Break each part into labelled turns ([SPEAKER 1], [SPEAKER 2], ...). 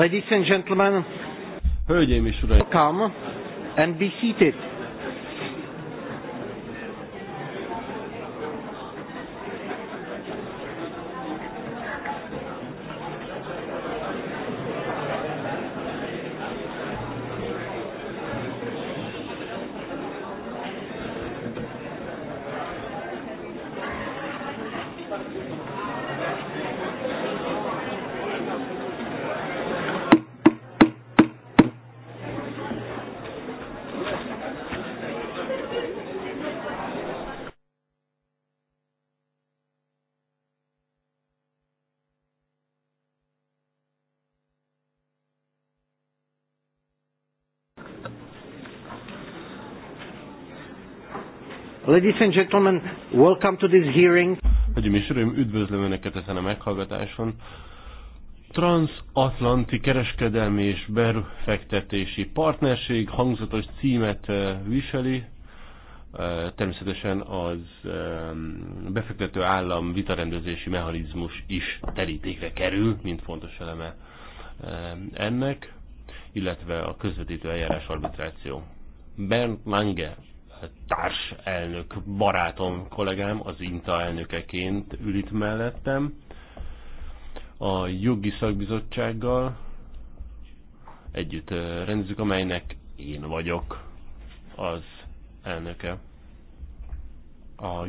[SPEAKER 1] Ladies and gentlemen, Hölgyeim és uraim, come and be seated.
[SPEAKER 2] Ladies and gentlemen, welcome
[SPEAKER 1] to this hearing. Hogyim és Uraim, üdvözlöm Önöket ezen a meghallgatáson. Transatlanti kereskedelmi és befektetési partnerség hangzatos címet eh, viseli. Eh, természetesen az eh, befektető állam vitarendezési mechanizmus is terítékre kerül, mint fontos eleme ennek, illetve a közvetítő eljárás arbitráció. Bernd Lange társ elnök, barátom, kollégám, az INTA elnökeként ül itt mellettem. A jogi szakbizottsággal együtt eh, rendezzük, amelynek én vagyok az elnöke. A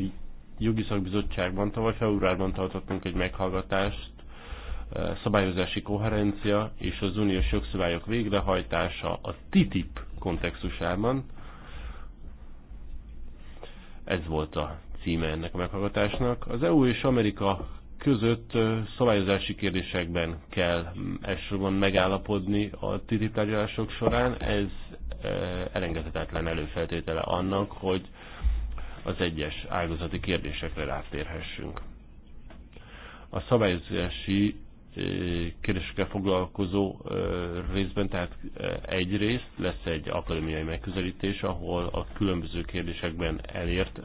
[SPEAKER 1] jogi szakbizottságban tavaly februárban tartottunk egy meghallgatást, eh, szabályozási koherencia és az uniós jogszabályok végrehajtása a TTIP kontextusában, ez volt a címe ennek a meghallgatásnak. Az EU és Amerika között szabályozási kérdésekben kell elsősorban megállapodni a TTIP tárgyalások során. Ez elengedhetetlen előfeltétele annak, hogy az egyes ágazati kérdésekre rátérhessünk. A szabályozási keresőkkel foglalkozó részben, tehát egyrészt lesz egy akadémiai megközelítés, ahol a különböző kérdésekben elért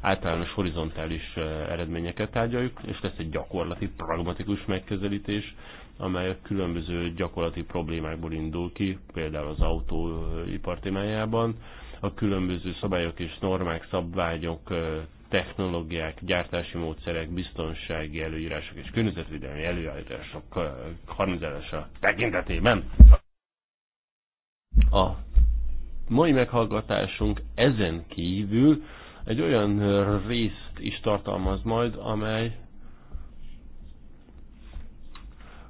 [SPEAKER 1] általános horizontális eredményeket tárgyaljuk, és lesz egy gyakorlati, pragmatikus megközelítés, amely a különböző gyakorlati problémákból indul ki, például az autóipar témájában, a különböző szabályok és normák, szabványok technológiák, gyártási módszerek, biztonsági előírások és környezetvédelmi előírások harmonizálása tekintetében. A mai meghallgatásunk ezen kívül egy olyan részt is tartalmaz majd, amely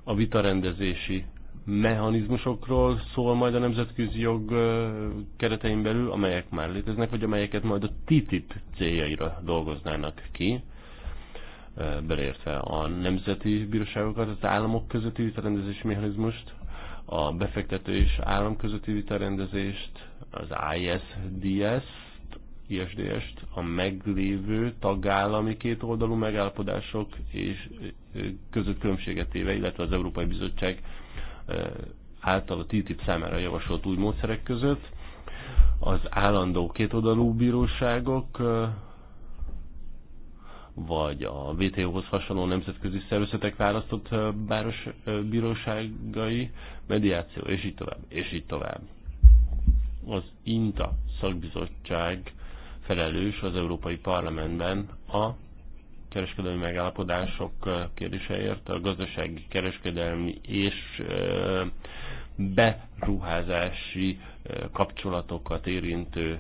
[SPEAKER 1] a vitarendezési mechanizmusokról szól majd a nemzetközi jog keretein belül, amelyek már léteznek, vagy amelyeket majd a TTIP céljaira dolgoznának ki, beleértve a nemzeti bíróságokat, az államok közötti vitarendezési mechanizmust, a befektető és állam közötti vitarendezést, az ISDS-t, ISDS-t, a meglévő tagállami kétoldalú megállapodások és között különbséget éve, illetve az Európai Bizottság által a TTIP számára javasolt új módszerek között. Az állandó kétoldalú bíróságok vagy a WTO-hoz hasonló nemzetközi szervezetek választott báros bíróságai, mediáció, és így tovább, és így tovább. Az INTA szakbizottság felelős az Európai Parlamentben a kereskedelmi megállapodások kérdéseért, a gazdasági, kereskedelmi és beruházási kapcsolatokat érintő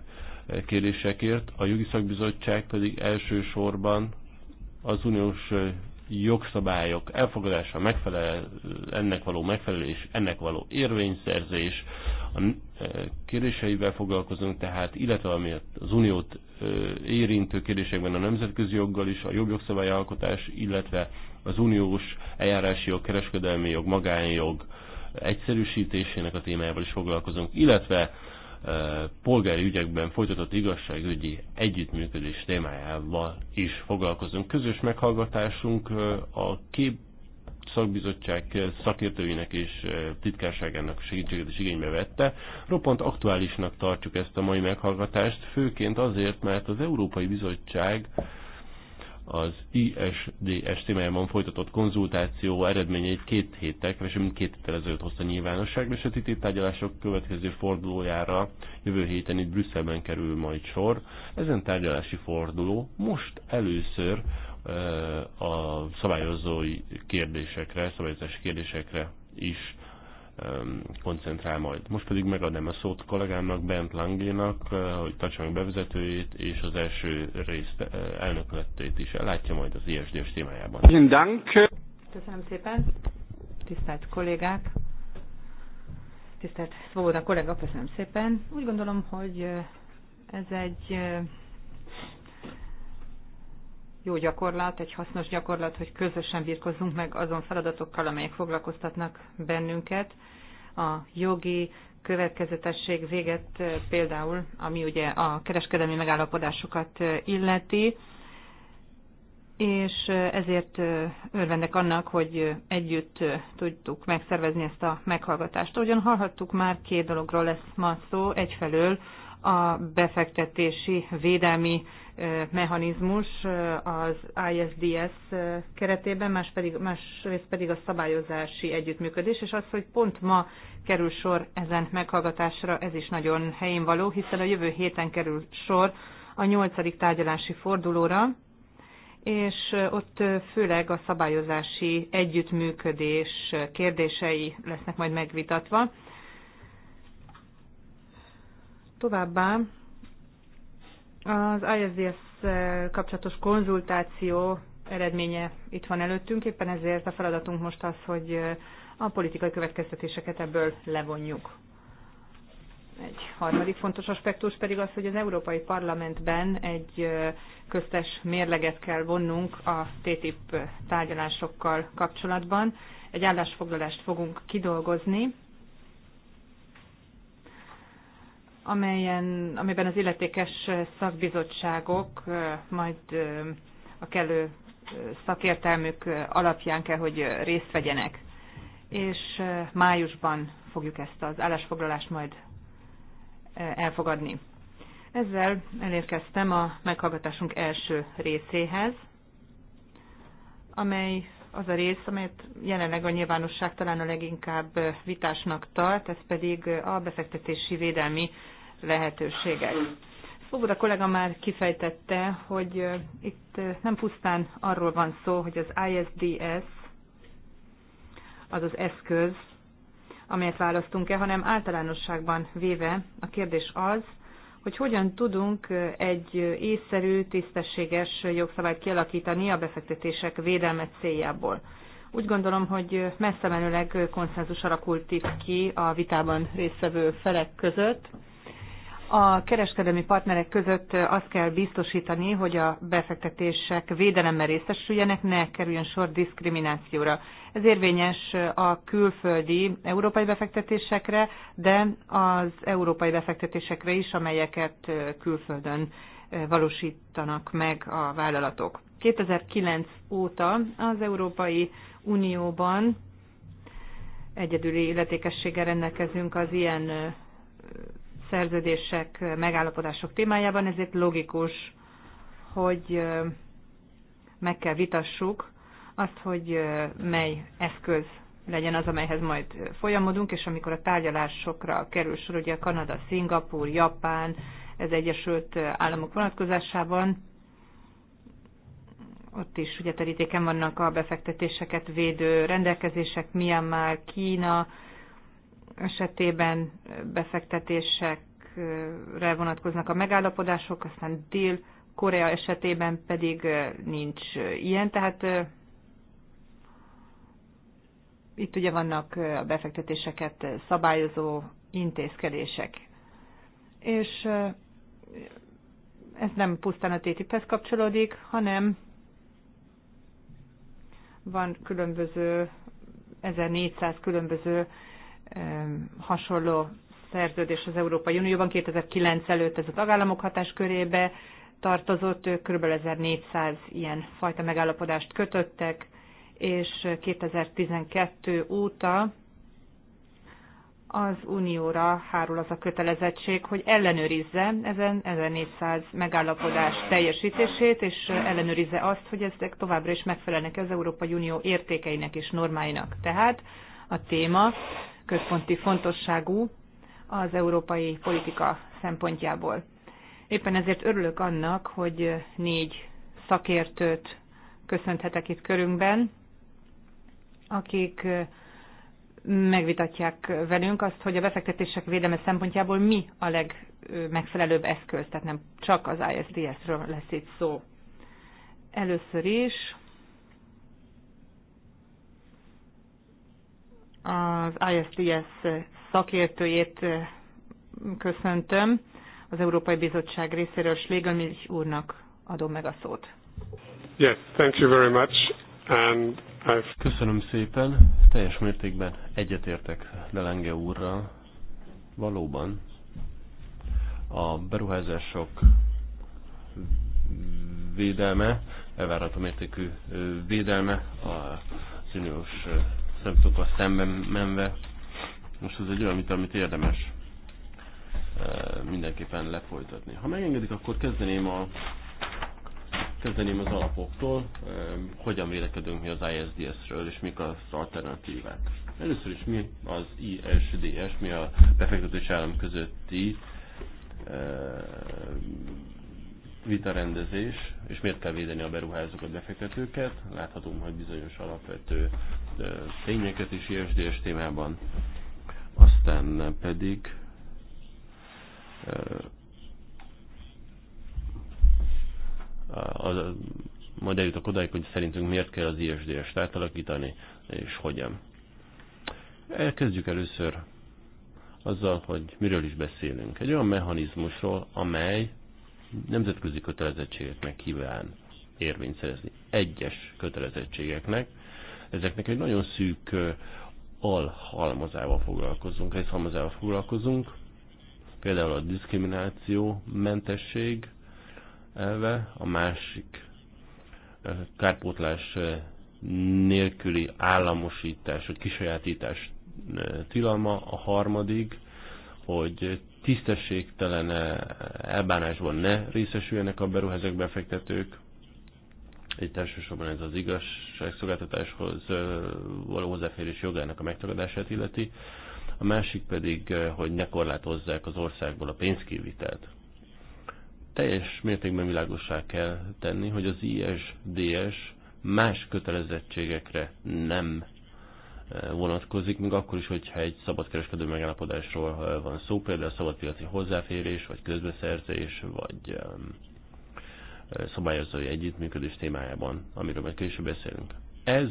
[SPEAKER 1] kérdésekért. A jogi szakbizottság pedig elsősorban az uniós jogszabályok elfogadása, megfelel, ennek való megfelelés, ennek való érvényszerzés, a e, kérdéseivel foglalkozunk tehát, illetve ami az uniót e, érintő kérdésekben a nemzetközi joggal is, a alkotás, illetve az uniós eljárási jog, kereskedelmi jog, magánjog egyszerűsítésének a témájával is foglalkozunk, illetve polgári ügyekben folytatott igazságügyi együttműködés témájával is foglalkozunk. Közös meghallgatásunk a kép szakbizottság szakértőinek és titkárságának segítséget is igénybe vette. Roppant aktuálisnak tartjuk ezt a mai meghallgatást, főként azért, mert az Európai Bizottság az ISDS témájában folytatott konzultáció eredményeit két hétek, és mint két héttel ezelőtt hozta nyilvánosság, és a TTIP tárgyalások következő fordulójára jövő héten itt Brüsszelben kerül majd sor. Ezen tárgyalási forduló most először a szabályozói kérdésekre, szabályozási kérdésekre is koncentrál majd. Most pedig megadnám a szót kollégámnak, Bent Langénak, hogy tartsa meg bevezetőjét, és az első részt elnökletét is ellátja majd az ISD-s témájában.
[SPEAKER 2] Köszönöm szépen, tisztelt kollégák! Tisztelt Svoboda kollega, köszönöm szépen. Úgy gondolom, hogy ez egy jó gyakorlat, egy hasznos gyakorlat, hogy közösen birkozzunk meg azon feladatokkal, amelyek foglalkoztatnak bennünket. A jogi következetesség véget eh, például, ami ugye a kereskedelmi megállapodásokat eh, illeti, és eh, ezért örvendek annak, hogy együtt tudtuk megszervezni ezt a meghallgatást. Ugyan hallhattuk már, két dologról lesz ma szó, egyfelől a befektetési védelmi mechanizmus az ISDS keretében, más pedig, másrészt pedig a szabályozási együttműködés, és az, hogy pont ma kerül sor ezen meghallgatásra, ez is nagyon helyén való, hiszen a jövő héten kerül sor a nyolcadik tárgyalási fordulóra, és ott főleg a szabályozási együttműködés kérdései lesznek majd megvitatva. Továbbá az ISDS kapcsolatos konzultáció eredménye itt van előttünk, éppen ezért a feladatunk most az, hogy a politikai következtetéseket ebből levonjuk. Egy harmadik fontos aspektus pedig az, hogy az Európai Parlamentben egy köztes mérleget kell vonnunk a TTIP tárgyalásokkal kapcsolatban. Egy állásfoglalást fogunk kidolgozni, amelyen, amelyben az illetékes szakbizottságok majd a kellő szakértelmük alapján kell, hogy részt vegyenek. És májusban fogjuk ezt az állásfoglalást majd elfogadni. Ezzel elérkeztem a meghallgatásunk első részéhez, amely az a rész, amelyet jelenleg a nyilvánosság talán a leginkább vitásnak tart, ez pedig a befektetési védelmi lehetőségek. a kollega már kifejtette, hogy itt nem pusztán arról van szó, hogy az ISDS, az az eszköz, amelyet választunk-e, hanem általánosságban véve a kérdés az, hogy hogyan tudunk egy észszerű, tisztességes jogszabályt kialakítani a befektetések védelme céljából. Úgy gondolom, hogy messze menőleg konszenzus alakult itt ki a vitában résztvevő felek között a kereskedelmi partnerek között azt kell biztosítani, hogy a befektetések védelemmel részesüljenek, ne kerüljön sor diszkriminációra. Ez érvényes a külföldi európai befektetésekre, de az európai befektetésekre is, amelyeket külföldön valósítanak meg a vállalatok. 2009 óta az Európai Unióban egyedüli illetékességgel rendelkezünk az ilyen szerződések, megállapodások témájában, ezért logikus, hogy meg kell vitassuk azt, hogy mely eszköz legyen az, amelyhez majd folyamodunk, és amikor a tárgyalásokra kerül sor, ugye Kanada, Szingapur, Japán, ez Egyesült Államok vonatkozásában, ott is ugye terítéken vannak a befektetéseket védő rendelkezések, Myanmar, Kína, esetében befektetésekre vonatkoznak a megállapodások, aztán Dél-Korea esetében pedig nincs ilyen, tehát itt ugye vannak a befektetéseket szabályozó intézkedések. És ez nem pusztán a TTIP-hez kapcsolódik, hanem van különböző 1400 különböző hasonló szerződés az Európai Unióban. 2009 előtt ez a tagállamok hatáskörébe tartozott, ők kb. 1400 ilyen fajta megállapodást kötöttek, és 2012 óta az Unióra hárul az a kötelezettség, hogy ellenőrizze ezen 1400 megállapodás teljesítését, és ellenőrizze azt, hogy ezek továbbra is megfelelnek az Európai Unió értékeinek és normáinak. Tehát a téma központi fontosságú az európai politika szempontjából. Éppen ezért örülök annak, hogy négy szakértőt köszönhetek itt körünkben, akik megvitatják velünk azt, hogy a befektetések védelme szempontjából mi a legmegfelelőbb eszköz, tehát nem csak az ISDS-ről lesz itt szó. Először is az ISDS szakértőjét köszöntöm, az Európai Bizottság részéről Slégelmilch úrnak adom meg a szót.
[SPEAKER 1] Yes, thank you very much. And I've... Köszönöm szépen, teljes mértékben egyetértek Lelenge úrral. Valóban a beruházások védelme, elvárható mértékű védelme az uniós szemszögből szemben menve. Most ez egy olyan, amit, amit érdemes mindenképpen lefolytatni. Ha megengedik, akkor kezdeném a kezdeném az alapoktól, hogyan vélekedünk mi az ISDS-ről, és mik az alternatívák. Először is mi az ISDS, mi a befektetés állam közötti vitarendezés, és miért kell védeni a beruházókat, befektetőket. Láthatom, hogy bizonyos alapvető tényeket is ISDS témában. Aztán pedig az, majd eljutok odáig, hogy szerintünk miért kell az ISDS-t átalakítani, és hogyan. Elkezdjük először azzal, hogy miről is beszélünk. Egy olyan mechanizmusról, amely nemzetközi kötelezettségeknek kíván érvényt szerezni. Egyes kötelezettségeknek. Ezeknek egy nagyon szűk alhalmazával foglalkozunk, részhalmazával foglalkozunk, például a diszkrimináció mentesség elve, a másik kárpótlás nélküli államosítás, vagy kisajátítás tilalma, a harmadik, hogy tisztességtelen eh, elbánásban ne részesüljenek a beruházók befektetők. Itt elsősorban ez az igazságszolgáltatáshoz eh, való hozzáférés jogának a megtagadását illeti. A másik pedig, eh, hogy ne korlátozzák az országból a pénzkivitelt. Teljes mértékben világosá kell tenni, hogy az ISDS más kötelezettségekre nem vonatkozik, még akkor is, hogyha egy szabadkereskedő megállapodásról eh, van szó, például szabadpiaci hozzáférés, vagy közbeszerzés, vagy eh, szabályozói együttműködés témájában, amiről majd később beszélünk. Ez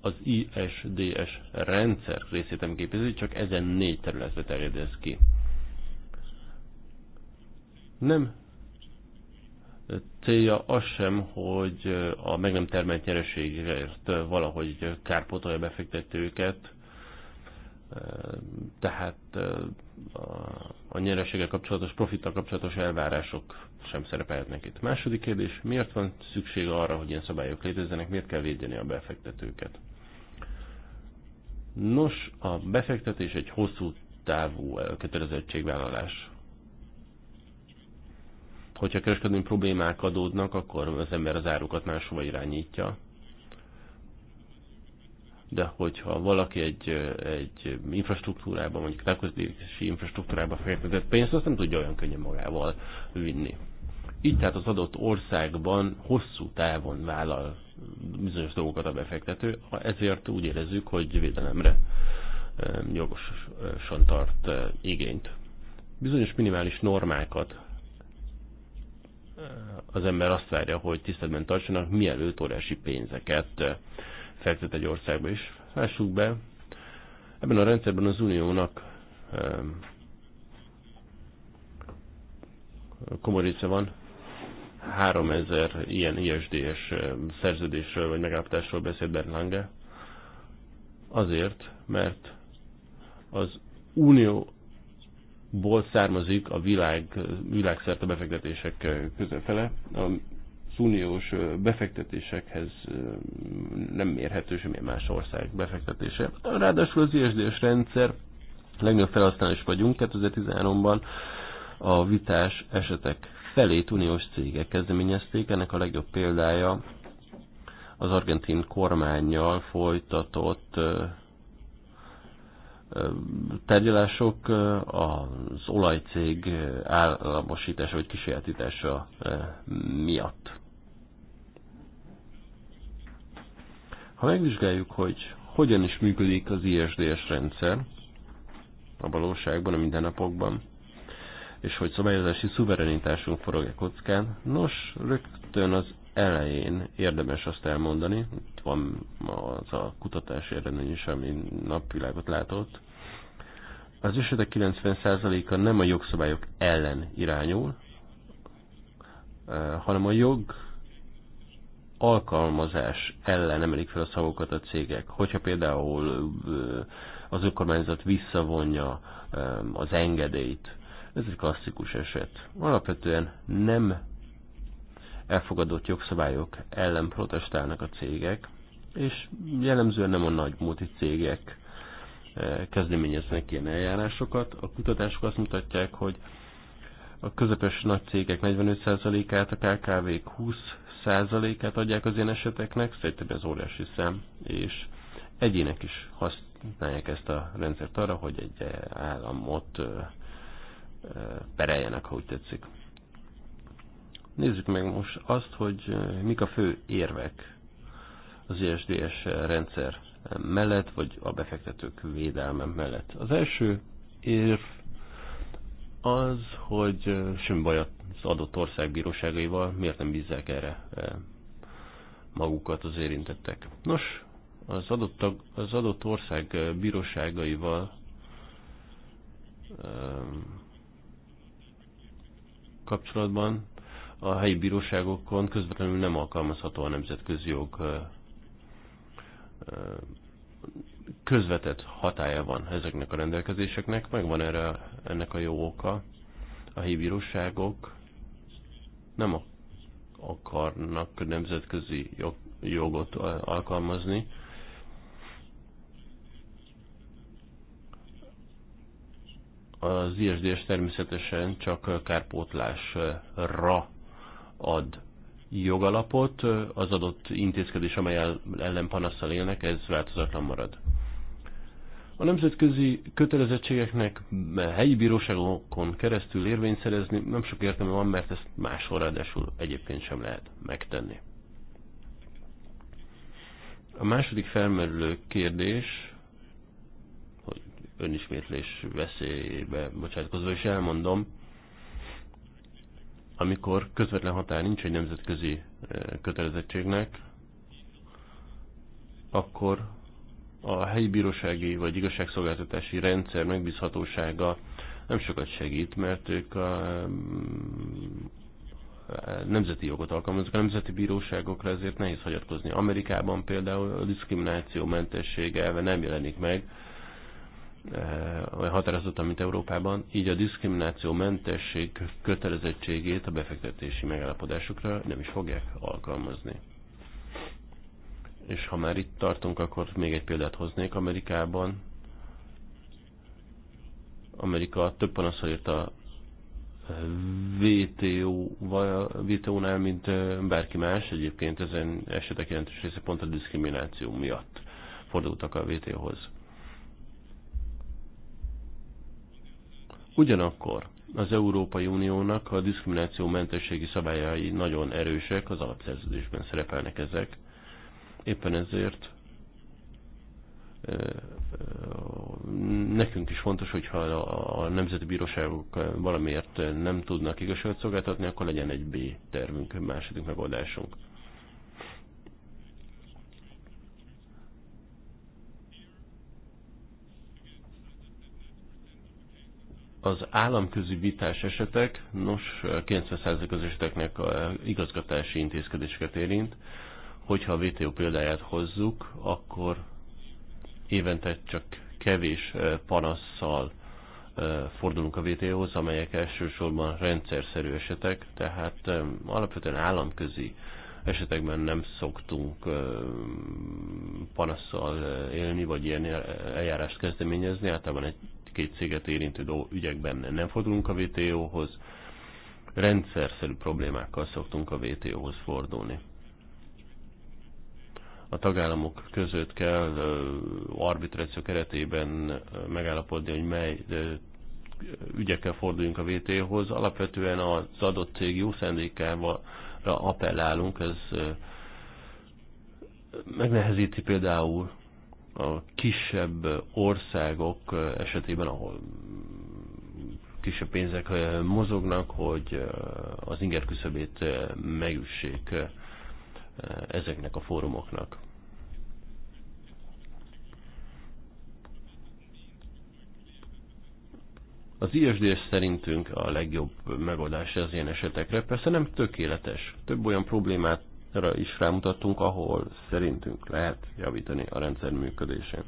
[SPEAKER 1] az ISDS rendszer részét nem képezi, csak ezen négy területre terjed ki. Nem célja az sem, hogy a meg nem termelt nyereségért valahogy kárpotolja befektetőket, tehát a nyereséggel kapcsolatos, profittal kapcsolatos elvárások sem szerepelhetnek itt. Második kérdés, miért van szükség arra, hogy ilyen szabályok létezzenek, miért kell védeni a befektetőket? Nos, a befektetés egy hosszú távú kötelezettségvállalás. Hogyha kereskedelmi problémák adódnak, akkor az ember az árukat máshova irányítja. De hogyha valaki egy, egy infrastruktúrában, mondjuk távközlési infrastruktúrában fektetett pénzt, azt nem tudja olyan könnyen magával vinni. Így tehát az adott országban hosszú távon vállal bizonyos dolgokat a befektető, ezért úgy érezzük, hogy védelemre eh, jogosan tart eh, igényt. Bizonyos minimális normákat az ember azt várja, hogy tiszteletben tartsanak, mielőtt óriási pénzeket fektet egy országba is. Lássuk be, ebben a rendszerben az uniónak komoly része van, 3000 ilyen ISDS szerződésről vagy megállapodásról beszélt Berlange, azért, mert az unió ból származik a világ, világszerte befektetések közefele. a uniós befektetésekhez nem mérhető semmilyen más ország befektetése. Ráadásul az isd rendszer legnagyobb is vagyunk 2013-ban a vitás esetek felét uniós cégek kezdeményezték. Ennek a legjobb példája az argentin kormányjal folytatott tárgyalások az olajcég államosítása vagy kísérletítása miatt. Ha megvizsgáljuk, hogy hogyan is működik az ISDS rendszer a valóságban, a mindennapokban, és hogy szabályozási szuverenitásunk forog-e kockán, nos, rögtön az elején érdemes azt elmondani, itt van az a kutatás eredmény is, ami napvilágot látott, az esetek 90%-a nem a jogszabályok ellen irányul, eh, hanem a jog alkalmazás ellen emelik fel a szavokat a cégek. Hogyha például eh, az önkormányzat visszavonja eh, az engedélyt, ez egy klasszikus eset. Alapvetően nem elfogadott jogszabályok ellen protestálnak a cégek, és jellemzően nem a nagy multi cégek eh, kezdeményeznek ilyen eljárásokat. A kutatások azt mutatják, hogy a közepes nagy cégek 45%-át, a KKV-k 20%-át adják az ilyen eseteknek, szerintem ez óriási szem, és egyének is
[SPEAKER 2] használják
[SPEAKER 1] ezt a rendszert arra, hogy egy államot eh, eh, pereljenek, ha úgy tetszik. Nézzük meg most azt, hogy mik a fő érvek az ISDS rendszer mellett, vagy a befektetők védelme mellett. Az első érv az, hogy semmi baj az adott ország bíróságaival, miért nem bízzák erre magukat az érintettek. Nos, az adott, tag, az adott ország bíróságaival kapcsolatban a helyi bíróságokon közvetlenül nem alkalmazható a nemzetközi jog közvetett hatája van ezeknek a rendelkezéseknek, meg van erre ennek a jó oka. A helyi bíróságok nem akarnak nemzetközi jog, jogot alkalmazni, az ISDS természetesen csak kárpótlásra ad jogalapot, az adott intézkedés, amely ellen panasszal élnek, ez változatlan marad. A nemzetközi kötelezettségeknek helyi bíróságokon keresztül érvényt szerezni nem sok értelme van, mert ezt máshol ráadásul egyébként sem lehet megtenni. A második felmerülő kérdés, hogy önismétlés veszélybe bocsátkozva is elmondom, amikor közvetlen határ nincs egy nemzetközi eh, kötelezettségnek, akkor a helyi bírósági vagy igazságszolgáltatási rendszer megbízhatósága nem sokat segít, mert ők a mm, eh, nemzeti jogot alkalmaznak, a nemzeti bíróságokra ezért nehéz hagyatkozni. Amerikában például a diszkrimináció mentessége elve nem jelenik meg, Eh, olyan határozottan, mint Európában, így a diszkrimináció mentesség kötelezettségét a befektetési megállapodásokra nem is fogják alkalmazni. És ha már itt tartunk, akkor még egy példát hoznék. Amerikában Amerika több panaszra írt a VTO-nál, VTO mint eh, bárki más. Egyébként ezen esetek jelentős része pont a diszkrimináció miatt fordultak a VTO-hoz Ugyanakkor az Európai Uniónak a diszkrimináció mentességi szabályai nagyon erősek, az alapszerződésben szerepelnek ezek. Éppen ezért nekünk is fontos, hogyha a nemzeti bíróságok valamiért nem tudnak igazságot szolgáltatni, akkor legyen egy B tervünk, második megoldásunk. az államközi vitás esetek, nos, 90% az eseteknek a igazgatási intézkedéseket érint. Hogyha a VTO példáját hozzuk, akkor évente csak kevés eh, panasszal eh, fordulunk a vto hoz amelyek elsősorban rendszerszerű esetek, tehát eh, alapvetően államközi esetekben nem szoktunk panasszal élni, vagy ilyen eljárást kezdeményezni, általában egy két céget érintő ügyekben nem fordulunk a vto hoz rendszerszerű problémákkal szoktunk a vto hoz fordulni. A tagállamok között kell arbitráció keretében megállapodni, hogy mely ügyekkel forduljunk a vto hoz Alapvetően az adott cég jó szándékára appellálunk, ez megnehezíti például a kisebb országok esetében, ahol kisebb pénzek eh, mozognak, hogy eh, az inger küszöbét eh, megüssék ezeknek a fórumoknak. Az ISD szerintünk a legjobb megoldás az ilyen esetekre. Persze nem tökéletes. Több olyan problémát erre is rámutattunk, ahol szerintünk lehet javítani a rendszer működésén.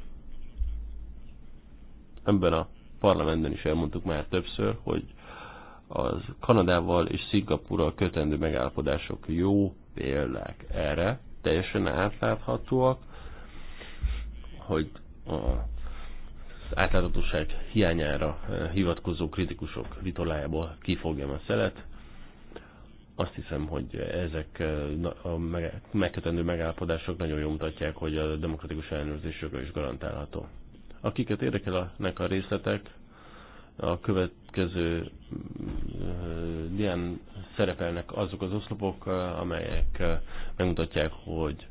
[SPEAKER 1] Ebben a parlamentben is elmondtuk már többször, hogy az Kanadával és Szingapurral kötendő megállapodások jó példák erre, teljesen átláthatóak, hogy az átláthatóság hiányára eh, hivatkozó kritikusok vitolájából kifogjam a szelet, azt hiszem, hogy ezek eh, a megkötendő megállapodások nagyon jól mutatják, hogy a demokratikus ellenőrzés joga is garantálható. Akiket érdekelnek a részletek, a következő eh, ilyen szerepelnek azok az oszlopok, eh, amelyek megmutatják, hogy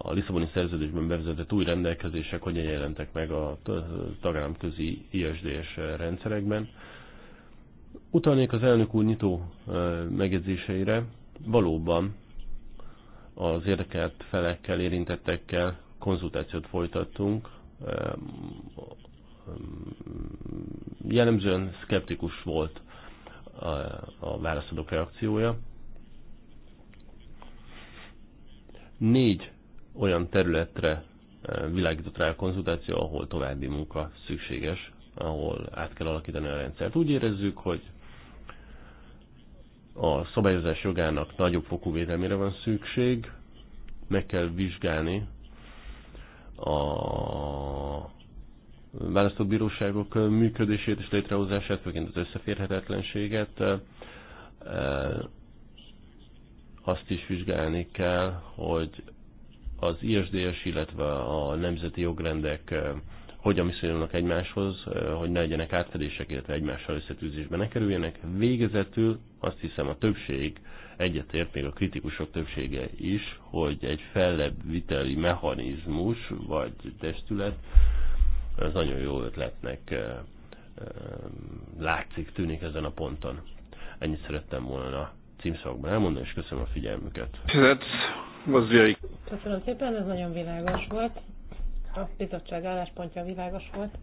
[SPEAKER 1] a Lisszaboni szerződésben bevezetett új rendelkezések hogyan jelentek meg a tagállamközi ISDS rendszerekben Utalnék az elnök úr nyitó megjegyzéseire. Valóban az érdekelt felekkel, érintettekkel konzultációt folytattunk. Jellemzően szkeptikus volt a válaszadók reakciója. Négy olyan területre világított rá a konzultáció, ahol további munka szükséges ahol át kell alakítani a rendszert. Úgy érezzük, hogy a szabályozás jogának nagyobb fokú védelmére van szükség, meg kell vizsgálni a választóbíróságok működését és létrehozását, főként az összeférhetetlenséget. Azt is vizsgálni kell, hogy az ISDS, illetve a nemzeti jogrendek hogyan viszonyulnak egymáshoz, hogy ne legyenek átfedések, illetve egymással összetűzésbe ne kerüljenek. Végezetül azt hiszem a többség egyetért, még a kritikusok többsége is, hogy egy fellebbviteli mechanizmus vagy testület az nagyon jó ötletnek látszik, tűnik ezen a ponton. Ennyit szerettem volna címszakban elmondani, és köszönöm a figyelmüket.
[SPEAKER 2] Köszönöm szépen, ez nagyon világos volt a bizottság álláspontja világos volt,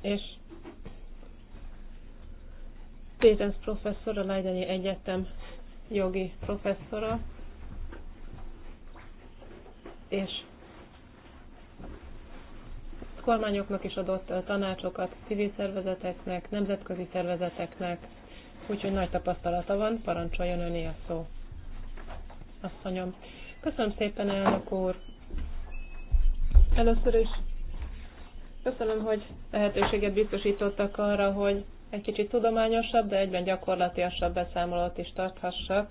[SPEAKER 2] és Pétens professzor, a Leideni Egyetem jogi professzora, és kormányoknak is adott tanácsokat, civil szervezeteknek, nemzetközi szervezeteknek, úgyhogy nagy tapasztalata van, parancsoljon öné a szó. Asszonyom. Köszönöm szépen, elnök úr! Először is köszönöm, hogy lehetőséget biztosítottak arra, hogy egy kicsit tudományosabb, de egyben gyakorlatiasabb beszámolót is tarthassak.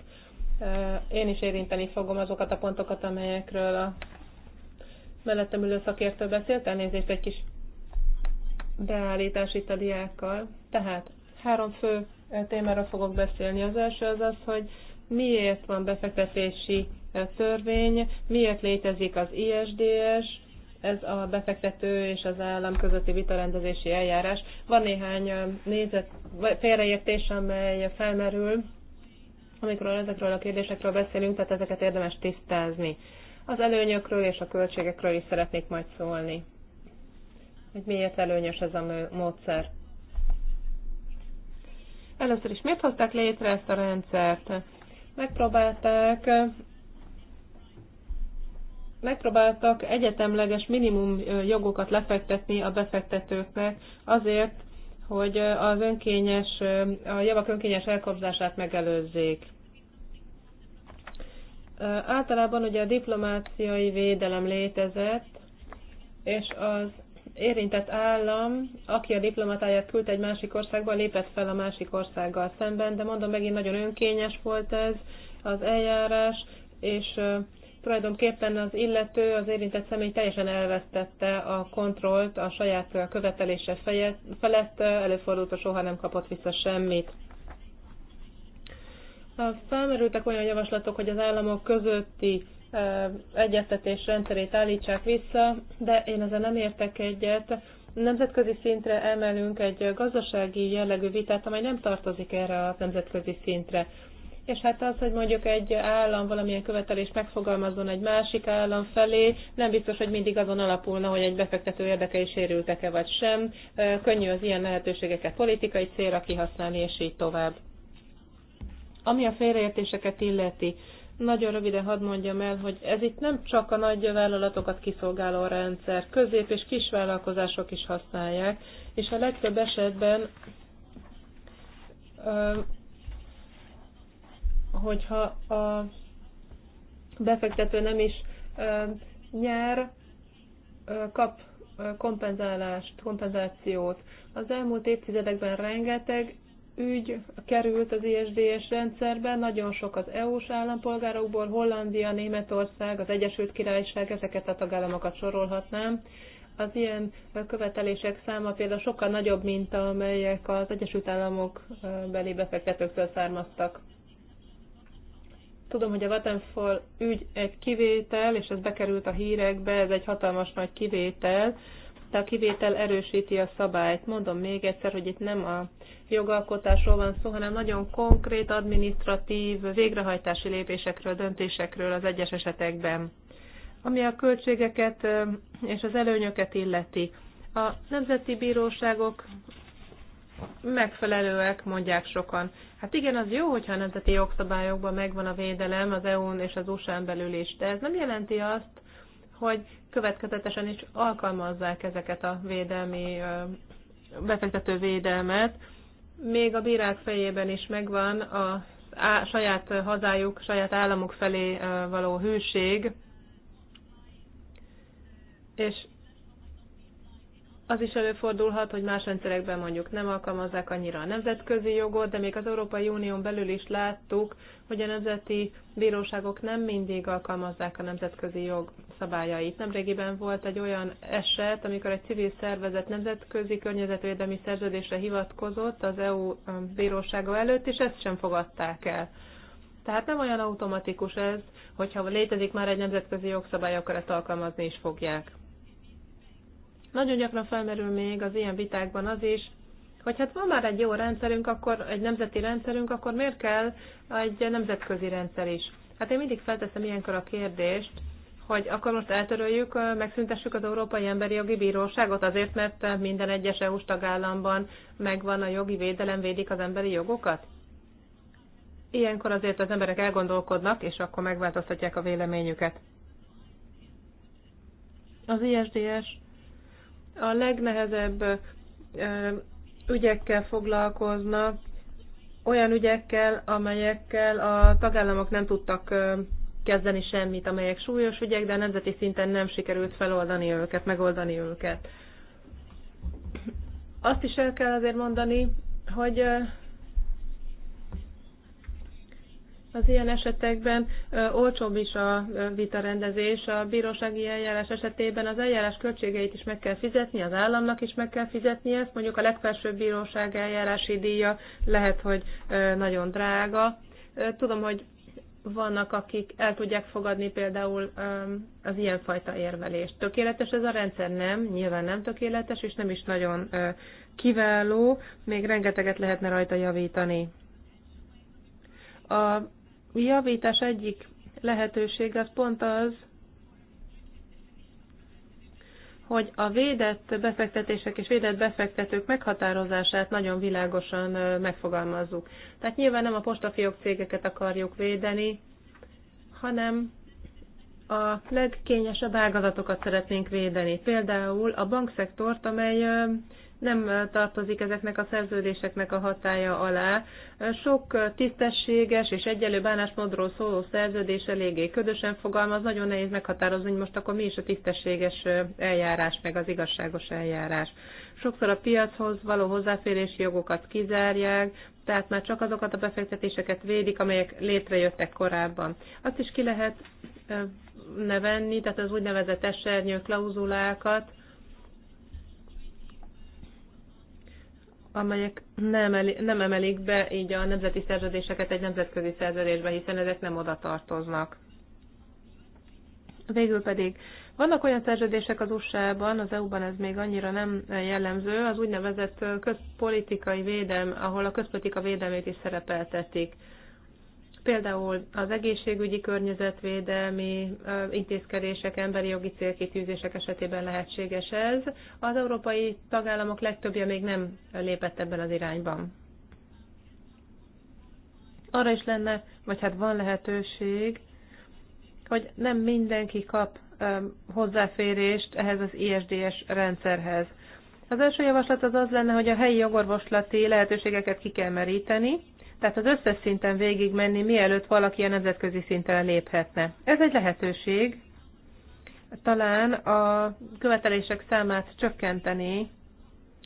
[SPEAKER 2] Én is érinteni fogom azokat a pontokat, amelyekről a mellettem ülő szakértő beszélt, elnézést egy kis beállítás itt a diákkal. Tehát három fő témára fogok beszélni. Az első az az, hogy miért van befektetési törvény, miért létezik az ISDS, ez a befektető és az állam közötti vitarendezési eljárás. Van néhány nézet, félreértés, amely felmerül, amikor ezekről a kérdésekről beszélünk, tehát ezeket érdemes tisztázni. Az előnyökről és a költségekről is szeretnék majd szólni. Hogy miért előnyös ez a módszer. Először is miért hozták létre ezt a rendszert? Megpróbálták megpróbáltak egyetemleges minimum jogokat lefektetni a befektetőknek azért, hogy az önkényes, a javak önkényes elkobzását megelőzzék. Általában ugye a diplomáciai védelem létezett, és az érintett állam, aki a diplomatáját küldt egy másik országba, lépett fel a másik országgal szemben, de mondom megint nagyon önkényes volt ez az eljárás, és tulajdonképpen az illető, az érintett személy teljesen elvesztette a kontrollt a saját követelése felett, előfordult, hogy soha nem kapott vissza semmit. Felmerültek olyan javaslatok, hogy az államok közötti e, egyeztetés rendszerét állítsák vissza, de én ezzel nem értek egyet. Nemzetközi szintre emelünk egy gazdasági jellegű vitát, amely nem tartozik erre a nemzetközi szintre és hát az, hogy mondjuk egy állam valamilyen követelést megfogalmazzon egy másik állam felé, nem biztos, hogy mindig azon alapulna, hogy egy befektető érdekei sérültek-e vagy sem. Könnyű az ilyen lehetőségeket politikai célra kihasználni, és így tovább. Ami a félreértéseket illeti, nagyon röviden hadd mondjam el, hogy ez itt nem csak a nagy vállalatokat kiszolgáló rendszer, közép- és kisvállalkozások is használják, és a legtöbb esetben hogyha a befektető nem is nyer, kap kompenzálást, kompenzációt. Az elmúlt évtizedekben rengeteg ügy került az ISDS rendszerben, nagyon sok az EU-s állampolgárokból, Hollandia, Németország, az Egyesült Királyság, ezeket a tagállamokat sorolhatnám. Az ilyen követelések száma például sokkal nagyobb, mint amelyek az Egyesült Államok beli befektetőktől származtak. Tudom, hogy a Vattenfall ügy egy kivétel, és ez bekerült a hírekbe, ez egy hatalmas nagy kivétel, de a kivétel erősíti a szabályt. Mondom még egyszer, hogy itt nem a jogalkotásról van szó, hanem nagyon konkrét, administratív, végrehajtási lépésekről, döntésekről az egyes esetekben. Ami a költségeket és az előnyöket illeti. A nemzeti bíróságok megfelelőek, mondják sokan. Hát igen, az jó, hogyha a nemzeti jogszabályokban megvan a védelem az EU-n és az USA-n belül is, de ez nem jelenti azt, hogy következetesen is alkalmazzák ezeket a védelmi, befektető védelmet. Még a bírák fejében is megvan a saját hazájuk, saját államuk felé való hűség, és az is előfordulhat, hogy más rendszerekben mondjuk nem alkalmazzák annyira a nemzetközi jogot, de még az Európai Unión belül is láttuk, hogy a nemzeti bíróságok nem mindig alkalmazzák a nemzetközi jog szabályait. Nemrégiben volt egy olyan eset, amikor egy civil szervezet nemzetközi környezetvédelmi szerződésre hivatkozott az EU bírósága előtt, és ezt sem fogadták el. Tehát nem olyan automatikus ez, hogyha létezik már egy nemzetközi jogszabály, akkor ezt alkalmazni is fogják. Nagyon gyakran felmerül még az ilyen vitákban az is, hogy hát van már egy jó rendszerünk, akkor egy nemzeti rendszerünk, akkor miért kell egy nemzetközi rendszer is? Hát én mindig felteszem ilyenkor a kérdést, hogy akkor most eltöröljük, megszüntessük az Európai Emberi Jogi Bíróságot azért, mert minden egyes eu tagállamban megvan a jogi védelem, védik az emberi jogokat? Ilyenkor azért az emberek elgondolkodnak, és akkor megváltoztatják a véleményüket. Az ISDS a legnehezebb ügyekkel foglalkoznak, olyan ügyekkel, amelyekkel a tagállamok nem tudtak kezdeni semmit, amelyek súlyos ügyek, de a nemzeti szinten nem sikerült feloldani őket, megoldani őket. Azt is el kell azért mondani, hogy Az ilyen esetekben ö, olcsóbb is a vitarendezés. A bírósági eljárás esetében az eljárás költségeit is meg kell fizetni, az államnak is meg kell fizetni ezt. Mondjuk a legfelsőbb bíróság eljárási díja lehet, hogy ö, nagyon drága. Ö, tudom, hogy vannak, akik el tudják fogadni például az ilyenfajta érvelést. Tökéletes ez a rendszer? Nem, nyilván nem tökéletes, és nem is nagyon kiváló, még rengeteget lehetne rajta javítani. A javítás egyik lehetőség az pont az, hogy a védett befektetések és védett befektetők meghatározását nagyon világosan megfogalmazzuk. Tehát nyilván nem a postafiók cégeket akarjuk védeni, hanem a legkényesebb ágazatokat szeretnénk védeni. Például a bankszektort, amely nem tartozik ezeknek a szerződéseknek a hatája alá. Sok tisztességes és egyenlő bánásmódról szóló szerződés eléggé ködösen fogalmaz, nagyon nehéz meghatározni, hogy most akkor mi is a tisztességes eljárás, meg az igazságos eljárás. Sokszor a piachoz való hozzáférési jogokat kizárják, tehát már csak azokat a befektetéseket védik, amelyek létrejöttek korábban. Azt is ki lehet nevenni, tehát az úgynevezett esernyő klauzulákat, amelyek nem, emeli, nem emelik be így a nemzeti szerződéseket egy nemzetközi szerződésbe, hiszen ezek nem oda tartoznak. Végül pedig vannak olyan szerződések az USA-ban, az EU-ban ez még annyira nem jellemző, az úgynevezett közpolitikai védelm, ahol a közpolitika védelmét is szerepeltetik. Például az egészségügyi környezetvédelmi intézkedések, emberi jogi célkitűzések esetében lehetséges ez. Az európai tagállamok legtöbbje még nem lépett ebben az irányban. Arra is lenne, vagy hát van lehetőség, hogy nem mindenki kap hozzáférést ehhez az ISDS rendszerhez. Az első javaslat az az lenne, hogy a helyi jogorvoslati lehetőségeket ki kell meríteni, tehát az összes szinten végig menni mielőtt valaki a nemzetközi szinten léphetne. Ez egy lehetőség, talán a követelések számát csökkenteni,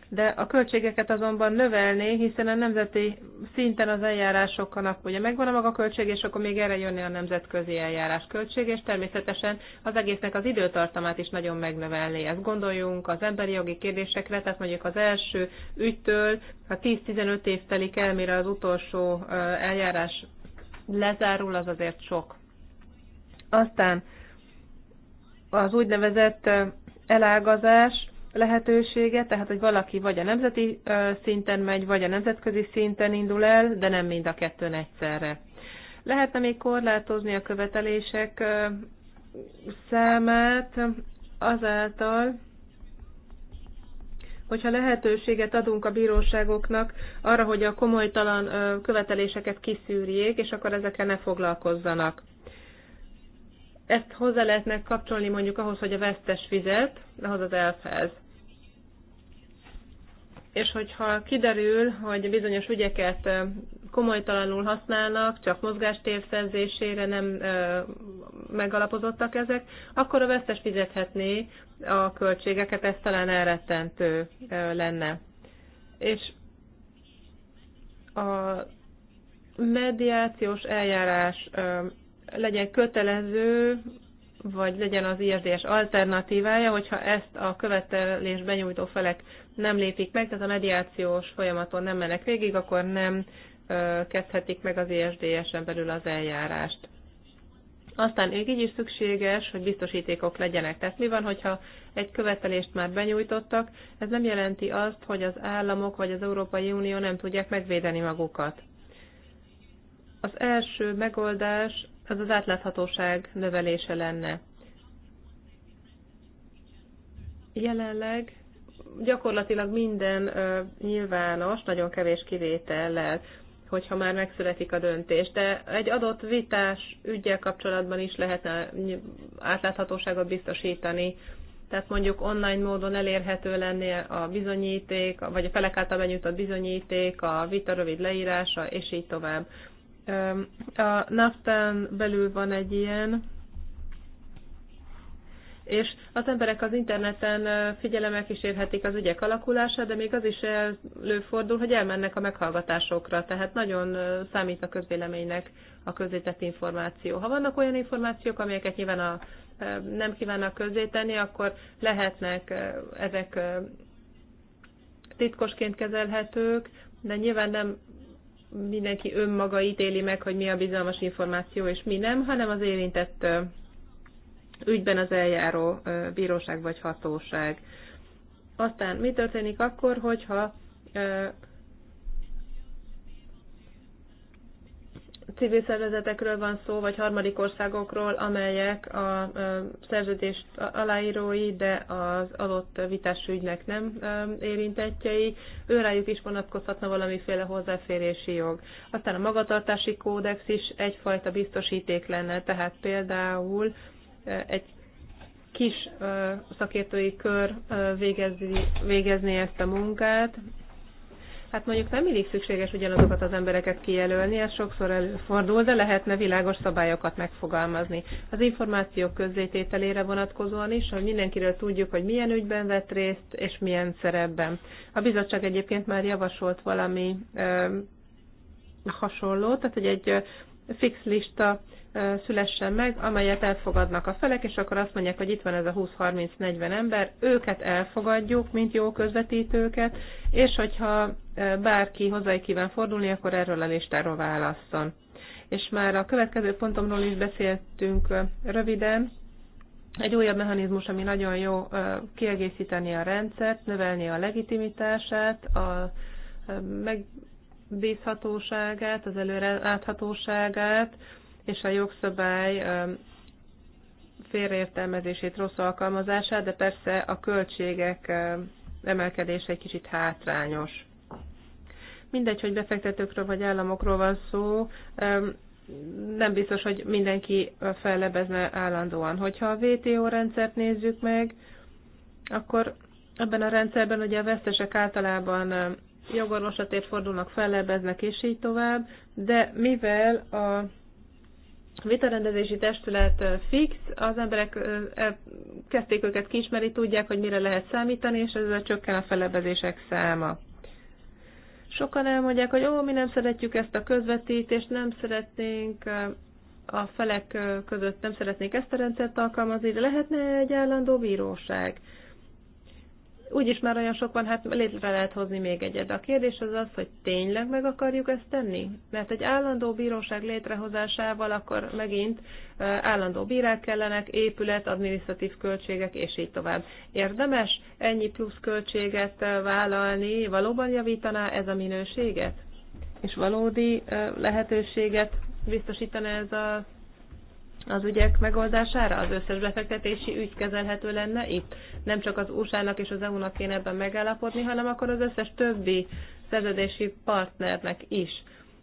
[SPEAKER 2] de a költségeket azonban növelné, hiszen a nemzeti szinten az eljárásoknak ugye megvan a maga költség, és akkor még erre jönne a nemzetközi eljárás költség, és természetesen az egésznek az időtartamát is nagyon megnövelné. Ezt gondoljunk az emberi jogi kérdésekre, tehát mondjuk az első ügytől a 10-15 év telik el, mire az utolsó eljárás lezárul, az azért sok. Aztán az úgynevezett elágazás, lehetősége, tehát hogy valaki vagy a nemzeti szinten megy, vagy a nemzetközi szinten indul el, de nem mind a kettőn egyszerre. Lehetne még korlátozni a követelések számát azáltal, hogyha lehetőséget adunk a bíróságoknak arra, hogy a komolytalan követeléseket kiszűrjék, és akkor ezekkel ne foglalkozzanak. Ezt hozzá lehetne kapcsolni mondjuk ahhoz, hogy a vesztes fizet, ahhoz az elfhez és hogyha kiderül, hogy bizonyos ügyeket komolytalanul használnak, csak mozgástérszerzésére nem megalapozottak ezek, akkor a vesztes fizethetné a költségeket, ez talán elrettentő lenne. És a mediációs eljárás legyen kötelező vagy legyen az ISDS alternatívája, hogyha ezt a követelés benyújtó felek nem lépik meg, tehát a mediációs folyamaton nem mennek végig, akkor nem kezdhetik meg az ISDS-en belül az eljárást. Aztán még így is szükséges, hogy biztosítékok legyenek. Tehát mi van, hogyha egy követelést már benyújtottak, ez nem jelenti azt, hogy az államok vagy az Európai Unió nem tudják megvédeni magukat. Az első megoldás az az átláthatóság növelése lenne. Jelenleg gyakorlatilag minden nyilvános, nagyon kevés kivétellel, hogyha már megszületik a döntés. De egy adott vitás ügyel kapcsolatban is lehetne átláthatóságot biztosítani, tehát mondjuk online módon elérhető lenne a bizonyíték, vagy a felek által benyújtott bizonyíték, a vita rövid leírása, és így tovább. A naftán belül van egy ilyen, és az emberek az interneten figyelemmel kísérhetik az ügyek alakulását, de még az is előfordul, hogy elmennek a meghallgatásokra, tehát nagyon számít a közvéleménynek a közzétett információ. Ha vannak olyan információk, amelyeket nyilván a, nem kívánnak közzétenni, akkor lehetnek ezek titkosként kezelhetők, de nyilván nem mindenki önmaga ítéli meg, hogy mi a bizalmas információ és mi nem, hanem az érintett ügyben az eljáró bíróság vagy hatóság. Aztán mi történik akkor, hogyha Civil szervezetekről van szó, vagy harmadik országokról, amelyek a szerződés aláírói, de az adott vitásügynek nem érintettjei, őrájuk is vonatkozhatna valamiféle hozzáférési jog. Aztán a magatartási kódex is egyfajta biztosíték lenne, tehát például egy kis szakértői kör végezni ezt a munkát, Hát mondjuk nem mindig szükséges ugyanazokat az embereket kijelölni, ez sokszor előfordul, de lehetne világos szabályokat megfogalmazni. Az információk közzétételére vonatkozóan is, hogy mindenkiről tudjuk, hogy milyen ügyben vett részt, és milyen szerepben. A bizottság egyébként már javasolt valami ö, hasonlót, tehát hogy egy fix lista szülessen meg, amelyet elfogadnak a felek, és akkor azt mondják, hogy itt van ez a 20-30-40 ember, őket elfogadjuk, mint jó közvetítőket, és hogyha bárki hozzá kíván fordulni, akkor erről a listáról válasszon. És már a következő pontomról is beszéltünk röviden, egy újabb mechanizmus, ami nagyon jó kiegészíteni a rendszert, növelni a legitimitását, a meg bízhatóságát, az előre láthatóságát és a jogszabály félreértelmezését, rossz alkalmazását, de persze a költségek emelkedése egy kicsit hátrányos. Mindegy, hogy befektetőkről vagy államokról van szó, nem biztos, hogy mindenki fellebezne állandóan. Hogyha a VTO rendszert nézzük meg, akkor ebben a rendszerben ugye a vesztesek általában jogorvosatért fordulnak, fellebeznek, és így tovább, de mivel a vitarendezési testület fix, az emberek e, kezdték őket kiismerni, tudják, hogy mire lehet számítani, és ezzel csökken a fellebezések száma. Sokan elmondják, hogy ó, mi nem szeretjük ezt a közvetítést, nem szeretnénk a felek között nem szeretnék ezt a rendszert alkalmazni, de lehetne egy állandó bíróság úgyis már olyan sok van, hát létre lehet hozni még egyet. A kérdés az az, hogy tényleg meg akarjuk ezt tenni? Mert egy állandó bíróság létrehozásával akkor megint állandó bírák kellenek, épület, adminisztratív költségek, és így tovább. Érdemes ennyi plusz költséget vállalni, valóban javítaná ez a minőséget? És valódi lehetőséget biztosítaná ez a az ügyek megoldására? Az összes befektetési ügy kezelhető lenne itt? Nem csak az USA-nak és az EU-nak kéne ebben megállapodni, hanem akkor az összes többi szerződési partnernek is.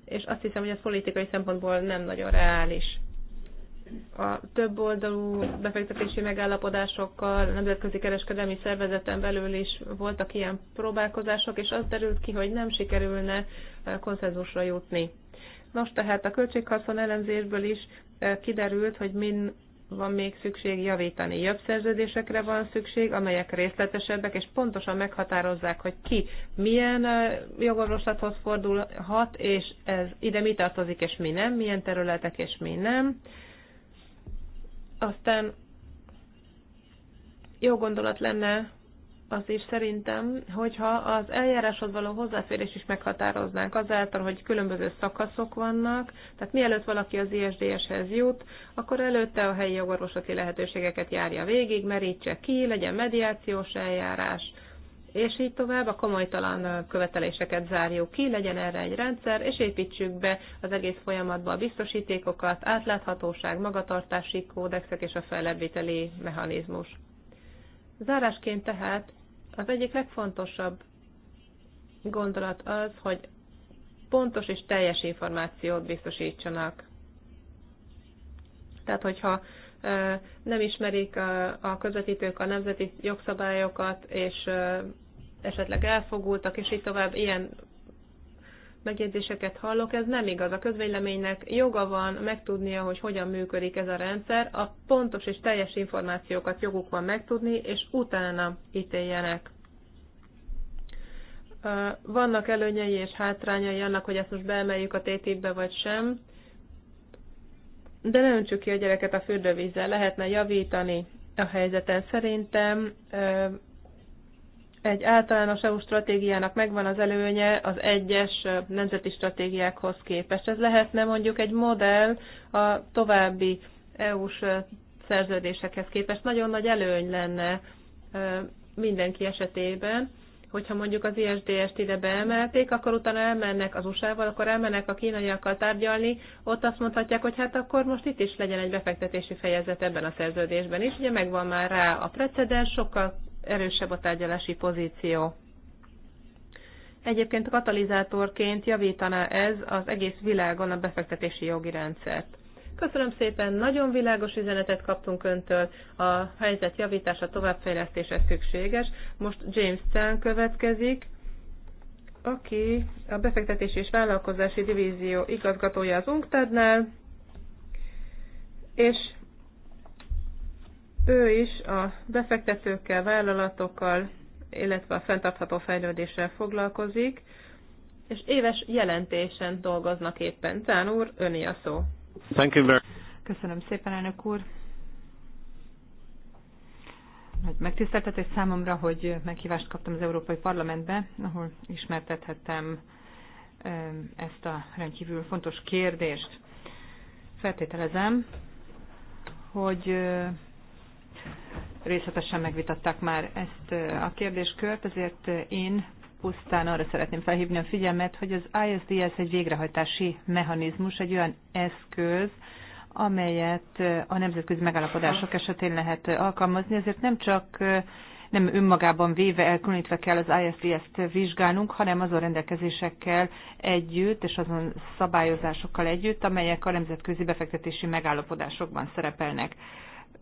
[SPEAKER 2] És azt hiszem, hogy ez politikai szempontból nem nagyon reális. A több oldalú befektetési megállapodásokkal, nemzetközi kereskedelmi szervezeten belül is voltak ilyen próbálkozások, és az derült ki, hogy nem sikerülne eh, konszenzusra jutni. Nos, tehát a költséghaszon elemzésből is kiderült, hogy min van még szükség javítani. Jobb szerződésekre van szükség, amelyek részletesebbek, és pontosan meghatározzák, hogy ki milyen jogorvoslathoz fordulhat, és ez ide mi tartozik, és mi nem, milyen területek, és mi nem. Aztán jó gondolat lenne az is szerintem, hogyha az eljáráshoz való hozzáférés is meghatároznánk azáltal, hogy különböző szakaszok vannak, tehát mielőtt valaki az ISDS-hez jut, akkor előtte a helyi jogorvosati lehetőségeket járja végig, merítse ki, legyen mediációs eljárás, és így tovább a komolytalan követeléseket zárjuk ki, legyen erre egy rendszer, és építsük be az egész folyamatba a biztosítékokat, átláthatóság, magatartási kódexek és a fellebbviteli mechanizmus. Zárásként tehát az egyik legfontosabb gondolat az, hogy pontos és teljes információt biztosítsanak. Tehát, hogyha nem ismerik a közvetítők a nemzeti jogszabályokat, és esetleg elfogultak, és így tovább ilyen megjegyzéseket hallok, ez nem igaz. A közvéleménynek joga van megtudnia, hogy hogyan működik ez a rendszer, a pontos és teljes információkat joguk van megtudni, és utána ítéljenek. Vannak előnyei és hátrányai annak, hogy ezt most beemeljük a TTIP-be vagy sem, de ne öntsük ki a gyereket a fürdővízzel, lehetne javítani a helyzeten. Szerintem egy általános EU stratégiának megvan az előnye az egyes nemzeti stratégiákhoz képest. Ez lehetne mondjuk egy modell a további EU-s szerződésekhez képest. Nagyon nagy előny lenne mindenki esetében, hogyha mondjuk az ISDS-t ide beemelték, akkor utána elmennek az USA-val, akkor elmennek a kínaiakkal tárgyalni, ott azt mondhatják, hogy hát akkor most itt is legyen egy befektetési fejezet ebben a szerződésben is. Ugye megvan már rá a precedens, sokkal erősebb a tárgyalási pozíció. Egyébként katalizátorként javítaná ez az egész világon a befektetési jogi rendszert. Köszönöm szépen, nagyon világos üzenetet kaptunk öntől, a helyzet javítása, továbbfejlesztése szükséges. Most James Chan következik, aki a befektetési és vállalkozási divízió igazgatója az UNCTAD-nál, és ő is a befektetőkkel, vállalatokkal, illetve a fenntartható fejlődéssel foglalkozik, és éves jelentésen dolgoznak éppen. Tán úr, öné a szó. Thank you very Köszönöm szépen, elnök úr. Nagy megtiszteltetés számomra, hogy meghívást kaptam az Európai Parlamentbe, ahol ismertethettem ezt a rendkívül fontos kérdést. Feltételezem, hogy részletesen megvitatták már ezt a kérdéskört, ezért én pusztán arra szeretném felhívni a figyelmet, hogy az ISDS egy végrehajtási mechanizmus, egy olyan eszköz, amelyet a nemzetközi megállapodások esetén lehet alkalmazni, ezért nem csak nem önmagában véve elkülönítve kell az ISDS-t vizsgálnunk, hanem azon rendelkezésekkel együtt és azon szabályozásokkal együtt, amelyek a nemzetközi befektetési megállapodásokban szerepelnek.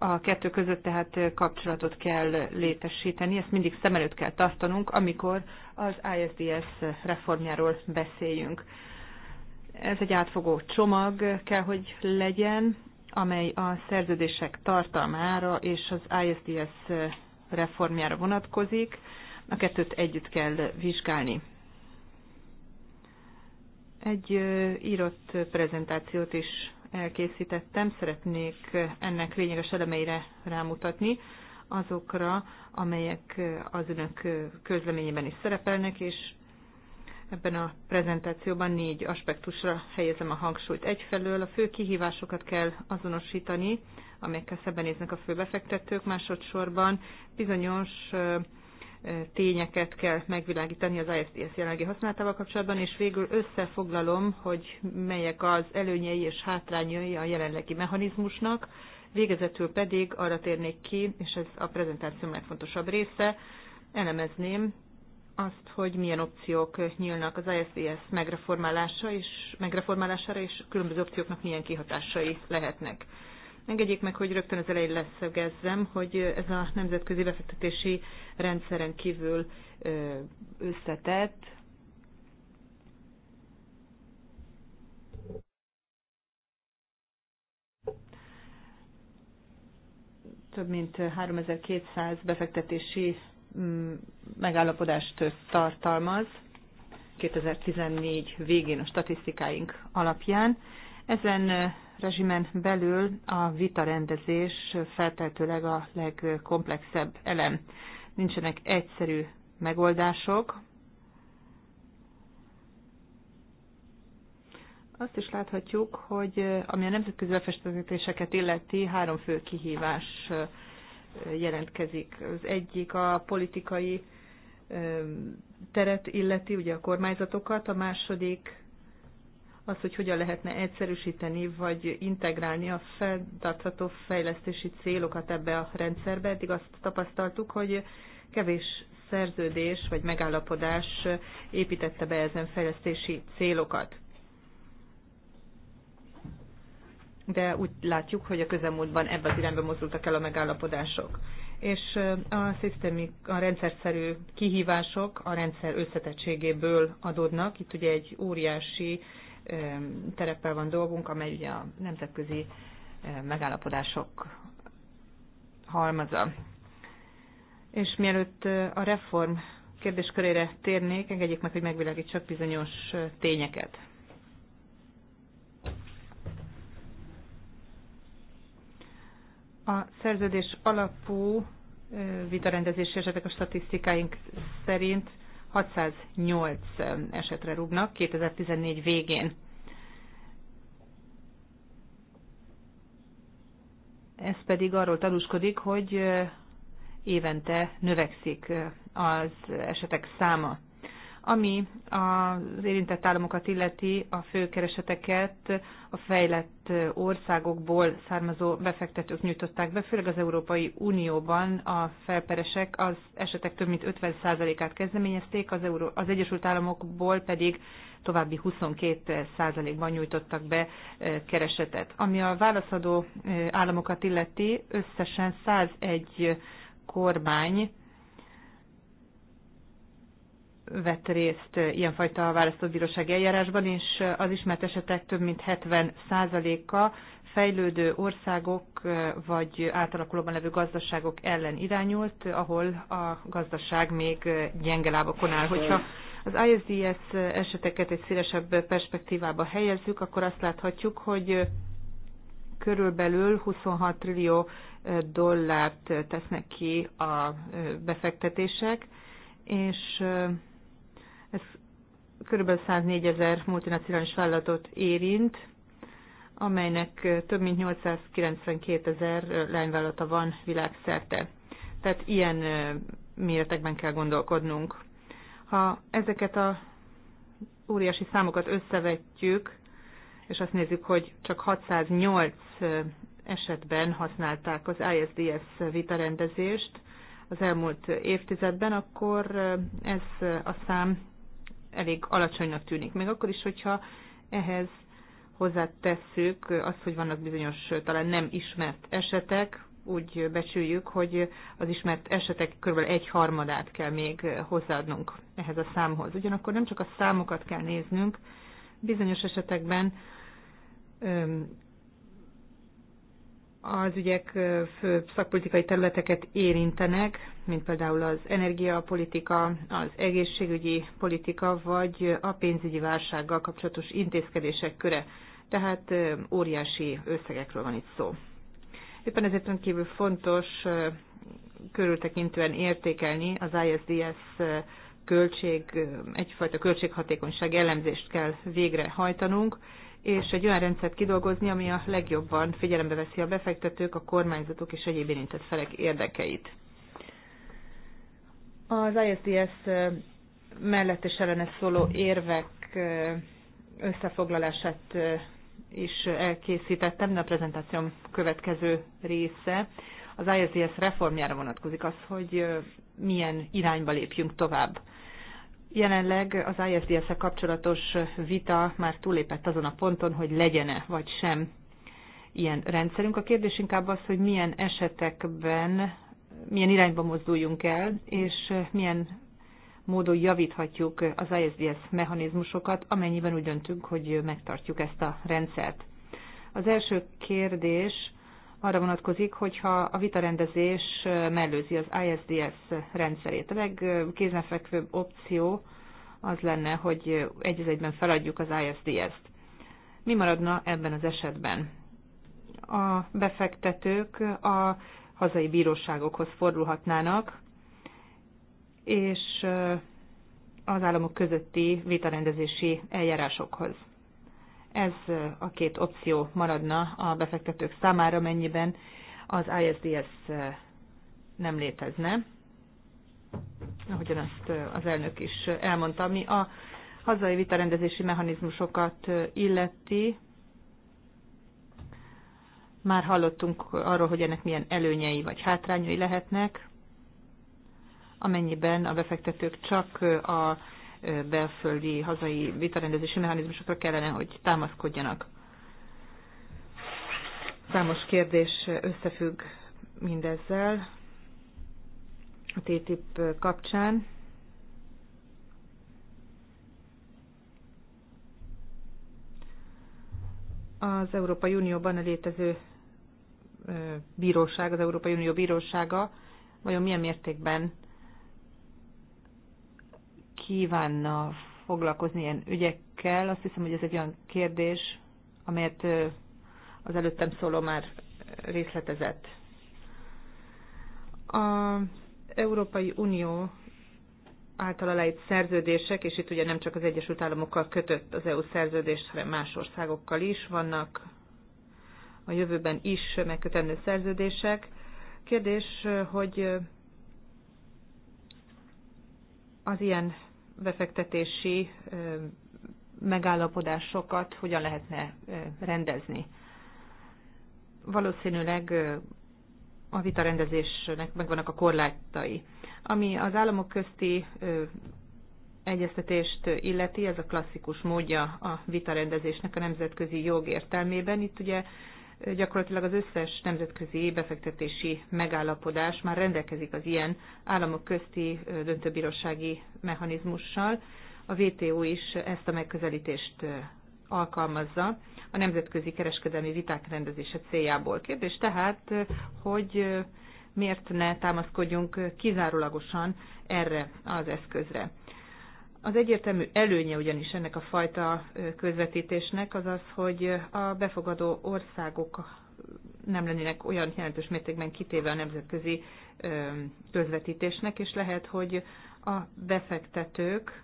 [SPEAKER 2] A kettő között tehát kapcsolatot kell létesíteni, ezt mindig szem előtt kell tartanunk, amikor az ISDS reformjáról beszéljünk. Ez egy átfogó csomag kell, hogy legyen, amely a szerződések tartalmára és az ISDS reformjára vonatkozik. A kettőt együtt kell vizsgálni. Egy írott prezentációt is elkészítettem, szeretnék ennek lényeges elemeire rámutatni, azokra, amelyek az önök közleményében is szerepelnek, és ebben a prezentációban négy aspektusra helyezem a hangsúlyt. Egyfelől a fő kihívásokat kell azonosítani, amelyekkel szembenéznek a fő befektetők, másodszorban bizonyos tényeket kell megvilágítani az ISDS jelenlegi használatával kapcsolatban, és végül összefoglalom, hogy melyek az előnyei és hátrányai a jelenlegi mechanizmusnak, végezetül pedig arra térnék ki, és ez a prezentáció legfontosabb része, elemezném azt, hogy milyen opciók nyílnak az ISDS megreformálása és, megreformálására, és különböző opcióknak milyen kihatásai lehetnek. Engedjék meg, hogy rögtön az elején leszögezzem, hogy ez a nemzetközi befektetési rendszeren kívül összetett, több mint 3200 befektetési mm, megállapodást tartalmaz 2014 végén a statisztikáink alapján. Ezen rezsimen belül a vitarendezés feltehetőleg a legkomplexebb elem. Nincsenek egyszerű megoldások. Azt is láthatjuk, hogy ami a nemzetközi befestetéseket illeti, három fő kihívás jelentkezik. Az egyik a politikai teret illeti, ugye a kormányzatokat, a második az, hogy hogyan lehetne egyszerűsíteni vagy integrálni a feltartható fejlesztési célokat ebbe a rendszerbe. Eddig azt tapasztaltuk, hogy kevés szerződés vagy megállapodás építette be ezen fejlesztési célokat. De úgy látjuk, hogy a közelmúltban ebbe az irányba mozdultak el a megállapodások. És a, szisztémik, a rendszerszerű kihívások a rendszer összetettségéből adódnak. Itt ugye egy óriási tereppel van dolgunk, amely ugye a nemzetközi megállapodások halmaza. És mielőtt a reform kérdéskörére térnék, engedjék meg, hogy megvilágítsak bizonyos tényeket. A szerződés alapú vitarendezési esetek a statisztikáink szerint 608 um, esetre rúgnak 2014 végén. Ez pedig arról tanúskodik, hogy uh, évente növekszik uh, az esetek száma. Ami az érintett államokat illeti, a főkereseteket a fejlett országokból származó befektetők nyújtották be, főleg az Európai Unióban a felperesek az esetek több mint 50%-át kezdeményezték, az, Euró- az Egyesült Államokból pedig további 22%-ban nyújtottak be e, keresetet. Ami a válaszadó e, államokat illeti, összesen 101 kormány vett részt ilyenfajta választott bírósági eljárásban, és az ismert esetek több mint 70%-a fejlődő országok vagy átalakulóban levő gazdaságok ellen irányult, ahol a gazdaság még gyenge lábakon áll. Hogyha az ISDS eseteket egy szélesebb perspektívába helyezzük, akkor azt láthatjuk, hogy körülbelül 26 trillió dollárt tesznek ki a befektetések, és ez kb. 104 ezer multinacionális vállalatot érint, amelynek több mint 892 ezer lányvállalata van világszerte. Tehát ilyen méretekben kell gondolkodnunk. Ha ezeket a óriási számokat összevetjük, és azt nézzük, hogy csak 608 esetben használták az ISDS vitarendezést az elmúlt évtizedben, akkor ez a szám elég alacsonynak tűnik. Még akkor is, hogyha ehhez hozzátesszük azt, hogy vannak bizonyos talán nem ismert esetek, úgy becsüljük, hogy az ismert esetek kb. egy harmadát kell még hozzáadnunk ehhez a számhoz. Ugyanakkor nem csak a számokat kell néznünk, bizonyos esetekben az ügyek fő szakpolitikai területeket érintenek, mint például az energiapolitika, az egészségügyi politika, vagy a pénzügyi válsággal kapcsolatos intézkedések köre. Tehát óriási összegekről van itt szó. Éppen ezért rendkívül fontos körültekintően értékelni az ISDS költség, egyfajta költséghatékonyság elemzést kell végrehajtanunk, és egy olyan rendszert kidolgozni, ami a legjobban figyelembe veszi a befektetők, a kormányzatok és egyéb érintett felek érdekeit. Az ISDS mellett és ellene szóló érvek összefoglalását is elkészítettem, de a prezentációm következő része az ISDS reformjára vonatkozik az, hogy milyen irányba lépjünk tovább. Jelenleg az ISDS-e kapcsolatos vita már túlépett azon a ponton, hogy legyene vagy sem ilyen rendszerünk. A kérdés inkább az, hogy milyen esetekben, milyen irányba mozduljunk el, és milyen módon javíthatjuk az ISDS mechanizmusokat, amennyiben úgy döntünk, hogy megtartjuk ezt a rendszert. Az első kérdés arra vonatkozik, hogyha a vitarendezés mellőzi az ISDS rendszerét. A legkézenfekvőbb opció az lenne, hogy egy egyben feladjuk az ISDS-t. Mi maradna ebben az esetben? A befektetők a hazai bíróságokhoz fordulhatnának, és az államok közötti vitarendezési eljárásokhoz. Ez a két opció maradna a befektetők számára, mennyiben az ISDS eh, nem létezne. Ahogyan azt eh, az elnök is elmondta, mi a hazai vitarendezési mechanizmusokat eh, illeti, már hallottunk arról, hogy ennek milyen előnyei vagy hátrányai lehetnek, amennyiben a befektetők csak a belföldi, hazai vitarendezési mechanizmusokra kellene, hogy támaszkodjanak. Számos kérdés összefügg mindezzel a TTIP kapcsán. Az Európai Unióban a létező bíróság, az Európai Unió bírósága vajon milyen mértékben kívánna foglalkozni ilyen ügyekkel. Azt hiszem, hogy ez egy olyan kérdés, amelyet az előttem szóló már részletezett. A Európai Unió által aláírt szerződések, és itt ugye nem csak az Egyesült Államokkal kötött az EU szerződést, hanem más országokkal is, vannak a jövőben is megkötendő szerződések. Kérdés, hogy az ilyen befektetési megállapodásokat hogyan lehetne rendezni. Valószínűleg a vitarendezésnek megvannak a korlátai. Ami az államok közti egyeztetést illeti, ez a klasszikus módja a vitarendezésnek a nemzetközi jog értelmében. Itt ugye gyakorlatilag az összes nemzetközi befektetési megállapodás már rendelkezik az ilyen államok közti döntőbírósági mechanizmussal. A WTO is ezt a megközelítést alkalmazza a nemzetközi kereskedelmi viták rendezése céljából. Kérdés tehát, hogy miért ne támaszkodjunk kizárólagosan erre az eszközre. Az egyértelmű előnye ugyanis ennek a fajta közvetítésnek az az, hogy a befogadó országok nem lennének olyan jelentős mértékben kitéve a nemzetközi közvetítésnek, és lehet, hogy a befektetők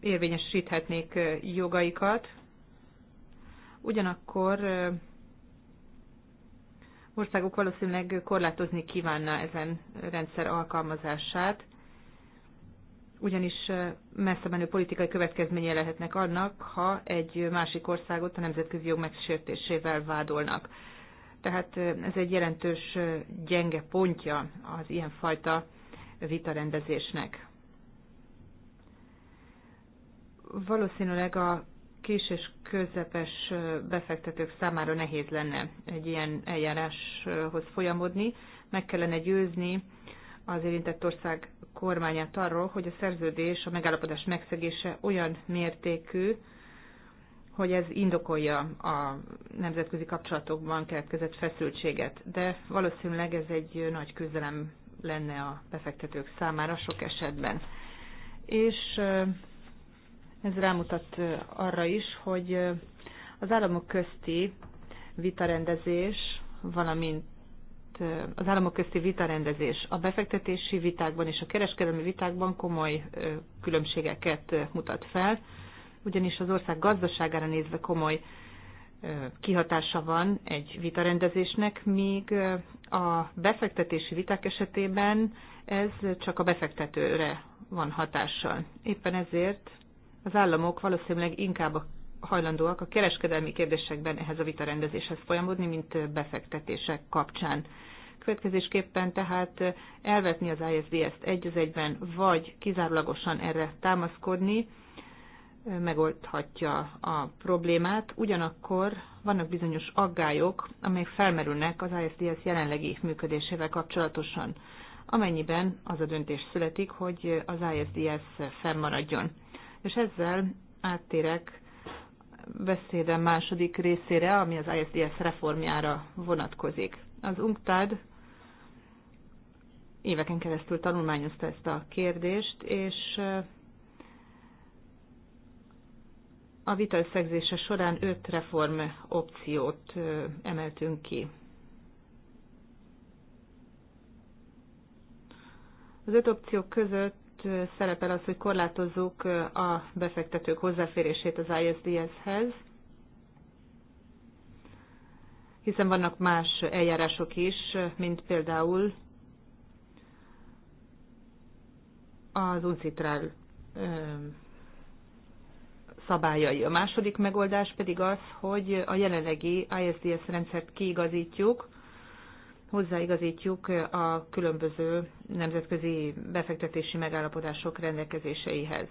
[SPEAKER 2] érvényesíthetnék jogaikat, ugyanakkor országok valószínűleg korlátozni kívánna ezen rendszer alkalmazását, ugyanis messze menő politikai következménye lehetnek annak, ha egy másik országot a nemzetközi jog megsértésével vádolnak. Tehát ez egy jelentős gyenge pontja az ilyenfajta vitarendezésnek. Valószínűleg a kis és közepes befektetők számára nehéz lenne egy ilyen eljáráshoz folyamodni. Meg kellene győzni az érintett ország kormányát arról, hogy a szerződés, a megállapodás megszegése olyan mértékű, hogy ez indokolja a nemzetközi kapcsolatokban keletkezett feszültséget. De valószínűleg ez egy nagy küzdelem lenne a befektetők számára sok esetben. És ez rámutat arra is, hogy az államok közti vitarendezés, valamint az államok közti vitarendezés a befektetési vitákban és a kereskedelmi vitákban komoly különbségeket mutat fel, ugyanis az ország gazdaságára nézve komoly kihatása van egy vitarendezésnek, míg a befektetési viták esetében ez csak a befektetőre van hatással. Éppen ezért az államok valószínűleg inkább hajlandóak a kereskedelmi kérdésekben ehhez a vitarendezéshez folyamodni, mint befektetések kapcsán. Következésképpen tehát elvetni az ISDS-t egy az egyben, vagy kizárólagosan erre támaszkodni, megoldhatja a problémát, ugyanakkor vannak bizonyos aggályok, amelyek felmerülnek az ISDS jelenlegi működésével kapcsolatosan, amennyiben az a döntés születik, hogy az ISDS fennmaradjon. És ezzel áttérek beszédem második részére, ami az ISDS reformjára vonatkozik. Az UNCTAD éveken keresztül tanulmányozta ezt a kérdést, és eh, a vita összegzése során öt reform opciót eh, emeltünk ki. Az öt opció között szerepel az, hogy korlátozzuk a befektetők hozzáférését az ISDS-hez, hiszen vannak más eljárások is, mint például az uncitrál szabályai. A második megoldás pedig az, hogy a jelenlegi ISDS rendszert kiigazítjuk, hozzáigazítjuk a különböző nemzetközi befektetési megállapodások rendelkezéseihez.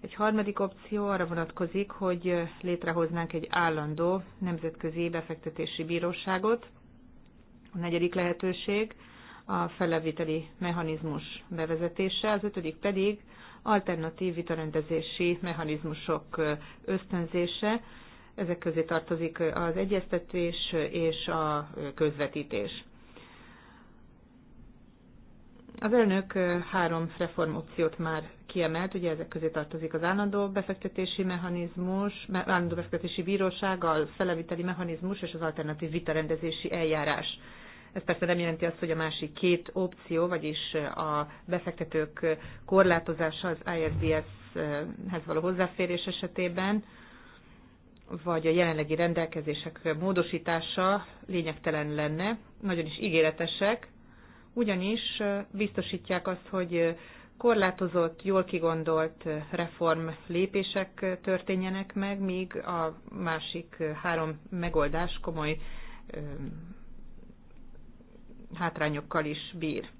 [SPEAKER 2] Egy harmadik opció arra vonatkozik, hogy létrehoznánk egy állandó nemzetközi befektetési bíróságot. A negyedik lehetőség a feleviteli mechanizmus bevezetése, az ötödik pedig alternatív vitarendezési mechanizmusok ösztönzése, ezek közé tartozik az egyeztetés és a közvetítés. Az elnök három reformopciót már kiemelt, ugye ezek közé tartozik az állandó befektetési mechanizmus, állandó befektetési bíróság, a feleviteli mechanizmus és az alternatív vitarendezési eljárás. Ez persze nem jelenti azt, hogy a másik két opció, vagyis a befektetők korlátozása az ISDS-hez való hozzáférés esetében, vagy a jelenlegi rendelkezések módosítása lényegtelen lenne. Nagyon is ígéretesek, ugyanis biztosítják azt, hogy korlátozott, jól kigondolt reform lépések történjenek meg, míg a másik három megoldás komoly hátrányokkal is bír.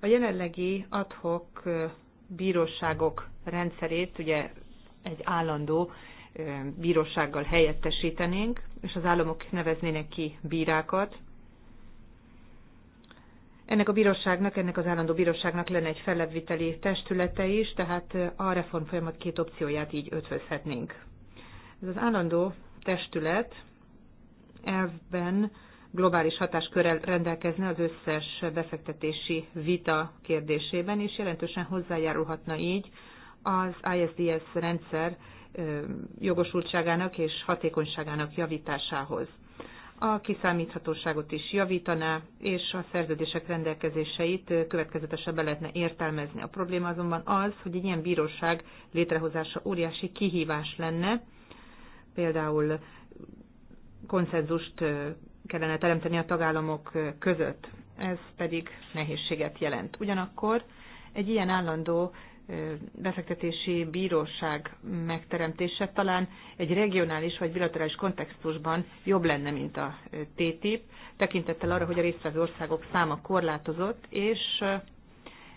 [SPEAKER 2] A jelenlegi adhok bíróságok rendszerét ugye egy állandó bírósággal helyettesítenénk, és az államok neveznének ki bírákat, ennek a bíróságnak, ennek az állandó bíróságnak lenne egy fellebbviteli testülete is, tehát a reform folyamat két opcióját így ötvözhetnénk. Ez az állandó testület elvben globális hatáskörrel rendelkezne az összes befektetési vita kérdésében, és jelentősen hozzájárulhatna így az ISDS rendszer jogosultságának és hatékonyságának javításához a kiszámíthatóságot is javítaná, és a szerződések rendelkezéseit következetesen be lehetne értelmezni. A probléma azonban az, hogy egy ilyen bíróság létrehozása óriási kihívás lenne, például konszenzust kellene teremteni a tagállamok között. Ez pedig nehézséget jelent. Ugyanakkor egy ilyen állandó befektetési bíróság megteremtése talán egy regionális vagy bilaterális kontextusban jobb lenne, mint a TTIP, tekintettel arra, hogy a résztvevő országok száma korlátozott, és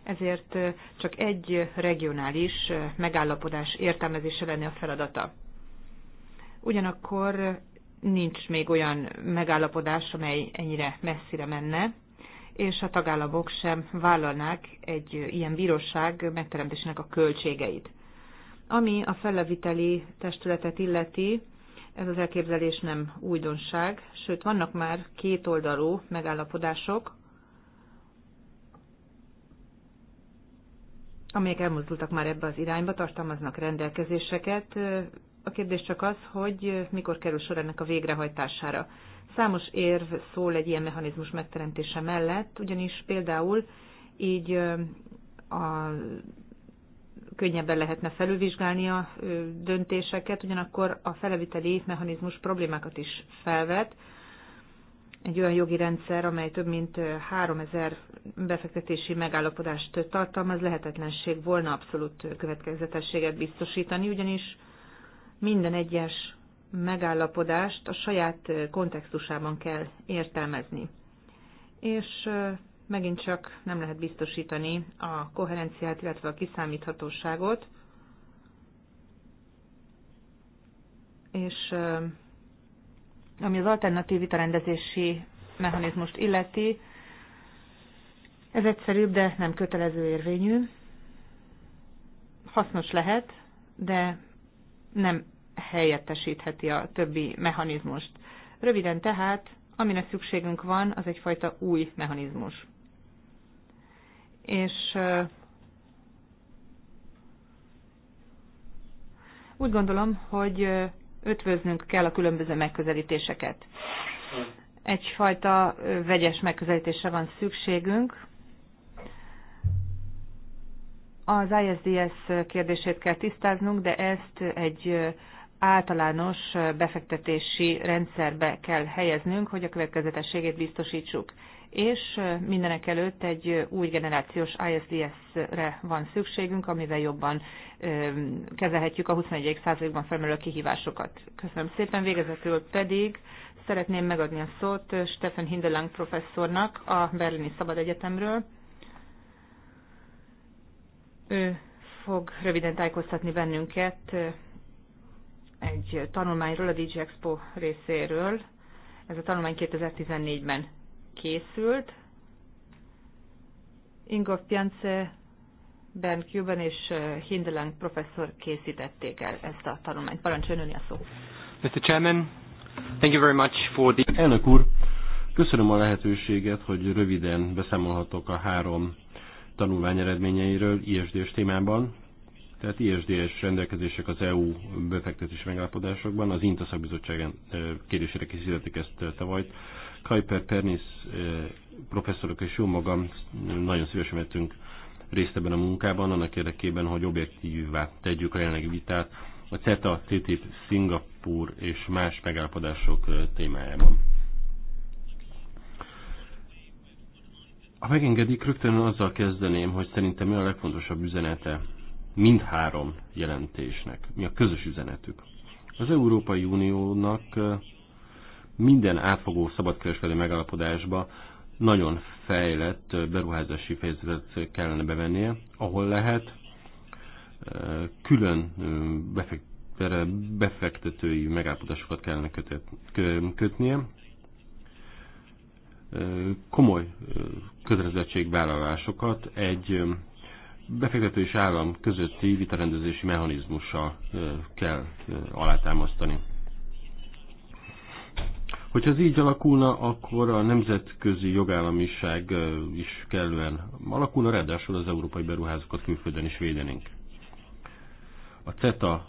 [SPEAKER 2] ezért csak egy regionális megállapodás értelmezése lenne a feladata. Ugyanakkor nincs még olyan megállapodás, amely ennyire messzire menne, és a tagállamok sem vállalnák egy ilyen bíróság megteremtésének a költségeit. Ami a felleviteli testületet illeti, ez az elképzelés nem újdonság, sőt vannak már kétoldalú megállapodások, amelyek elmozdultak már ebbe az irányba, tartalmaznak rendelkezéseket, a kérdés csak az, hogy mikor kerül sor ennek a végrehajtására. Számos érv szól egy ilyen mechanizmus megteremtése mellett, ugyanis például így a könnyebben lehetne felülvizsgálni a döntéseket, ugyanakkor a feleviteli mechanizmus problémákat is felvet. Egy olyan jogi rendszer, amely több mint 3000 befektetési megállapodást tartalmaz, lehetetlenség volna abszolút következetességet biztosítani, ugyanis minden egyes megállapodást a saját kontextusában kell értelmezni. És megint csak nem lehet biztosítani a koherenciát, illetve a kiszámíthatóságot, és ami az alternatív vitarendezési mechanizmust illeti, ez egyszerűbb, de nem kötelező érvényű. Hasznos lehet, de nem helyettesítheti a többi mechanizmust. Röviden tehát, amire szükségünk van, az egyfajta új mechanizmus. És úgy gondolom, hogy ötvöznünk kell a különböző megközelítéseket. Egyfajta vegyes megközelítésre van szükségünk, az ISDS kérdését kell tisztáznunk, de ezt egy általános befektetési rendszerbe kell helyeznünk, hogy a következetességét biztosítsuk. És mindenek előtt egy új generációs ISDS-re van szükségünk, amivel jobban kezelhetjük a 21. században felmerülő kihívásokat. Köszönöm szépen, végezetül pedig szeretném megadni a szót Stefan Hindelang professzornak a Berlini Szabad Egyetemről, ő fog röviden tájékoztatni bennünket egy tanulmányról, a DJ Expo részéről. Ez a tanulmány 2014-ben készült. Ingolf Piance, Ben Cuban és Hindelang professzor készítették el ezt a tanulmányt. Parancsoljon ön a szó.
[SPEAKER 1] Mr. Chairman, thank you very much for the... Elnök úr, köszönöm a lehetőséget, hogy röviden beszámolhatok a három tanulvány eredményeiről ISDS témában. Tehát ISDS rendelkezések az EU befektetési megállapodásokban, az INTA szakbizottságen eh, kérdésére készítették ezt eh, tavaly. Kajper, Pernis eh, professzorok és jó magam nagyon szívesen vettünk részt ebben a munkában, annak érdekében, hogy objektívvá tegyük a jelenlegi vitát a CETA, TTIP, Szingapúr és más megállapodások témájában. Ha megengedik, rögtön azzal kezdeném, hogy szerintem mi a legfontosabb üzenete mindhárom jelentésnek, mi a közös üzenetük. Az Európai Uniónak minden átfogó szabadkereskedelmi megállapodásba nagyon fejlett beruházási fejezetet kellene bevennie, ahol lehet külön befektetői megállapodásokat kellene kötnie komoly kötelezettségvállalásokat egy befektető és állam közötti vitarendezési mechanizmussal kell alátámasztani. Hogyha ez így alakulna, akkor a nemzetközi jogállamiság is kellően alakulna, ráadásul az európai beruházókat külföldön is védenénk. A CETA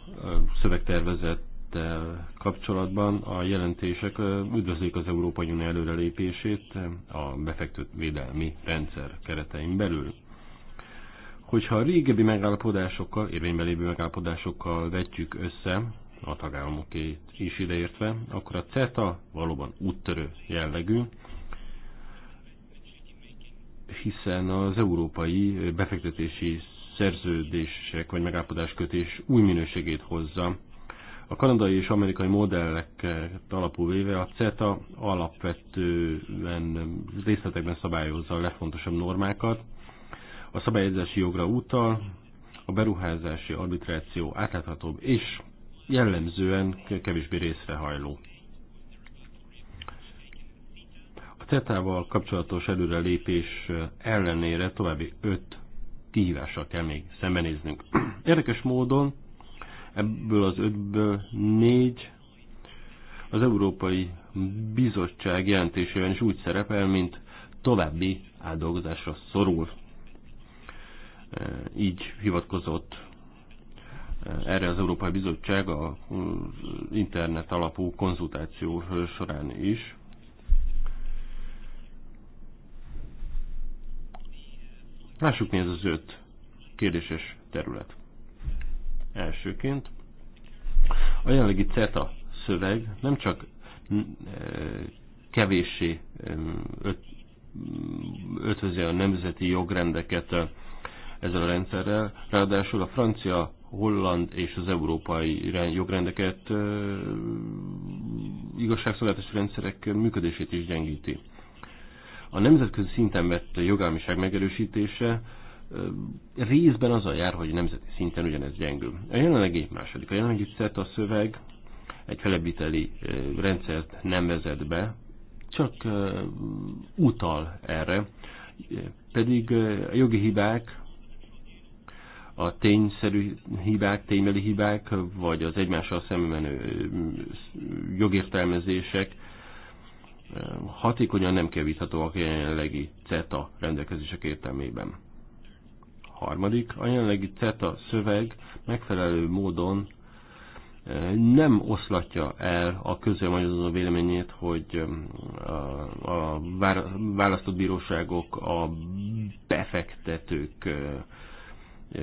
[SPEAKER 1] szövegtervezet rendelettel kapcsolatban a jelentések üdvözlik az Európai Unió előrelépését a védelmi rendszer keretein belül. Hogyha a régebbi megállapodásokkal, érvényben lévő megállapodásokkal vetjük össze, a tagállamokét is ideértve, akkor a CETA valóban úttörő jellegű, hiszen az európai befektetési szerződések vagy megállapodáskötés új minőségét hozza a kanadai és amerikai modelleket alapul véve a CETA alapvetően részletekben szabályozza a legfontosabb normákat. A szabályozási jogra utal, a beruházási arbitráció átláthatóbb és jellemzően kevésbé részrehajló. A CETA-val kapcsolatos előrelépés ellenére további öt kihívással kell még szembenéznünk. Érdekes módon ebből az ötből négy az Európai Bizottság jelentésében is úgy szerepel, mint további áldolgozásra szorul. E, így hivatkozott e, erre az Európai Bizottság a e, internet alapú konzultáció során is. Lássuk mi ez az öt kérdéses terület. Elsőként a jelenlegi CETA szöveg nem csak mm, e, kevéssé ötvözi a nemzeti jogrendeket e, ezzel a rendszerrel, ráadásul a francia, holland és az európai jogrendeket e, igazságszolgáltatási rendszerek működését is gyengíti. A nemzetközi szinten vett jogállamiság megerősítése részben a jár, hogy nemzeti szinten ugyanez gyengül. A egy második, a jelenlegi a szöveg egy felebíteli rendszert nem vezet be, csak utal erre, pedig a jogi hibák a tényszerű hibák, ténybeli hibák, vagy az egymással szemmenő jogértelmezések hatékonyan nem kevíthatóak a jelenlegi CETA rendelkezések értelmében. Harmadik, a jelenlegi CETA szöveg megfelelő módon eh, nem oszlatja el a közvéleményező véleményét, hogy eh, a választott bíróságok a befektetők eh,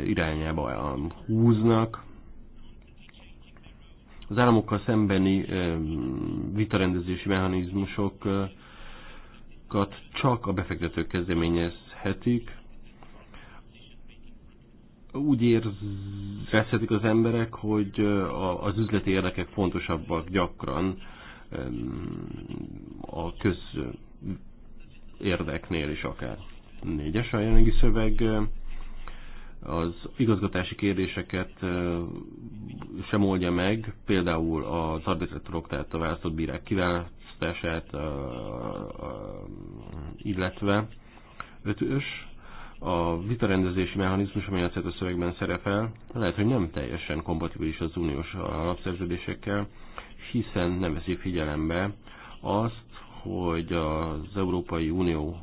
[SPEAKER 1] irányába húznak. Az államokkal szembeni vitarendezési mechanizmusokat csak a befektetők kezdeményezhetik, úgy érezhetik az emberek, hogy az üzleti érdekek fontosabbak gyakran a közérdeknél is akár. Négyes a jelenlegi szöveg az igazgatási kérdéseket sem oldja meg, például az arbitratorok, tehát a választott bírák kiválasztását, illetve ötös a vitarendezési mechanizmus, amely a szövegben szerepel, lehet, hogy nem teljesen kompatibilis az uniós alapszerződésekkel, hiszen nem veszi figyelembe azt, hogy az Európai Unió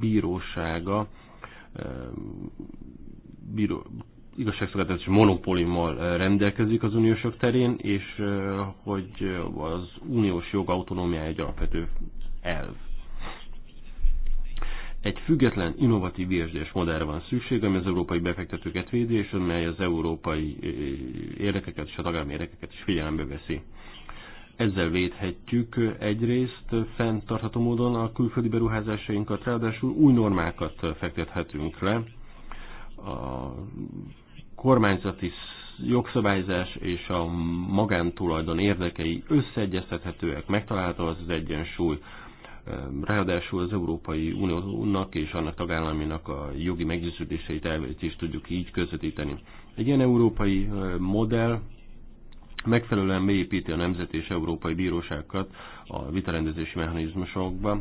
[SPEAKER 1] bírósága bíró, igazságszolgáltatási monopóliummal rendelkezik az uniósok terén, és hogy az uniós jog autonómiája egy alapvető elv. Egy független, innovatív ISDS modellre van szükség, ami az európai befektetőket védi, és amely az európai eh, érdekeket és a tagállami érdekeket is figyelembe veszi. Ezzel védhetjük eh, egyrészt eh, fenntartható módon a külföldi beruházásainkat, ráadásul új normákat fektethetünk le. A kormányzati jogszabályzás és a magántulajdon érdekei összeegyeztethetőek, megtalálható az az egyensúly, Ráadásul az Európai Uniónak és annak tagállaminak a jogi meggyőződéseit, elvét is tudjuk így közvetíteni. Egy ilyen európai modell megfelelően beépíti a nemzeti és európai bíróságokat a vitarendezési mechanizmusokba,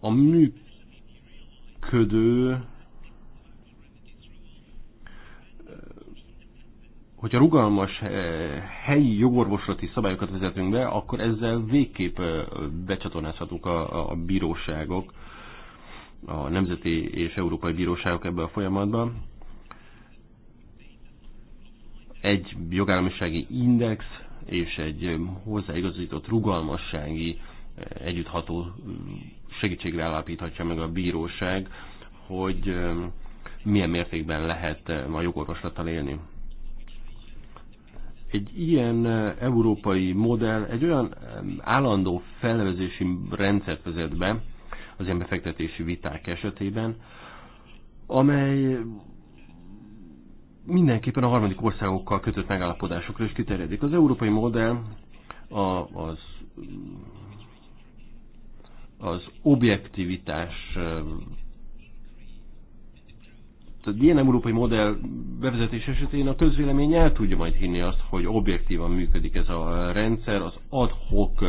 [SPEAKER 1] a működő hogyha rugalmas eh, helyi jogorvoslati szabályokat vezetünk be, akkor ezzel végképp eh, becsatornázhatunk a, a bíróságok, a nemzeti és európai bíróságok ebbe a folyamatba. Egy jogállamisági index és egy eh, hozzáigazított rugalmassági együttható segítségre állapíthatja meg a bíróság, hogy milyen mértékben lehet a jogorvoslattal élni. Egy ilyen európai modell egy olyan állandó felnevezési rendszert vezet be az ilyen befektetési viták esetében, amely mindenképpen a harmadik országokkal kötött megállapodásokra is kiterjedik. Az európai modell a, az, az objektivitás egy ilyen európai modell bevezetés esetén a közvélemény el tudja majd hinni azt, hogy objektívan működik ez a rendszer, az ad hoc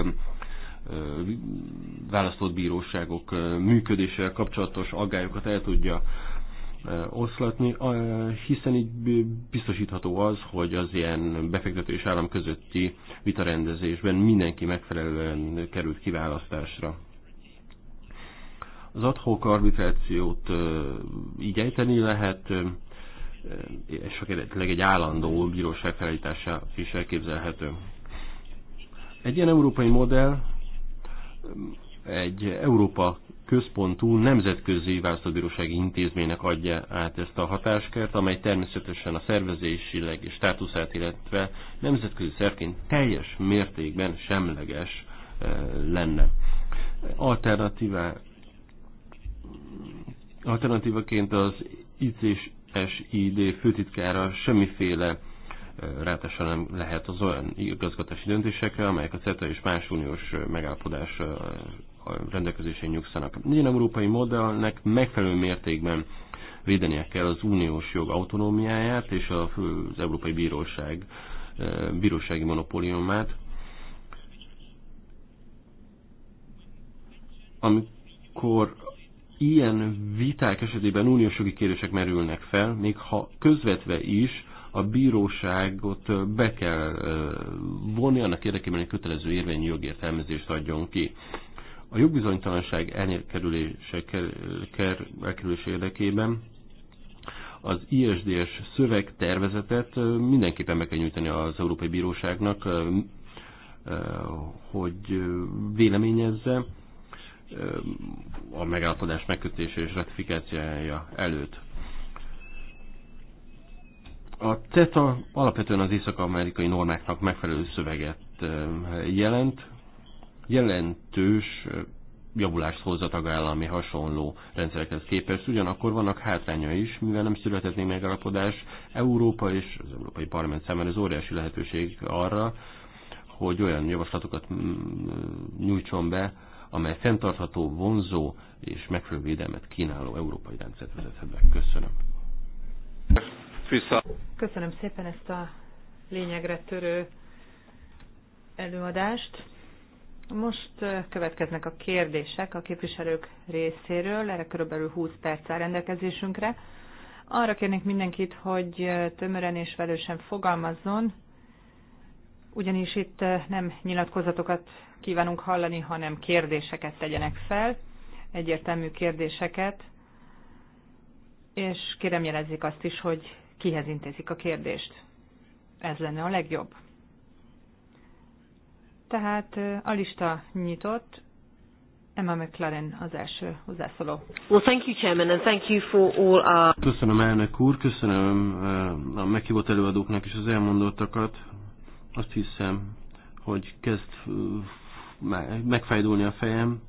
[SPEAKER 1] választott bíróságok működéssel kapcsolatos aggályokat el tudja oszlatni, hiszen így biztosítható az, hogy az ilyen befektető és állam közötti vitarendezésben mindenki megfelelően került kiválasztásra. Az adhok arbitrációt igejteni lehet, és eredetileg egy állandó bíróság felállítása is elképzelhető. Egy ilyen európai modell egy Európa központú nemzetközi választóbírósági intézménynek adja át ezt a hatáskert, amely természetesen a szervezésileg és státuszát, illetve nemzetközi szervként teljes mértékben semleges lenne. Alternatívá Alternatívaként az SID főtitkára semmiféle rátása nem lehet az olyan igazgatási döntésekre, amelyek a CETA és más uniós megállapodás rendelkezésén nyugszanak. Ilyen európai modellnek megfelelő mértékben védenie kell az uniós jog autonómiáját és az Európai Bíróság bírósági monopóliumát. Amikor ilyen viták esetében uniós jogi kérdések merülnek fel, még ha közvetve is a bíróságot be kell vonni annak érdekében, hogy kötelező érvényű jogértelmezést adjon ki. A jogbizonytalanság elkerülése, elkerülése érdekében az ISDS szöveg mindenképpen meg kell nyújtani az Európai Bíróságnak, hogy véleményezze, a megállapodás megkötése és ratifikációja előtt. A CETA alapvetően az észak-amerikai normáknak megfelelő szöveget jelent, jelentős javulást hoz a tagállami hasonló rendszerekhez képest. Ugyanakkor vannak hátránya is, mivel nem született még megállapodás. Európa és az Európai Parlament számára az óriási lehetőség arra, hogy olyan javaslatokat mm, nyújtson be, amely fenntartható, vonzó és megfelelő védelmet kínáló európai rendszert vezethet be. Köszönöm.
[SPEAKER 2] Köszönöm szépen ezt a lényegre törő előadást. Most következnek a kérdések a képviselők részéről, erre körülbelül 20 perc áll rendelkezésünkre. Arra kérnék mindenkit, hogy tömören és velősen fogalmazzon, ugyanis itt nem nyilatkozatokat kívánunk hallani, hanem kérdéseket tegyenek fel, egyértelmű kérdéseket, és kérem jelezzék azt is, hogy kihez intézik a kérdést. Ez lenne a legjobb. Tehát a lista nyitott, Emma McLaren az első hozzászóló. Well, thank you, Chairman, and thank you for all our...
[SPEAKER 1] Köszönöm, elnök úr, köszönöm a meghívott előadóknak is az elmondottakat. Azt hiszem, hogy kezd megfájdulni a fejem,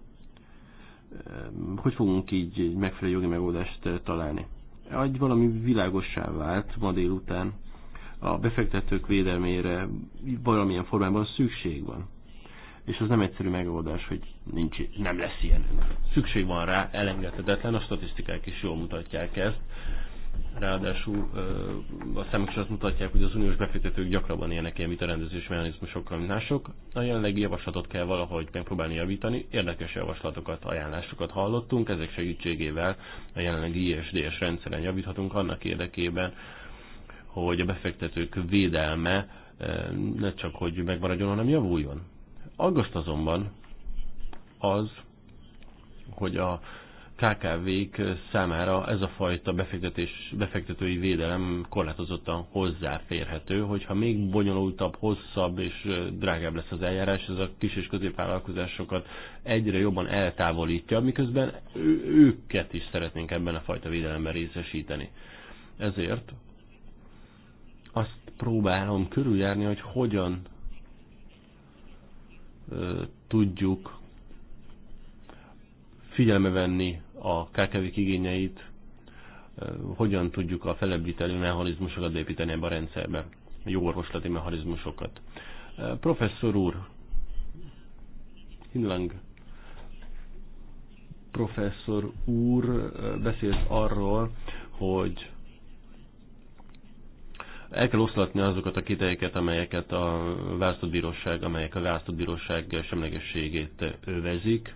[SPEAKER 1] hogy fogunk így egy megfelelő jogi megoldást eh, találni. Egy valami világossá vált ma délután, a befektetők védelmére valamilyen formában szükség van. És az nem egyszerű megoldás, hogy nincs, nem lesz ilyen. Szükség van rá, elengedhetetlen, a statisztikák is jól mutatják ezt. Ráadásul a számok is azt mutatják, hogy az uniós befektetők gyakrabban élnek ilyen vitarendezés mechanizmusokkal, mint mások. A jelenlegi javaslatot kell valahogy megpróbálni javítani. Érdekes javaslatokat, ajánlásokat hallottunk, ezek segítségével a jelenlegi ISDS rendszeren javíthatunk annak érdekében, hogy a befektetők védelme ne csak hogy megmaradjon, hanem javuljon. Aggaszt azonban az, hogy a KKV-k számára ez a fajta befektetés, befektetői védelem korlátozottan hozzáférhető, hogyha még bonyolultabb, hosszabb és drágább lesz az eljárás, ez a kis és középvállalkozásokat egyre jobban eltávolítja, miközben őket is szeretnénk ebben a fajta védelemben részesíteni. Ezért azt próbálom körüljárni, hogy hogyan tudjuk figyelme venni a KKV-k igényeit hogyan tudjuk a felebbítelő mechanizmusokat építeni ebbe a rendszerbe, jó orvoslati mechanizmusokat. Professzor úr, Hinlang professzor úr beszélt arról, hogy el kell oszlatni azokat a kitejeket, amelyeket a választóbíróság, amelyek a választóbíróság semlegességét övezik,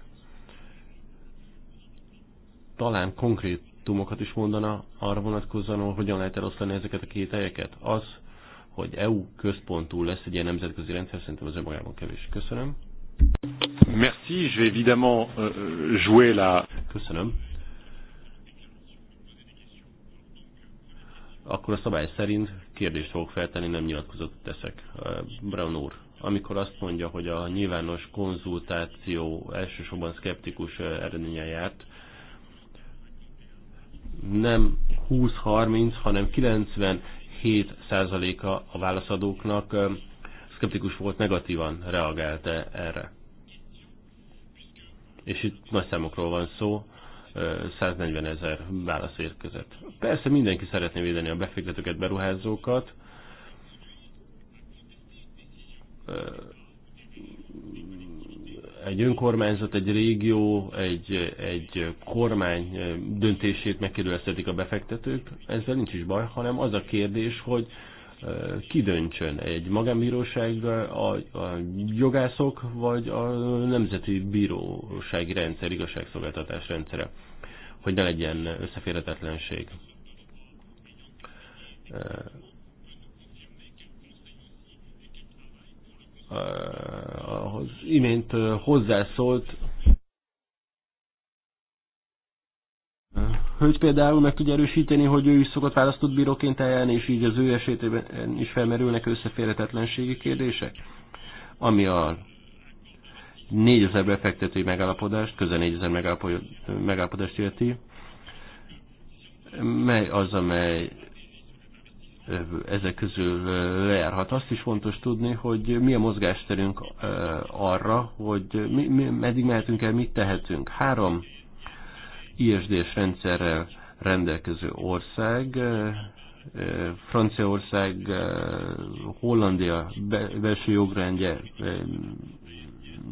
[SPEAKER 1] talán konkrétumokat is mondana arra vonatkozóan, hogy hogyan lehet eloszlani ezeket a két helyeket. Az, hogy EU központú lesz egy ilyen nemzetközi rendszer, szerintem az önmagában kevés. Köszönöm. Merci, je vais évidemment euh, euh, jouer la... Köszönöm. Akkor a szabály szerint kérdést fogok feltenni, nem nyilatkozatot teszek. Brown úr, amikor azt mondja, hogy a nyilvános konzultáció elsősorban szkeptikus eredménye járt, nem 20-30, hanem 97%-a a válaszadóknak szkeptikus volt, negatívan reagált erre. És itt nagy számokról van szó, 140 ezer válasz érkezett. Persze mindenki szeretné védeni a befektetőket, beruházókat, egy önkormányzat, egy régió, egy, egy kormány döntését megkérdőjelezhetik a befektetők, ezzel nincs is baj, hanem az a kérdés, hogy ki döntsön, egy magánbíróság, a, a jogászok, vagy a nemzeti bírósági rendszer, igazságszolgáltatás rendszere, hogy ne legyen összeférhetetlenség Eh, az imént eh, hozzászólt, Hölgy eh, például meg tudja erősíteni, hogy ő is szokott választott bíróként eljárni, és így az ő esetében is felmerülnek összeférhetetlenségi kérdések. Ami a 4000 befektetői megállapodást, közel 4000 megállapodást illeti, mely az, amely ezek közül lejárhat. Azt is fontos tudni, hogy mi a mozgásterünk arra, hogy mi, mi, meddig mehetünk el, mit tehetünk. Három ISD-s rendszerrel rendelkező ország, Franciaország, Hollandia belső jogrendje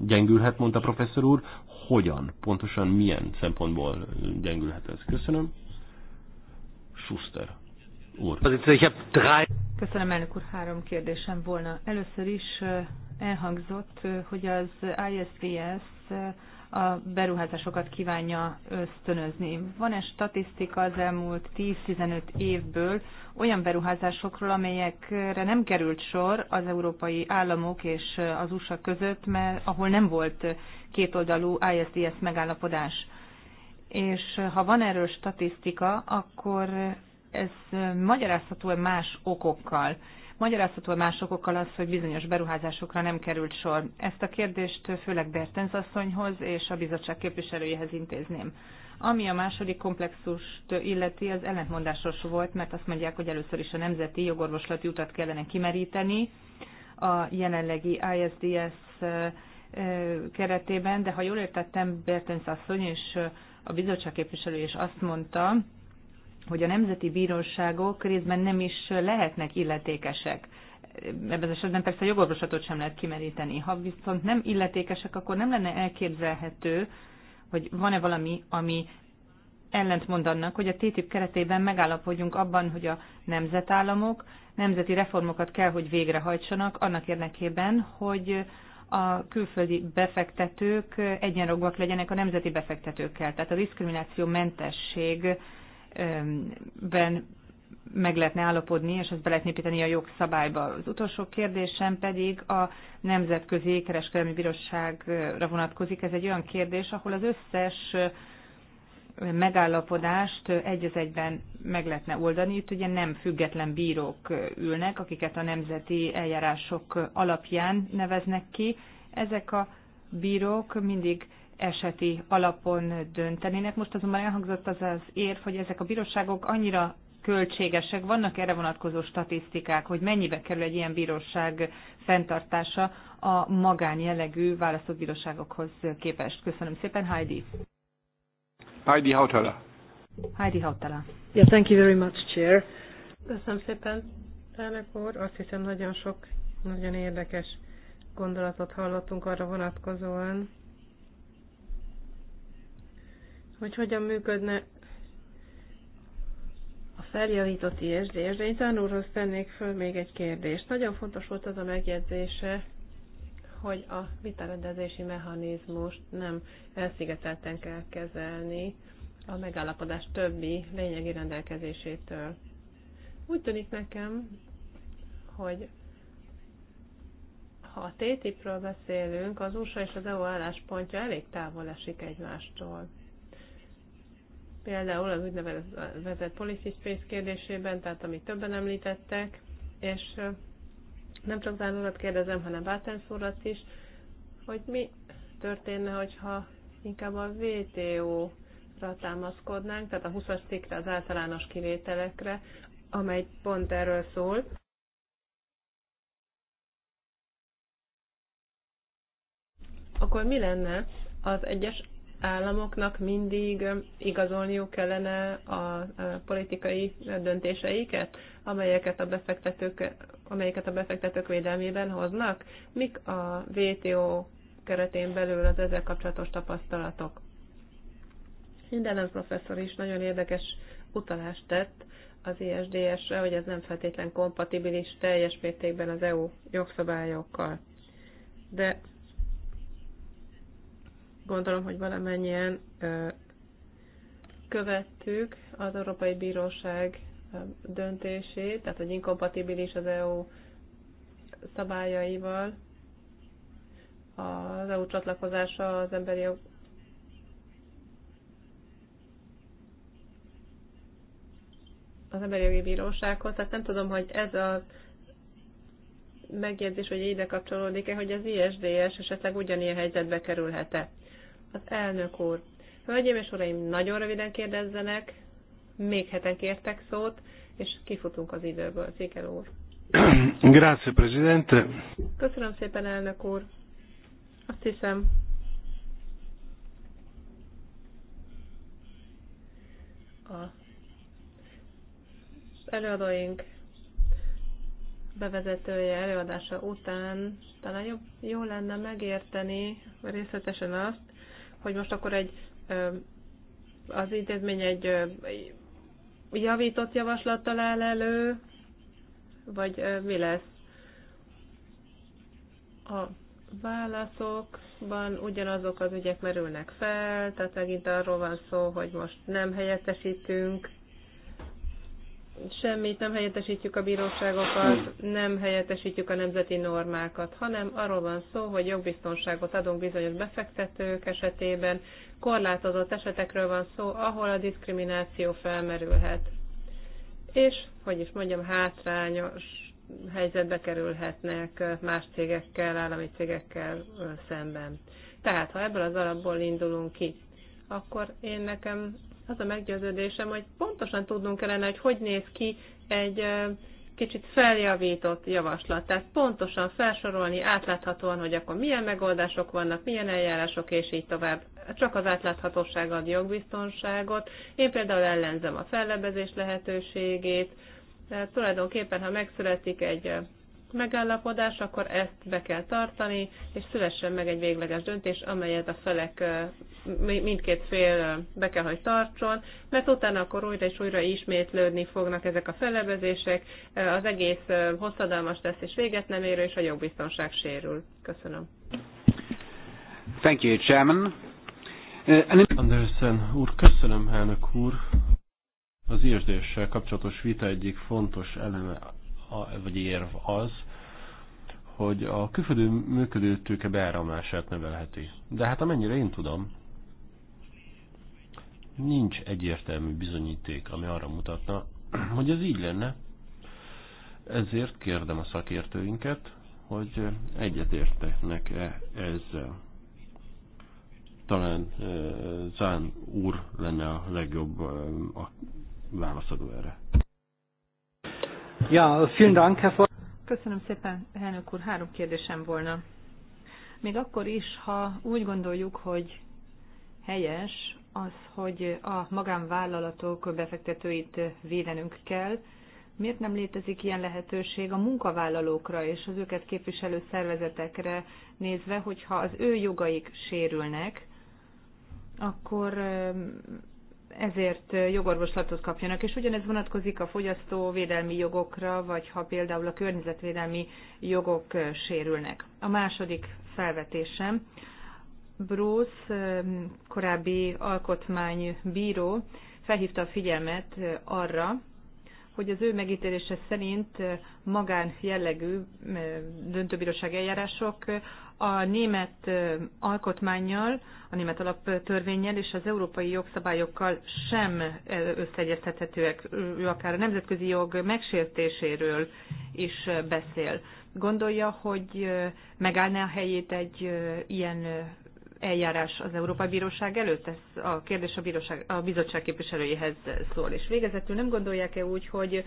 [SPEAKER 1] gyengülhet, mondta professzor úr. Hogyan? Pontosan milyen szempontból gyengülhet ez? Köszönöm. Schuster úr.
[SPEAKER 2] Köszönöm, elnök úr. Három kérdésem volna. Először is eh, elhangzott, eh, hogy az ISVS eh, a beruházásokat kívánja ösztönözni. Van-e statisztika az elmúlt 10-15 évből olyan beruházásokról, amelyekre nem került sor az európai államok és az USA között, mert ahol nem volt kétoldalú ISDS megállapodás? És ha van erről statisztika, akkor ez magyarázható-e más okokkal? Magyarázható-e más okokkal az, hogy bizonyos beruházásokra nem került sor? Ezt a kérdést főleg Bertenz asszonyhoz és a bizottság képviselőjéhez intézném. Ami a második komplexust illeti, az ellentmondásos volt, mert azt mondják, hogy először is a nemzeti jogorvoslati utat kellene kimeríteni a jelenlegi ISDS keretében, de ha jól értettem, Bertens asszony és a bizottság képviselő is azt mondta, hogy a nemzeti bíróságok részben nem is lehetnek illetékesek. Ebben az esetben persze jogorvoslatot sem lehet kimeríteni. Ha viszont nem illetékesek, akkor nem lenne elképzelhető, hogy van-e valami, ami ellentmond annak, hogy a TTIP keretében megállapodjunk abban, hogy a nemzetállamok nemzeti reformokat kell, hogy végrehajtsanak annak érdekében, hogy a külföldi befektetők egyenrogvak legyenek a nemzeti befektetőkkel. Tehát a diszkriminációmentesség mentesség ben meg lehetne állapodni, és ezt be lehetne építeni a jogszabályba. Az utolsó kérdésem pedig a Nemzetközi Kereskedelmi Bíróságra vonatkozik. Ez egy olyan kérdés, ahol az összes megállapodást egy az egyben meg lehetne oldani. Itt ugye nem független bírók ülnek, akiket a nemzeti eljárások alapján neveznek ki. Ezek a bírók mindig eseti alapon döntenének. Most azonban elhangzott az az érv, hogy ezek a bíróságok annyira költségesek, vannak erre vonatkozó statisztikák, hogy mennyibe kerül egy ilyen bíróság fenntartása a magánjellegű választott bíróságokhoz képest. Köszönöm szépen, Heidi. Heidi Hautala. Heidi Hautala. Yeah, thank you very much, Chair. Köszönöm szépen, elnök úr. Azt hiszem nagyon sok, nagyon érdekes gondolatot hallottunk arra vonatkozóan, hogy hogyan működne a feljavított ISD. És én tanulhoz tennék föl még egy kérdést. Nagyon fontos volt az a megjegyzése, hogy a vitarendezési mechanizmust nem elszigetelten kell kezelni a megállapodás többi lényegi rendelkezésétől. Úgy tűnik nekem, hogy ha a TTIP-ről beszélünk, az USA és az EU álláspontja elég távol esik egymástól például az úgynevezett policy space kérdésében, tehát amit többen említettek, és nem csak Zán kérdezem, hanem Bátens urat is, hogy mi történne, hogyha inkább a VTO-ra támaszkodnánk, tehát a 20-as cikkre, az általános kivételekre, amely pont erről szól. Akkor mi lenne az egyes államoknak mindig igazolniuk kellene a politikai döntéseiket, amelyeket a befektetők, amelyeket a befektetők védelmében hoznak? Mik a WTO keretén belül az ezzel kapcsolatos tapasztalatok? Hindelen professzor is nagyon érdekes utalást tett az ISDS-re, hogy ez nem feltétlen kompatibilis teljes mértékben az EU jogszabályokkal. De Gondolom, hogy valamennyien követtük az Európai Bíróság döntését, tehát hogy inkompatibilis az EU szabályaival az EU csatlakozása az emberi jog az emberi jogi bírósághoz, tehát nem tudom, hogy ez a megjegyzés, hogy ide kapcsolódik-e, hogy az ISDS esetleg ugyanilyen helyzetbe kerülhet-e. Az elnök úr. Hölgyeim és uraim, nagyon röviden kérdezzenek, még heten kértek szót, és kifutunk az időből. Székel úr. Grazie, Presidente. Köszönöm szépen, elnök úr. Azt hiszem, a előadóink bevezetője előadása után talán jobb, jó lenne megérteni részletesen azt, hogy most akkor egy az intézmény egy javított javaslattal áll elő, vagy mi lesz? A válaszokban ugyanazok az ügyek merülnek fel, tehát megint arról van szó, hogy most nem helyettesítünk semmit nem helyettesítjük a bíróságokat, nem helyettesítjük a nemzeti normákat, hanem arról van szó, hogy jogbiztonságot adunk bizonyos befektetők esetében, korlátozott esetekről van szó, ahol a diszkrimináció felmerülhet. És, hogy is mondjam, hátrányos helyzetbe kerülhetnek más cégekkel, állami cégekkel szemben. Tehát, ha ebből az alapból indulunk ki, akkor én nekem az a meggyőződésem, hogy pontosan tudnunk kellene, hogy hogy néz ki egy kicsit feljavított javaslat. Tehát pontosan felsorolni átláthatóan, hogy akkor milyen megoldások vannak, milyen eljárások, és így tovább. Csak az átláthatóság ad jogbiztonságot. Én például ellenzem a fellebezés lehetőségét. Tehát tulajdonképpen, ha megszületik egy megállapodás, akkor ezt be kell tartani, és szülessen meg egy végleges döntés, amelyet a felek mindkét fél be kell, hogy tartson, mert utána akkor újra és újra ismétlődni fognak ezek a felebezések, az egész hosszadalmas lesz és véget nem érő, és a jogbiztonság sérül. Köszönöm. Thank
[SPEAKER 1] you, Chairman. Anderson, úr, köszönöm, elnök úr. Az isd kapcsolatos vita egyik fontos eleme vagy érv az, hogy a külföldi működő tőke beáramlását növelheti. De hát amennyire én tudom, nincs egyértelmű bizonyíték, ami arra mutatna, hogy ez így lenne. Ezért kérdem a szakértőinket, hogy egyetértenek-e ezzel. Talán eh, Zán úr lenne a legjobb eh, a
[SPEAKER 2] válaszadó erre. Ja, vielen Dank, Herr Köszönöm szépen, elnök úr. Három kérdésem volna. Még akkor is, ha úgy gondoljuk, hogy helyes az, hogy a magánvállalatok befektetőit védenünk kell, miért nem létezik ilyen lehetőség a munkavállalókra és az őket képviselő szervezetekre nézve, hogyha az ő jogaik sérülnek, akkor ezért jogorvoslatot kapjanak, és ugyanez vonatkozik a fogyasztóvédelmi jogokra, vagy ha például a környezetvédelmi jogok sérülnek. A második felvetésem, Bruce, ehm, korábbi alkotmánybíró felhívta a figyelmet eh, arra, hogy az ő megítélése szerint eh, magán jellegű eh, döntőbíróság eljárások a német alkotmányjal, a német alaptörvényjel és az európai jogszabályokkal sem összeegyeztethetőek. Ő akár a nemzetközi jog megsértéséről is beszél. Gondolja, hogy megállná a helyét egy ilyen eljárás az Európai Bíróság előtt? Ez a kérdés a, bíróság, a bizottság képviselőjéhez szól. És végezetül nem gondolják-e úgy, hogy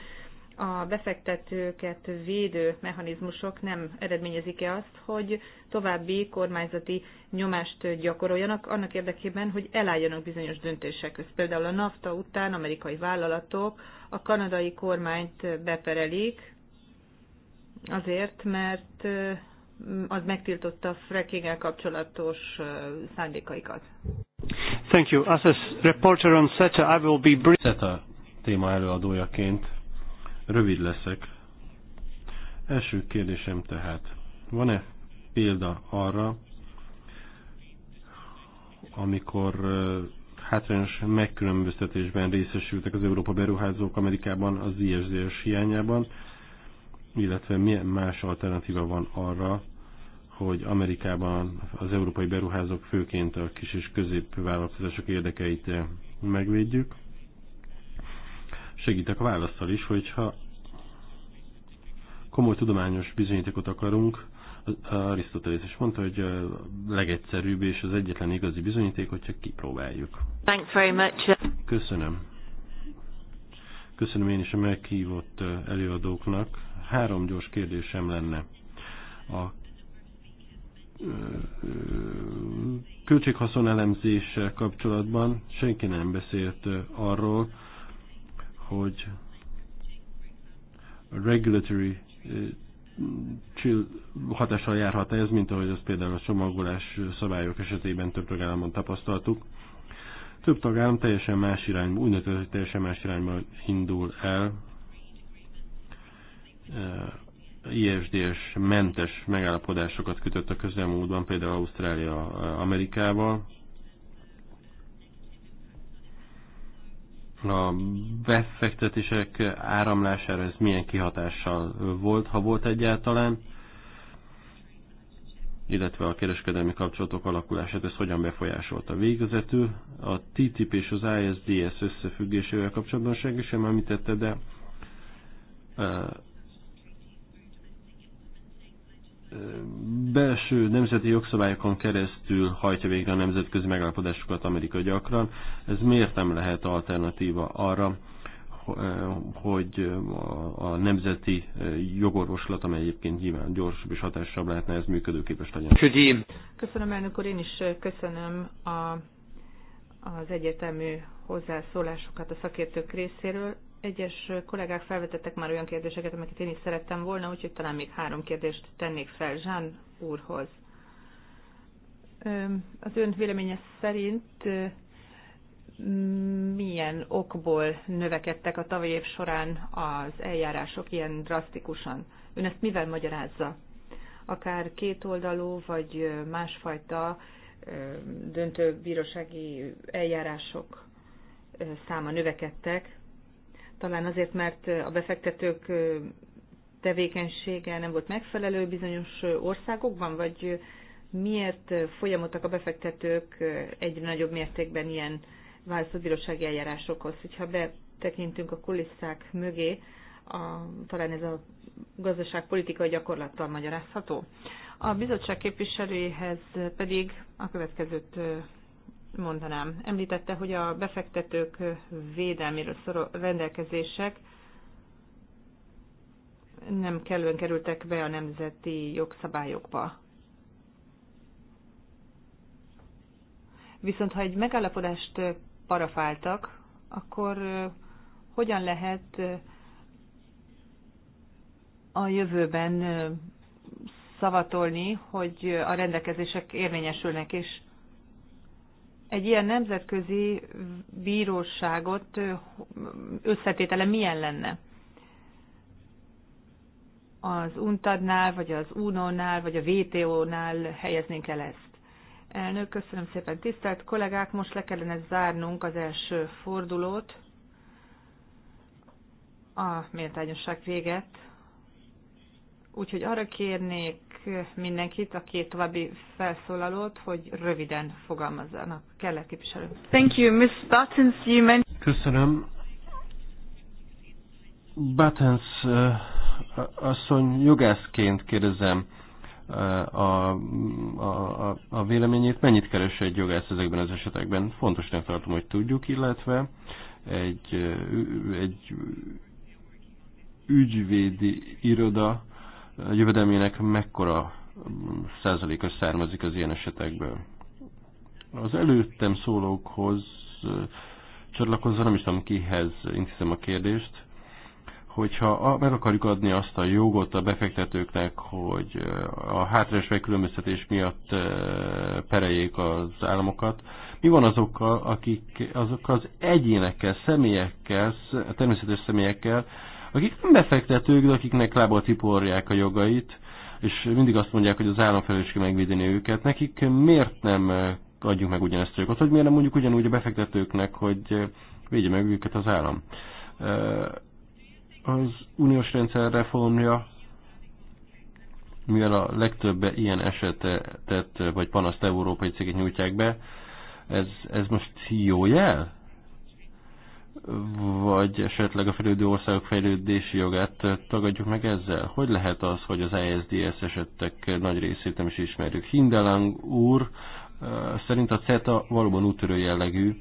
[SPEAKER 2] a befektetőket védő mechanizmusok nem eredményezik-e azt, hogy további kormányzati nyomást gyakoroljanak annak érdekében, hogy elálljanak bizonyos döntések közt. Például a NAFTA után amerikai vállalatok a kanadai kormányt beperelik azért, mert az megtiltotta a fracking kapcsolatos szándékaikat.
[SPEAKER 1] Thank you. As a reporter on SETA, I will be brief. SETA téma előadójaként Rövid leszek. Első kérdésem tehát, van-e példa arra, amikor hátrányos megkülönböztetésben részesültek az Európa beruházók Amerikában az ISDS hiányában, illetve milyen más alternatíva van arra, hogy Amerikában az európai beruházók főként a kis és középvállalkozások érdekeit megvédjük segítek a választal is, hogyha komoly tudományos bizonyítékot akarunk, Arisztotelész is mondta, hogy a legegyszerűbb és az egyetlen igazi bizonyíték, hogyha kipróbáljuk.
[SPEAKER 2] Thanks very much.
[SPEAKER 1] Köszönöm. Köszönöm én is a meghívott előadóknak. Három gyors kérdésem lenne. A költséghaszon elemzéssel kapcsolatban senki nem beszélt arról, hogy a regulatory eh, hatással járhat ez, mint ahogy az például a csomagolás szabályok esetében több tagállamon tapasztaltuk. Több tagállam teljesen más irányba, úgynevezett teljesen más irányba indul el, eh, ISDS mentes megállapodásokat kötött a közelmúltban, például Ausztrália eh, Amerikával, a befektetések áramlására ez milyen kihatással volt, ha volt egyáltalán, illetve a kereskedelmi kapcsolatok alakulását ez hogyan befolyásolta. Végezetül a TTIP és az ISDS összefüggésével kapcsolatban senki sem említette, de belső nemzeti jogszabályokon keresztül hajtja végre a nemzetközi megállapodásokat Amerika gyakran. Ez miért nem lehet alternatíva arra, eh, hogy a nemzeti eh, jogorvoslat, amely egyébként nyilván gyorsabb és hatásabb lehetne, ez működőképes legyen.
[SPEAKER 2] Köszönöm, elnök úr, én is eh, köszönöm a, az egyetemű hozzászólásokat a szakértők részéről. Egyes kollégák felvetettek már olyan kérdéseket, amiket én is szerettem volna, úgyhogy talán még három kérdést tennék fel Zsán úrhoz. Az ön véleménye szerint milyen okból növekedtek a tavalyi év során az eljárások ilyen drasztikusan? Ön ezt mivel magyarázza? Akár kétoldalú vagy másfajta döntő bírósági eljárások száma növekedtek, talán azért, mert a befektetők tevékenysége nem volt megfelelő bizonyos országokban, vagy miért folyamodtak a befektetők egyre nagyobb mértékben ilyen bírósági eljárásokhoz? Hogyha betekintünk a kulisszák mögé, a, talán ez a gazdaságpolitikai gyakorlattal magyarázható. A bizottság képviselőjéhez pedig a következőt mondanám. Említette, hogy a befektetők védelméről szoró rendelkezések nem kellően kerültek be a nemzeti jogszabályokba. Viszont ha egy megállapodást parafáltak, akkor hogyan lehet a jövőben szavatolni, hogy a rendelkezések érvényesülnek, és egy ilyen nemzetközi bíróságot összetétele milyen lenne? Az UNTAD-nál, vagy az UNO-nál, vagy a WTO-nál helyeznénk el ezt? Elnök, köszönöm szépen. Tisztelt kollégák, most le kellene zárnunk az első fordulót. A méltányosság véget. Úgyhogy arra kérnék mindenkit, a két további felszólalót, hogy röviden fogalmazzanak. Kellett képviselő.
[SPEAKER 1] Thank you, Ms. Buttons, you mentioned... Köszönöm. Buttons eh, asszony jogászként kérdezem uh, a, a, a véleményét. Mennyit keres egy jogász ezekben az esetekben? Fontosnak tartom, hogy tudjuk, illetve egy, eh, egy ügyvédi iroda jövedelmének mekkora százaléka származik az ilyen esetekből. Az előttem szólókhoz csatlakozva nem is tudom kihez intézem a kérdést, hogyha meg akarjuk adni azt a jogot a befektetőknek, hogy a hátrányos megkülönböztetés miatt pereljék az államokat, mi van azokkal, akik azok az egyénekkel, személyekkel, természetes személyekkel, akik nem befektetők, de akiknek lába tiporják a jogait, és mindig azt mondják, hogy az állam felelős megvédeni őket, nekik miért nem adjuk meg ugyanezt a jogot, hogy miért nem mondjuk ugyanúgy a befektetőknek, hogy védje meg őket az állam. Az uniós rendszer reformja, mivel a legtöbb ilyen esetet vagy panaszt európai cégek nyújtják be, ez, ez most jó jel? vagy esetleg a fejlődő országok fejlődési jogát tagadjuk meg ezzel? Hogy lehet az, hogy az ISDS esetek nagy részét nem is ismerjük? Hindelang úr szerint a CETA valóban útörő jellegű,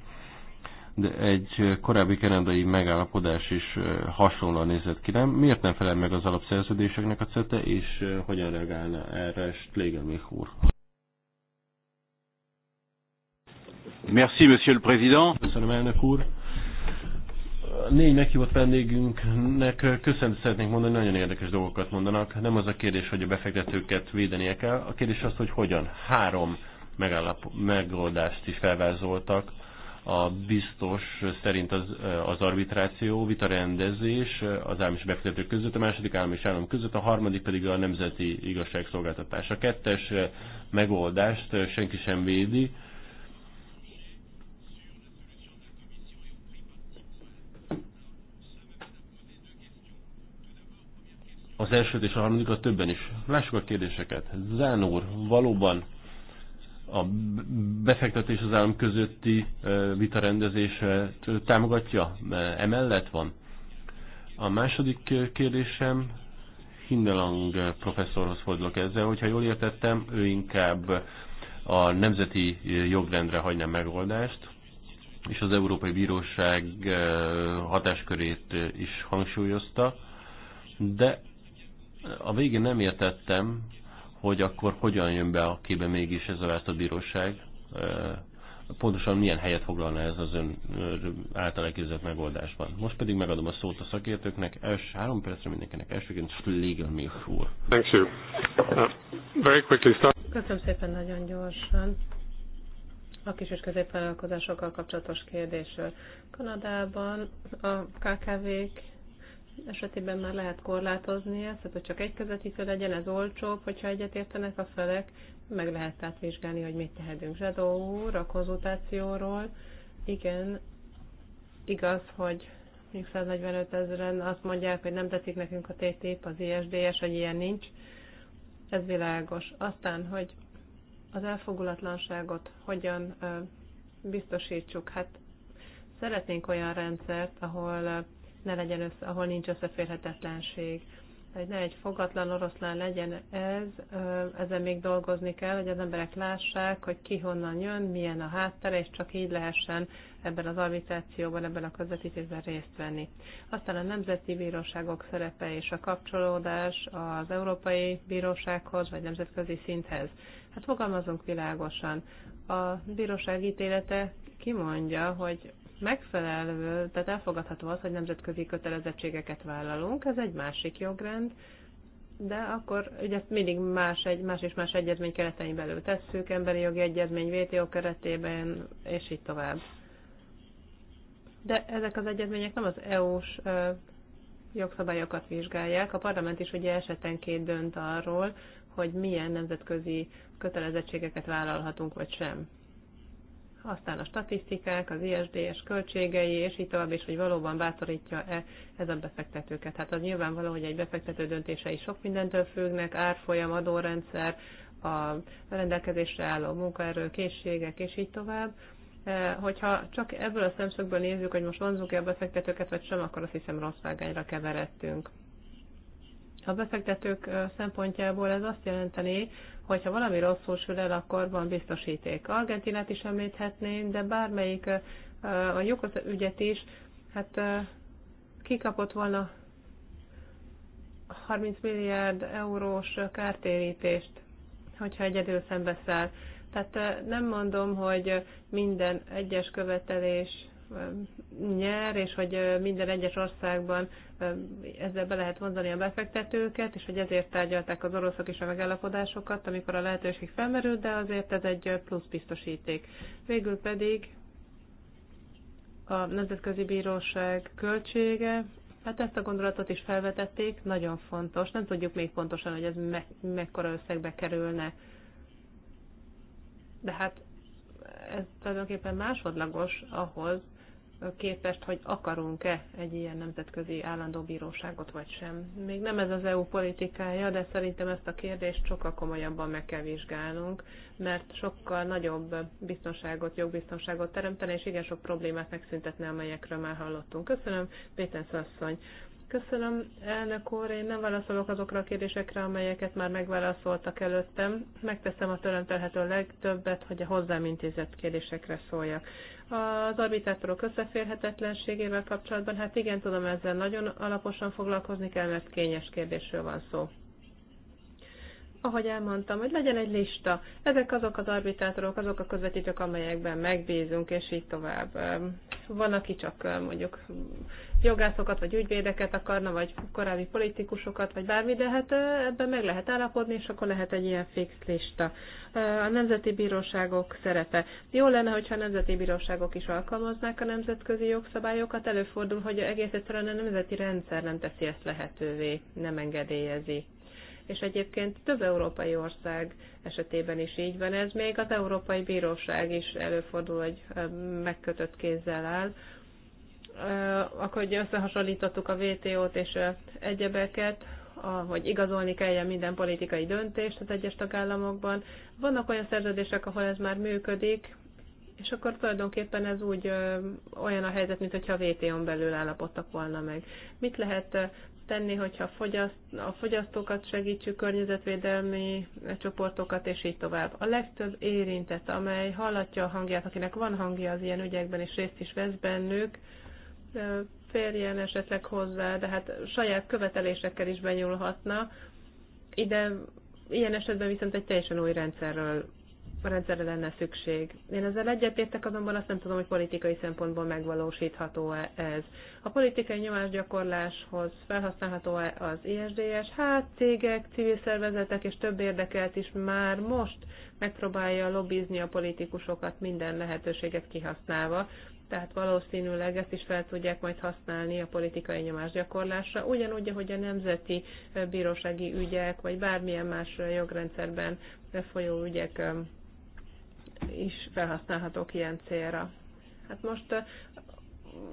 [SPEAKER 1] de egy korábbi kanadai megállapodás is hasonlóan nézett ki, nem? Miért nem felel meg az alapszerződéseknek a CETA, és hogyan reagálna erre Stlégelmich úr? Merci, Monsieur le Président. Köszönöm, elnök úr négy meghívott vendégünknek köszönet szeretnék mondani, nagyon érdekes dolgokat mondanak. Nem az a kérdés, hogy a befektetőket védenie kell, a kérdés az, hogy hogyan. Három megállap, megoldást is felvázoltak. A biztos szerint az, az arbitráció, vitarendezés az állami és befektetők között, a második állami és állam között, a harmadik pedig a nemzeti igazságszolgáltatás. A kettes megoldást senki sem védi, az elsőt és a harmadikat többen is. Lássuk a kérdéseket. Zán úr, valóban a befektetés az állam közötti vitarendezés támogatja? Emellett van? A második kérdésem Hindelang professzorhoz fordulok ezzel, hogyha jól értettem, ő inkább a nemzeti jogrendre hagyna megoldást, és az Európai Bíróság hatáskörét is hangsúlyozta, de a végén nem értettem, hogy akkor hogyan jön be a képbe mégis ez a bíróság, pontosan milyen helyet foglalna ez az ön által elképzelt megoldásban. Most pedig megadom a szót a szakértőknek, első három percre mindenkinek, elsőként Schlegel Milch úr. you. Uh, very quickly
[SPEAKER 2] Köszönöm szépen nagyon gyorsan. A kis és középvállalkozásokkal kapcsolatos kérdésről. Kanadában a KKV-k esetében már lehet korlátozni ezt, tehát hogy csak egy közvetítő legyen, ez olcsóbb, hogyha egyetértenek a felek, meg lehet vizsgálni, hogy mit tehetünk. Zsadó úr, a konzultációról, igen, igaz, hogy még 145 ezeren azt mondják, hogy nem tetszik nekünk a TTIP, az ISDS, hogy ilyen nincs, ez világos. Aztán, hogy az elfogulatlanságot hogyan biztosítsuk, hát szeretnénk olyan rendszert, ahol ne legyen össze, ahol nincs összeférhetetlenség. Hogy ne egy fogatlan oroszlán legyen ez, ezen még dolgozni kell, hogy az emberek lássák, hogy ki honnan jön, milyen a háttere, és csak így lehessen ebben az arbitrációban, ebben a közvetítésben részt venni. Aztán a nemzeti bíróságok szerepe és a kapcsolódás az Európai Bírósághoz, vagy nemzetközi szinthez. Hát fogalmazunk világosan. A bíróság ítélete kimondja, hogy megfelelő, tehát elfogadható az, hogy nemzetközi kötelezettségeket vállalunk, ez egy másik jogrend, de akkor ugye ezt mindig más, egy, más és más egyezmény keretein belül tesszük, emberi jogi egyezmény, VTO keretében, és így tovább. De ezek az egyezmények nem az EU-s jogszabályokat vizsgálják. A parlament is ugye esetenként dönt arról, hogy milyen nemzetközi kötelezettségeket vállalhatunk, vagy sem aztán a statisztikák, az ISDS költségei, és így tovább, is, hogy valóban bátorítja-e ez a befektetőket. Hát az nyilvánvaló, hogy egy befektető döntései sok mindentől függnek, árfolyam, adórendszer, a rendelkezésre álló munkaerő, készségek, és így tovább. E, hogyha csak ebből a szemszögből nézzük, hogy most vonzunk-e a befektetőket, vagy sem, akkor azt hiszem rossz vágányra keveredtünk. A befektetők szempontjából ez azt jelenteni, hogyha valami rosszul sül el, akkor van biztosíték. Argentinát is említhetném, de bármelyik a Jukos ügyet is, hát kikapott volna 30 milliárd eurós kártérítést, hogyha egyedül szembeszáll. Tehát nem mondom, hogy minden egyes követelés nyer, és hogy minden egyes országban ezzel be lehet vonzani a befektetőket, és hogy ezért tárgyalták az oroszok is a megállapodásokat, amikor a lehetőség felmerült, de azért ez egy plusz biztosíték. Végül pedig a Nemzetközi Bíróság költsége, hát ezt a gondolatot is felvetették, nagyon fontos. Nem tudjuk még pontosan, hogy ez me- mekkora összegbe kerülne. De hát ez tulajdonképpen másodlagos ahhoz, képest, hogy akarunk-e egy ilyen nemzetközi állandó bíróságot vagy sem. Még nem ez az EU politikája, de szerintem ezt a kérdést sokkal komolyabban meg kell vizsgálnunk, mert sokkal nagyobb biztonságot, jogbiztonságot teremtene, és igen sok problémát megszüntetne, amelyekről már hallottunk. Köszönöm, Péter Szasszony. Köszönöm, elnök úr, én nem válaszolok azokra a kérdésekre, amelyeket már megválaszoltak előttem. Megteszem a tőlem telhető legtöbbet, hogy a hozzám intézett kérdésekre szóljak. Az arbitrátorok összeférhetetlenségével kapcsolatban, hát igen, tudom, ezzel nagyon alaposan foglalkozni kell, mert kényes kérdésről van szó ahogy elmondtam, hogy legyen egy lista. Ezek azok az arbitrátorok, azok a közvetítők, amelyekben megbízunk, és így tovább. Van, aki csak mondjuk jogászokat, vagy ügyvédeket akarna, vagy korábbi politikusokat, vagy bármi, de hát ebben meg lehet állapodni, és akkor lehet egy ilyen fix lista. A nemzeti bíróságok szerepe. Jó lenne, hogyha a nemzeti bíróságok is alkalmaznák a nemzetközi jogszabályokat. Előfordul, hogy egész egyszerűen a nemzeti rendszer nem teszi ezt lehetővé, nem engedélyezi és egyébként több európai ország esetében is így van. Ez még az Európai Bíróság is előfordul, hogy megkötött kézzel áll akkor ugye összehasonlítottuk a vto t és egyebeket, hogy igazolni kelljen minden politikai döntést az egyes tagállamokban. Vannak olyan szerződések, ahol ez már működik, és akkor tulajdonképpen ez úgy ö, olyan a helyzet, mint hogyha a VTO-n belül állapodtak volna meg. Mit lehet tenni, hogyha fogyaszt, a fogyasztókat segítsük, környezetvédelmi csoportokat, és így tovább. A legtöbb érintett, amely hallatja a hangját, akinek van hangja az ilyen ügyekben, és részt is vesz bennük, férjen esetleg hozzá, de hát saját követelésekkel is benyúlhatna. Ide ilyen esetben viszont egy teljesen új rendszerről rendszerre lenne szükség. Én ezzel egyetértek, azonban azt nem tudom, hogy politikai szempontból megvalósítható-e ez. A politikai nyomásgyakorláshoz felhasználható-e az ISDS? Hát cégek, civil szervezetek és több érdekelt is már most megpróbálja lobbizni a politikusokat minden lehetőséget kihasználva, tehát valószínűleg ezt is fel tudják majd használni a politikai nyomás gyakorlásra, ugyanúgy, ahogy a nemzeti bírósági ügyek, vagy bármilyen más jogrendszerben folyó ügyek is felhasználhatók ilyen célra. Hát most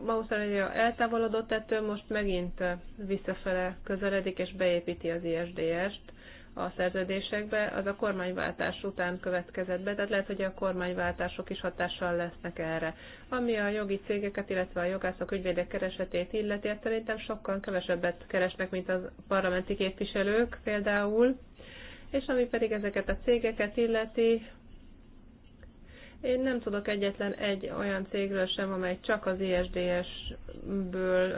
[SPEAKER 2] valószínűleg eltávolodott ettől, most megint visszafele közeledik, és beépíti az ISDS-t a szerződésekbe, az a kormányváltás után következett be, tehát lehet, hogy a kormányváltások is hatással lesznek erre. Ami a jogi cégeket, illetve a jogászok ügyvédek keresetét illeti, hát szerintem sokkal kevesebbet keresnek, mint a parlamenti képviselők például, és ami pedig ezeket a cégeket illeti, én nem tudok egyetlen egy olyan cégről sem, amely csak az ISDS-ből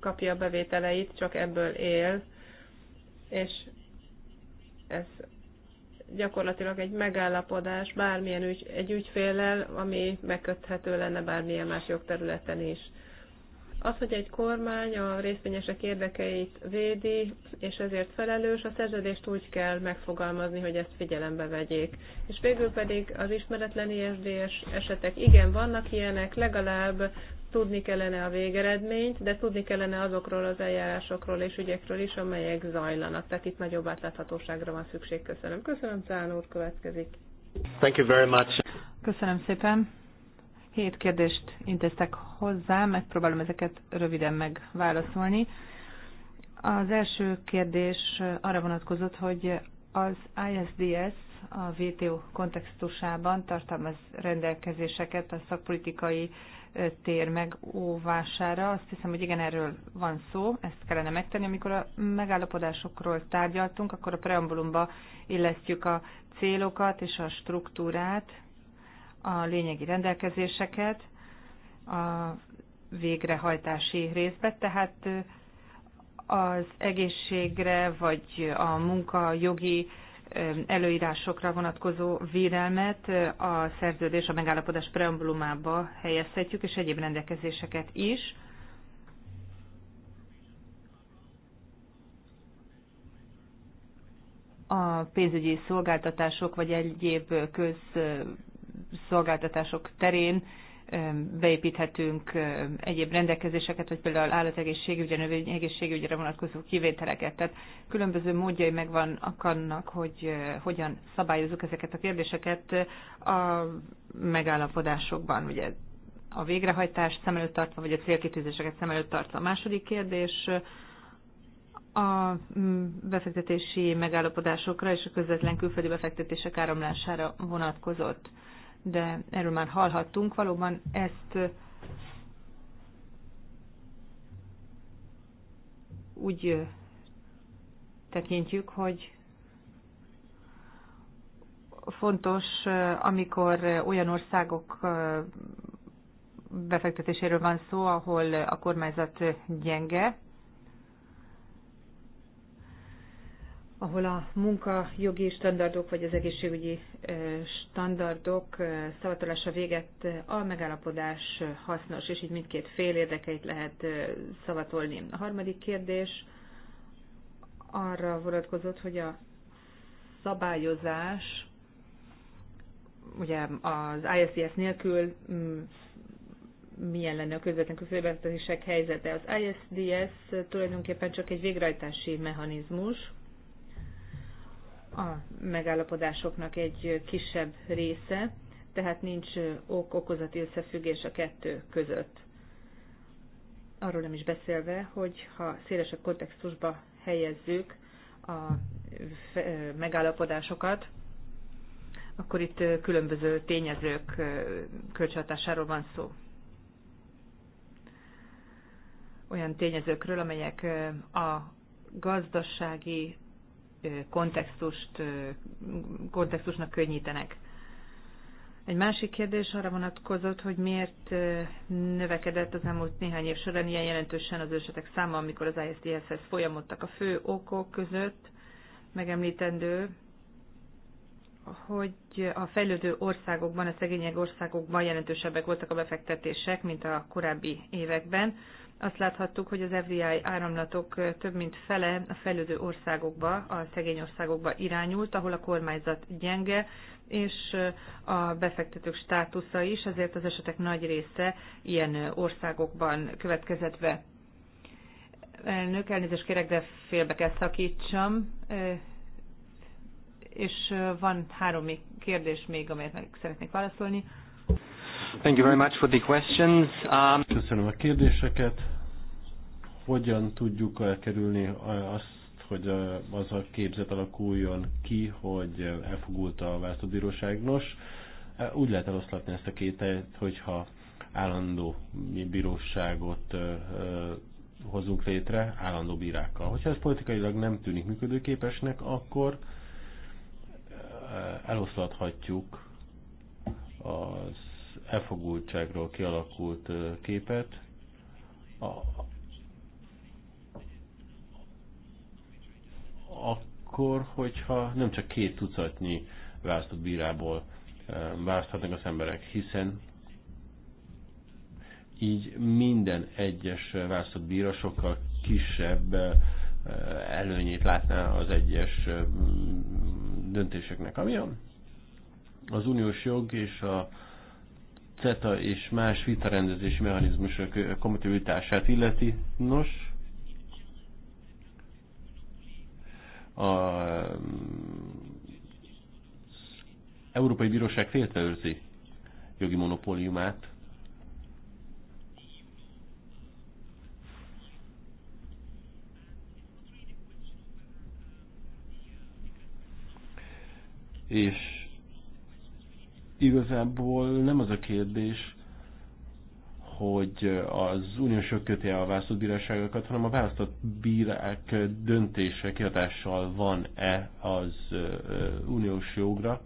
[SPEAKER 2] kapja a bevételeit, csak ebből él, és ez gyakorlatilag egy megállapodás bármilyen ügy, egy ügyféllel, ami megköthető lenne bármilyen más jogterületen is. Az, hogy egy kormány a részvényesek érdekeit védi, és ezért felelős, a szerződést úgy kell megfogalmazni, hogy ezt figyelembe vegyék. És végül pedig az ismeretlen ISDS esetek, igen, vannak ilyenek, legalább tudni kellene a végeredményt, de tudni kellene azokról az eljárásokról és ügyekről is, amelyek zajlanak. Tehát itt nagyobb átláthatóságra van szükség. Köszönöm. Köszönöm, Cán úr, következik. Thank you very much. Köszönöm szépen. Hét kérdést intéztek hozzá, megpróbálom ezeket röviden megválaszolni. Az első kérdés arra vonatkozott, hogy az ISDS a WTO kontextusában tartalmaz rendelkezéseket a szakpolitikai tér meg óvására. Azt hiszem, hogy igen, erről van szó, ezt kellene megtenni. Amikor a megállapodásokról tárgyaltunk, akkor a preambulumba illesztjük a célokat és a struktúrát, a lényegi rendelkezéseket a végrehajtási részbe, tehát az egészségre vagy a munkajogi jogi előírásokra vonatkozó védelmet a szerződés, a megállapodás preambulumába helyezhetjük, és egyéb rendelkezéseket is. A pénzügyi szolgáltatások vagy egyéb közszolgáltatások terén beépíthetünk egyéb rendelkezéseket, vagy például állategészségügyre, növényegészségügyre vonatkozó kivételeket. Tehát különböző módjai megvan annak, hogy eh, hogyan szabályozunk ezeket a kérdéseket eh, a megállapodásokban, ugye a végrehajtást szem előtt tartva, vagy a célkitűzéseket szem előtt tartva. A második kérdés eh, a mm, befektetési megállapodásokra és a közvetlen külföldi befektetések áramlására vonatkozott de erről már hallhattunk. Valóban ezt úgy tekintjük, hogy fontos, amikor olyan országok befektetéséről van szó, ahol a kormányzat gyenge, ahol a munkajogi standardok vagy az egészségügyi standardok szavatolása véget a megállapodás hasznos, és így mindkét fél érdekeit lehet szavatolni. A harmadik kérdés arra vonatkozott, hogy a szabályozás ugye az ISDS nélkül milyen lenne a közvetlen külföldbefektetések helyzete. Az ISDS tulajdonképpen csak egy végrehajtási mechanizmus, a megállapodásoknak egy kisebb része, tehát nincs ok-okozati összefüggés a kettő között. Arról nem is beszélve, hogy ha szélesebb kontextusba helyezzük a megállapodásokat, akkor itt különböző tényezők kölcsönhatásáról van szó. Olyan tényezőkről, amelyek a gazdasági kontextust, kontextusnak könnyítenek. Egy másik kérdés arra vonatkozott, hogy miért növekedett az elmúlt néhány év során ilyen jelentősen az ősetek száma, amikor az ISDS-hez folyamodtak. A fő okok között megemlítendő, hogy a fejlődő országokban, a szegények országokban jelentősebbek voltak a befektetések, mint a korábbi években azt láthattuk, hogy az FDI áramlatok több mint fele a fejlődő országokba, a szegény országokba irányult, ahol a kormányzat gyenge, és a befektetők státusza is, ezért az esetek nagy része ilyen országokban következett be. Elnök, elnézést kérek, de félbe kell szakítsam, és van három kérdés még, amelyet meg szeretnék válaszolni.
[SPEAKER 1] Thank you very much for the questions. Um... Köszönöm a kérdéseket. Hogyan tudjuk elkerülni uh, azt, hogy uh, az a képzet alakuljon ki, hogy uh, elfogult a választóbíróság. Nos, úgy lehet eloszlatni ezt a kételyt, hogyha állandó bíróságot hozunk létre állandó bírákkal. Hogyha ez politikailag nem tűnik működőképesnek, akkor eloszlathatjuk az elfogultságról kialakult képet. A, akkor, hogyha nem csak két tucatnyi választott bírából választhatnak az emberek, hiszen így minden egyes választott bíra sokkal kisebb előnyét látná az egyes döntéseknek. Ami az uniós jog és a CETA és más vitarendezési mechanizmusok kompatibilitását illeti. Nos, a mm, Európai Bíróság félteőrzi jogi monopóliumát. És igazából nem az a kérdés, hogy az uniós jog köti a választott bíráságokat, hanem a választott bírák döntése kiadással van-e az uniós jogra,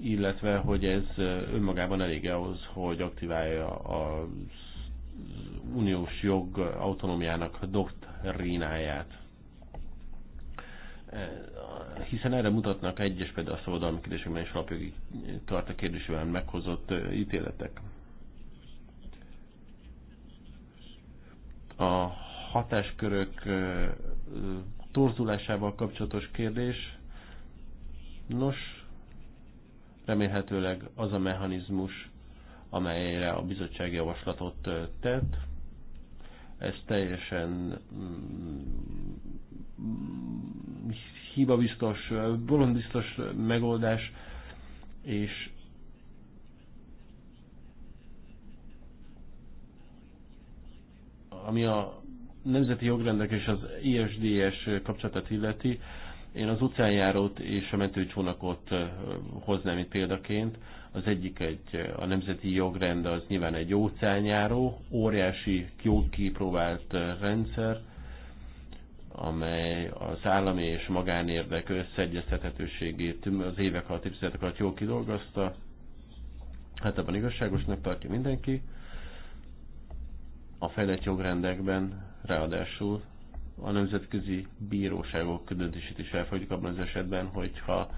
[SPEAKER 1] illetve hogy ez önmagában elég ahhoz, hogy aktiválja az uniós jog autonómiának doktrináját hiszen erre mutatnak egyes például a szabadalmi kérdésekben és alapjogi karta kérdésében meghozott ítéletek. A hatáskörök torzulásával kapcsolatos kérdés. Nos, remélhetőleg az a mechanizmus, amelyre a bizottság javaslatot tett, ez teljesen mm, hibabiztos, bolondbiztos megoldás, és ami a nemzeti jogrendek és az ISDS kapcsolatát illeti, én az utcánjárót és a mentőcsónakot eh, hoznám itt példaként. Az egyik egy, a nemzeti jogrend az nyilván egy óceánjáró, óriási, jó kipróbált eh, rendszer, amely az állami és magánérdek összeegyeztethetőségét az évek alatt, évtizedek alatt jól kidolgozta. Hát ebben igazságosnak tartja mindenki. A fejlett jogrendekben ráadásul a nemzetközi bíróságok döntését is elfogadjuk abban az esetben, hogyha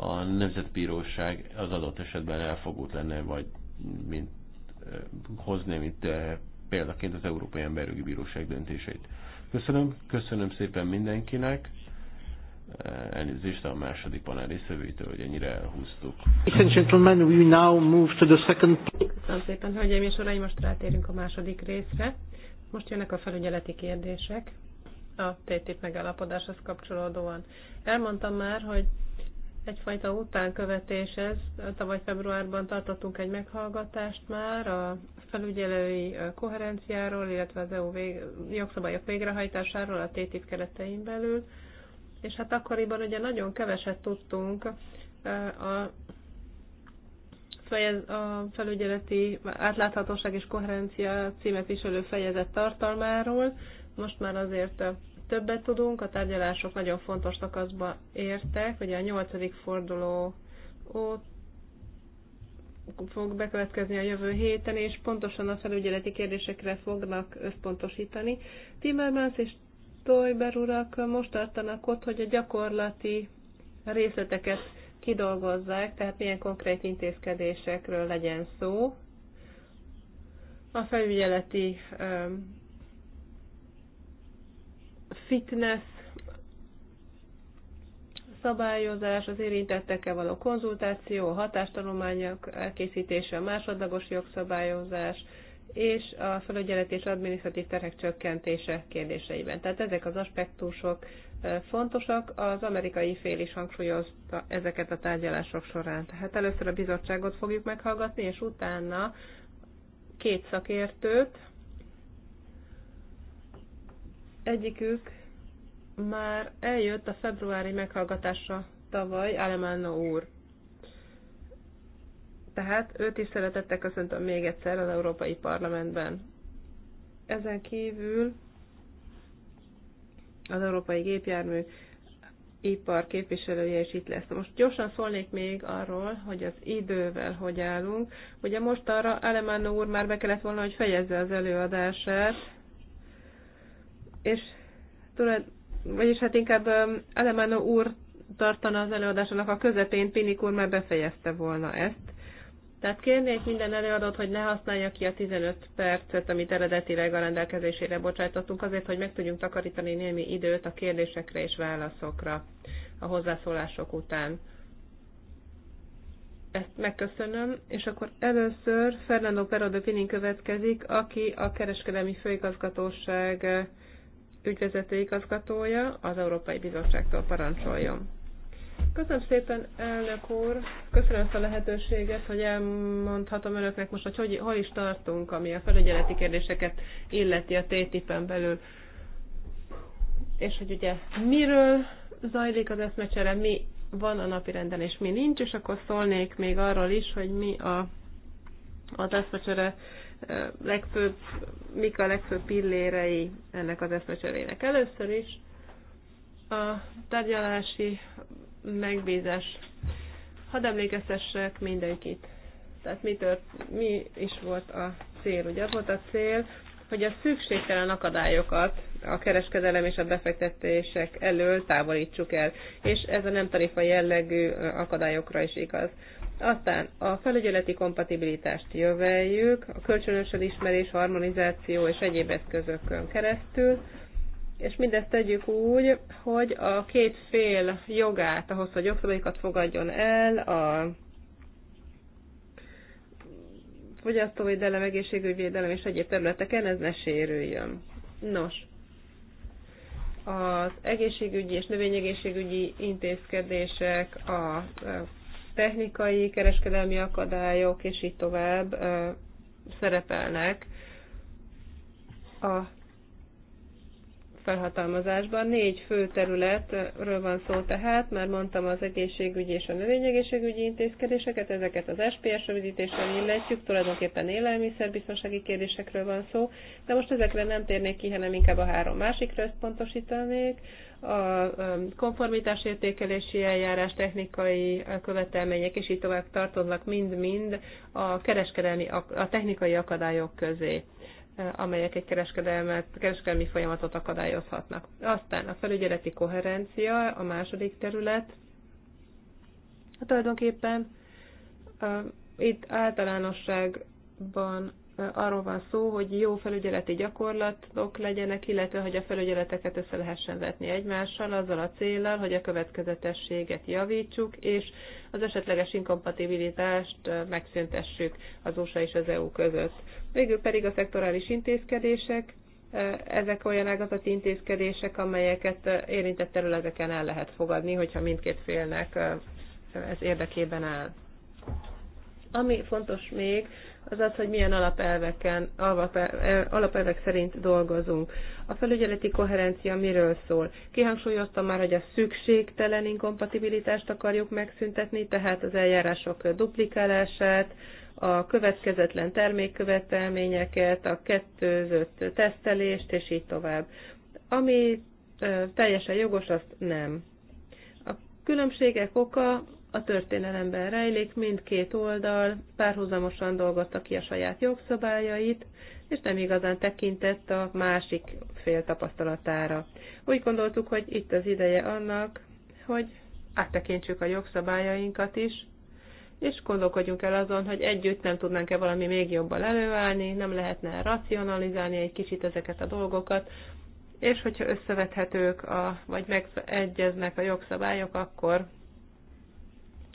[SPEAKER 1] a nemzetbíróság az adott esetben elfogult lenne, vagy mint hozni, mint példaként az Európai Emberjogi Bíróság döntéseit. Köszönöm, köszönöm szépen mindenkinek. Elnézést a második panel részvevőitől, hogy ennyire elhúztuk. Köszönöm
[SPEAKER 2] szépen, hölgyeim és uraim, most rátérünk a második részre. Most jönnek a felügyeleti kérdések a TTIP megállapodáshoz kapcsolódóan. Elmondtam már, hogy egyfajta utánkövetés ez. Tavaly februárban tartottunk egy meghallgatást már a felügyelői koherenciáról, illetve az EU vég, jogszabályok végrehajtásáról a TTIP keretein belül. És hát akkoriban ugye nagyon keveset tudtunk a a felügyeleti átláthatóság és koherencia címet viselő fejezet tartalmáról. Most már azért többet tudunk, a tárgyalások nagyon fontos szakaszba értek, ugye a nyolcadik forduló ott fog bekövetkezni a jövő héten, és pontosan a felügyeleti kérdésekre fognak összpontosítani. Timmermans és Stoiber urak most tartanak ott, hogy a gyakorlati részleteket kidolgozzák, tehát milyen konkrét intézkedésekről legyen szó. A felügyeleti fitness szabályozás, az érintettekkel való konzultáció, hatástanulmányok elkészítése, a másodlagos jogszabályozás, és a felügyelet és adminisztratív terhek csökkentése kérdéseiben. Tehát ezek az aspektusok fontosak, az amerikai fél is hangsúlyozta ezeket a tárgyalások során. Tehát először a bizottságot fogjuk meghallgatni, és utána két szakértőt, Egyikük már eljött a februári meghallgatásra tavaly Alemanno úr. Tehát őt is szeretettel köszöntöm még egyszer az Európai Parlamentben. Ezen kívül az Európai Gépjármű ipar képviselője is itt lesz. Most gyorsan szólnék még arról, hogy az idővel hogy állunk. Ugye most arra Alemanno úr már be kellett volna, hogy fejezze az előadását, és tulaj, vagyis hát inkább Alemano úr tartana az előadásának a közepén, Pinik úr már befejezte volna ezt. Tehát kérnék minden előadót, hogy ne használja ki a 15 percet, amit eredetileg a rendelkezésére bocsátottunk, azért, hogy meg tudjunk takarítani némi időt a kérdésekre és válaszokra a hozzászólások után. Ezt megköszönöm, és akkor először Fernando Pero Pinin következik, aki a Kereskedelmi Főigazgatóság ügyvezető igazgatója az Európai Bizottságtól parancsoljon. Köszönöm szépen, elnök úr, köszönöm ezt a lehetőséget, hogy elmondhatom önöknek most, hogy, hogy hol is tartunk, ami a felügyeleti kérdéseket illeti a TTIP-en belül. És hogy ugye miről zajlik az eszmecsere, mi van a napirenden és mi nincs, és akkor szólnék még arról is, hogy mi a, az eszmecsere legfőbb, mik a legfőbb pillérei ennek az eszmecserének. Először is a tárgyalási megbízás. Hadd emlékeztessek mindenkit. Tehát mi, tört, mi is volt a cél? Ugye az volt a cél, hogy a szükségtelen akadályokat a kereskedelem és a befektetések elől távolítsuk el, és ez a nem tarifa jellegű akadályokra is igaz. Aztán a felügyeleti kompatibilitást jöveljük, a kölcsönösen ismerés, harmonizáció és egyéb eszközökön keresztül, és mindezt tegyük úgy, hogy a két fél jogát ahhoz, hogy jogszabályokat fogadjon el, a fogyasztóvédelem, egészségügyvédelem és egyéb területeken ez ne sérüljön. Nos, az egészségügyi és növényegészségügyi intézkedések, a technikai, kereskedelmi akadályok, és így tovább szerepelnek a felhatalmazásban. Négy fő területről van szó tehát, már mondtam az egészségügyi és a növényegészségügyi intézkedéseket, ezeket az SPS rövidítéssel illetjük, tulajdonképpen élelmiszerbiztonsági kérdésekről van szó, de most ezekre nem térnék ki, hanem inkább a három másikra összpontosítanék. pontosítanék a konformitás értékelési eljárás, technikai követelmények, és így tovább tartoznak mind-mind a, kereskedelmi, a technikai akadályok közé amelyek egy kereskedelmet, kereskedelmi folyamatot akadályozhatnak. Aztán a felügyeleti koherencia, a második terület. Hát tulajdonképpen itt általánosságban arról van szó, hogy jó felügyeleti gyakorlatok legyenek, illetve hogy a felügyeleteket össze lehessen vetni egymással, azzal a célral, hogy a következetességet javítsuk, és az esetleges inkompatibilitást megszüntessük az USA és az EU között. Végül pedig a szektorális intézkedések, ezek olyan ágazati intézkedések, amelyeket érintett területeken el lehet fogadni, hogyha mindkét félnek ez érdekében áll. Ami fontos még, az az, hogy milyen alapelveken, e, alapelvek szerint dolgozunk. A felügyeleti koherencia miről szól? Kihangsúlyoztam már, hogy a szükségtelen inkompatibilitást akarjuk megszüntetni, tehát az eljárások duplikálását, a következetlen termékkövetelményeket, a kettőzött tesztelést, és így tovább. Ami e, teljesen jogos, azt nem. A különbségek oka a történelemben rejlik, mindkét oldal párhuzamosan dolgozta ki a saját jogszabályait, és nem igazán tekintett a másik fél tapasztalatára. Úgy gondoltuk, hogy itt az ideje annak, hogy áttekintsük a jogszabályainkat is, és gondolkodjunk el azon, hogy együtt nem tudnánk-e valami még jobban előállni, nem lehetne racionalizálni egy kicsit ezeket a dolgokat, és hogyha összevethetők, a, vagy megegyeznek a jogszabályok, akkor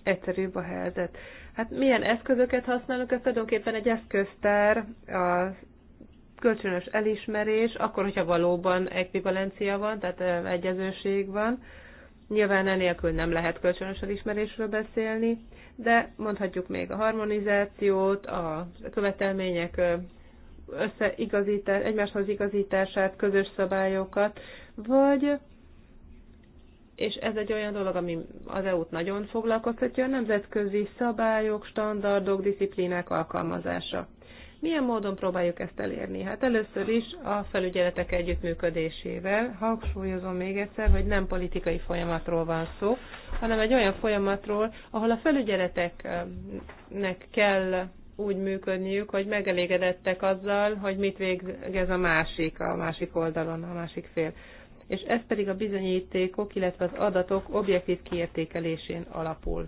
[SPEAKER 2] egyszerűbb a helyzet. Hát milyen eszközöket használunk? Ez tulajdonképpen egy eszköztár, a kölcsönös elismerés, akkor, hogyha valóban ekvivalencia van, tehát egyezőség van. Nyilván enélkül nem lehet kölcsönös elismerésről beszélni, de mondhatjuk még a harmonizációt, a követelmények összeigazítás, egymáshoz igazítását, közös szabályokat, vagy és ez egy olyan dolog, ami az EU-t nagyon foglalkoztatja, a nemzetközi szabályok, standardok, disziplinák alkalmazása. Milyen módon próbáljuk ezt elérni? Hát először is a felügyeletek együttműködésével. Hangsúlyozom még egyszer, hogy nem politikai folyamatról van szó, hanem egy olyan folyamatról, ahol a felügyeleteknek kell úgy működniük, hogy megelégedettek azzal, hogy mit végez a másik, a másik oldalon, a másik fél és ez pedig a bizonyítékok, illetve az adatok objektív kiértékelésén alapul.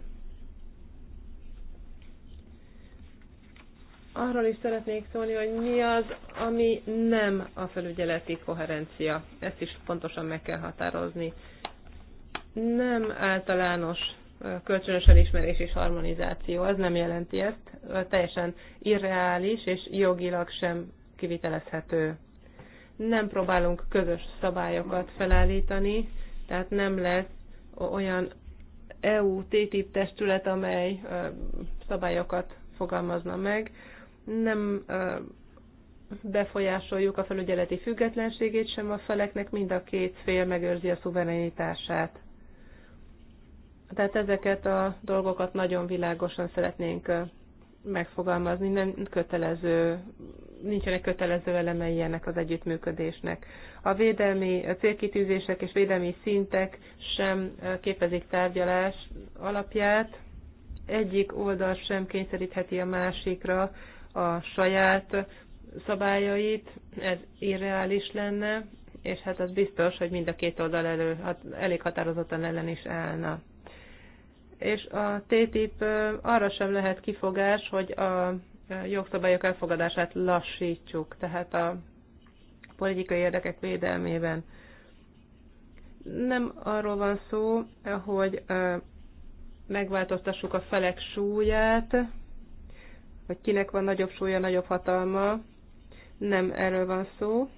[SPEAKER 2] Arról is szeretnék szólni, hogy mi az, ami nem a felügyeleti koherencia. Ezt is pontosan meg kell határozni. Nem általános kölcsönös elismerés és harmonizáció, az nem jelenti ezt, teljesen irreális és jogilag sem kivitelezhető nem próbálunk közös szabályokat felállítani, tehát nem lesz olyan EU-TTIP testület, amely szabályokat fogalmazna meg. Nem befolyásoljuk a felügyeleti függetlenségét sem a feleknek, mind a két fél megőrzi a szuverenitását. Tehát ezeket a dolgokat nagyon világosan szeretnénk megfogalmazni, nem kötelező, nincsenek kötelező elemei ennek az együttműködésnek. A védelmi a célkitűzések és védelmi szintek sem képezik tárgyalás alapját, egyik oldal sem kényszerítheti a másikra a saját szabályait, ez irreális lenne, és hát az biztos, hogy mind a két oldal elő, hát elég határozottan ellen is állna és a TTIP arra sem lehet kifogás, hogy a jogszabályok elfogadását lassítsuk, tehát a politikai érdekek védelmében. Nem arról van szó, hogy megváltoztassuk a felek súlyát, hogy kinek van nagyobb súlya, nagyobb hatalma. Nem erről van szó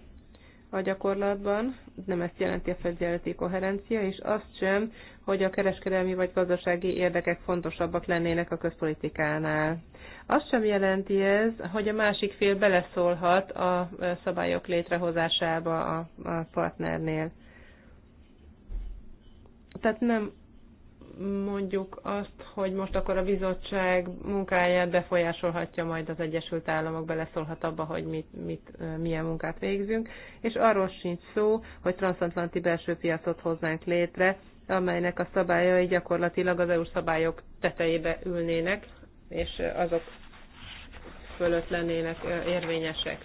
[SPEAKER 2] a gyakorlatban, nem ezt jelenti a felügyeleti koherencia, és azt sem, hogy a kereskedelmi vagy gazdasági érdekek fontosabbak lennének a közpolitikánál. Azt sem jelenti ez, hogy a másik fél beleszólhat a e, szabályok létrehozásába a, partnernél. Tehát nem mondjuk azt, hogy most akkor a bizottság munkáját befolyásolhatja majd az Egyesült Államok, beleszólhat abba, hogy mit, mit, e, milyen munkát végzünk, és arról sincs szó, hogy transatlanti belső piacot hoznánk létre, amelynek a szabályai gyakorlatilag az EU szabályok tetejébe ülnének, és azok fölött lennének érvényesek.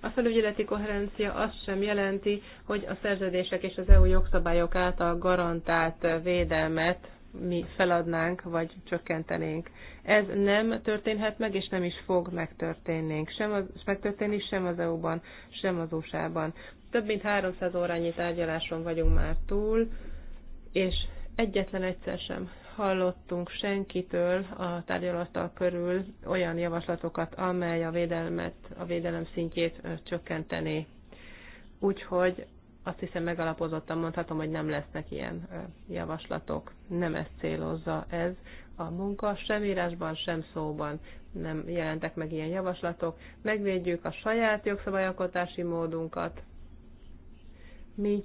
[SPEAKER 2] A felügyeleti koherencia azt sem jelenti, hogy a szerződések és az EU jogszabályok által garantált védelmet mi feladnánk, vagy csökkentenénk. Ez nem történhet meg, és nem is fog megtörténnénk. sem az, megtörténni sem az EU-ban, sem az USA-ban. Több mint 300 órányi tárgyaláson vagyunk már túl, és egyetlen egyszer sem hallottunk senkitől a tárgyalattal körül olyan javaslatokat, amely a védelmet, a védelem szintjét csökkenteni. Úgyhogy azt hiszem megalapozottan mondhatom, hogy nem lesznek ilyen javaslatok. Nem ezt célozza ez a munka, sem írásban, sem szóban nem jelentek meg ilyen javaslatok. Megvédjük a saját jogszabályalkotási módunkat, mi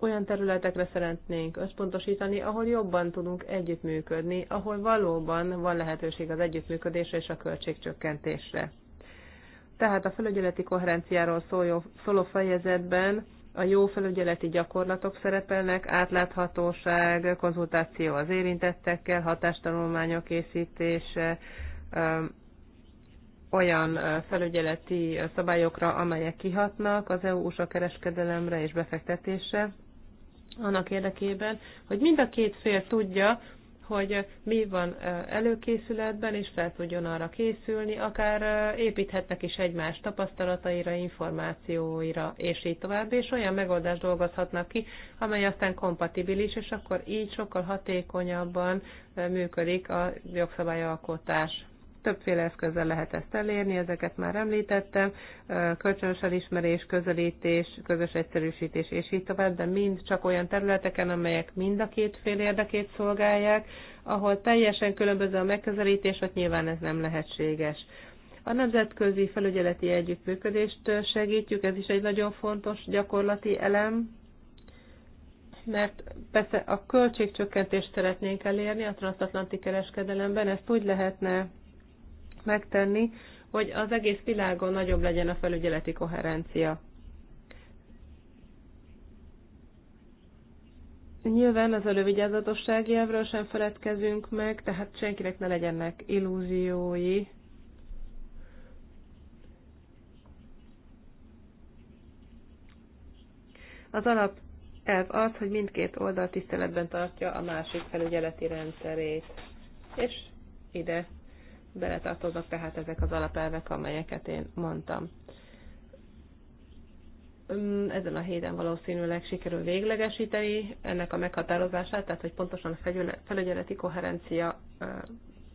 [SPEAKER 2] olyan területekre szeretnénk összpontosítani, ahol jobban tudunk együttműködni, ahol valóban van lehetőség az együttműködésre és a költségcsökkentésre. Tehát a felügyeleti koherenciáról szóló, szóló fejezetben a jó felügyeleti gyakorlatok szerepelnek, átláthatóság, konzultáció az érintettekkel, hatástanulmányok készítése, olyan felügyeleti szabályokra, amelyek kihatnak az EU-USA kereskedelemre és befektetésre, annak érdekében, hogy mind a két fél tudja, hogy mi van előkészületben, és fel tudjon arra készülni, akár építhetnek is egymás tapasztalataira, információira, és így tovább, és olyan megoldást dolgozhatnak ki, amely aztán kompatibilis, és akkor így sokkal hatékonyabban működik a jogszabályalkotás. Többféle eszközzel lehet ezt elérni, ezeket már említettem, kölcsönös elismerés, közelítés, közös egyszerűsítés és így tovább, de mind csak olyan területeken, amelyek mind a két fél érdekét szolgálják, ahol teljesen különböző a megközelítés, ott nyilván ez nem lehetséges. A nemzetközi felügyeleti együttműködést segítjük, ez is egy nagyon fontos gyakorlati elem, mert persze a költségcsökkentést szeretnénk elérni a transatlanti kereskedelemben, ezt úgy lehetne megtenni, hogy az egész világon nagyobb legyen a felügyeleti koherencia. Nyilván az elővigyázatosság jelvről sem feledkezünk meg, tehát senkinek ne legyenek illúziói. Az alap elv az, hogy mindkét oldal tiszteletben tartja a másik felügyeleti rendszerét. És ide beletartoznak tehát ezek az alapelvek, amelyeket én mondtam. Ezen a héten valószínűleg sikerül véglegesíteni ennek a meghatározását, tehát hogy pontosan a felügyeleti koherencia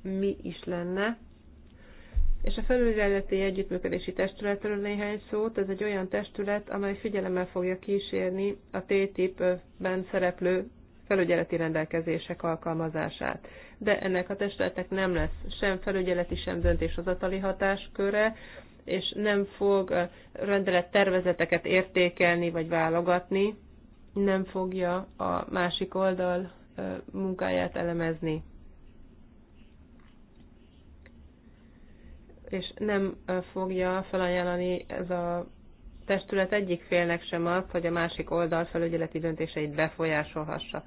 [SPEAKER 2] mi is lenne. És a felügyeleti együttműködési testületről néhány szót. Ez egy olyan testület, amely figyelemmel fogja kísérni a T típben szereplő felügyeleti rendelkezések alkalmazását de ennek a testületnek nem lesz sem felügyeleti, sem döntéshozatali hatásköre, és nem fog eh, rendelet tervezeteket értékelni vagy válogatni, nem fogja a másik oldal eh, munkáját elemezni. És nem eh, fogja felajánlani ez a testület egyik félnek sem azt, hogy a másik oldal felügyeleti döntéseit befolyásolhassa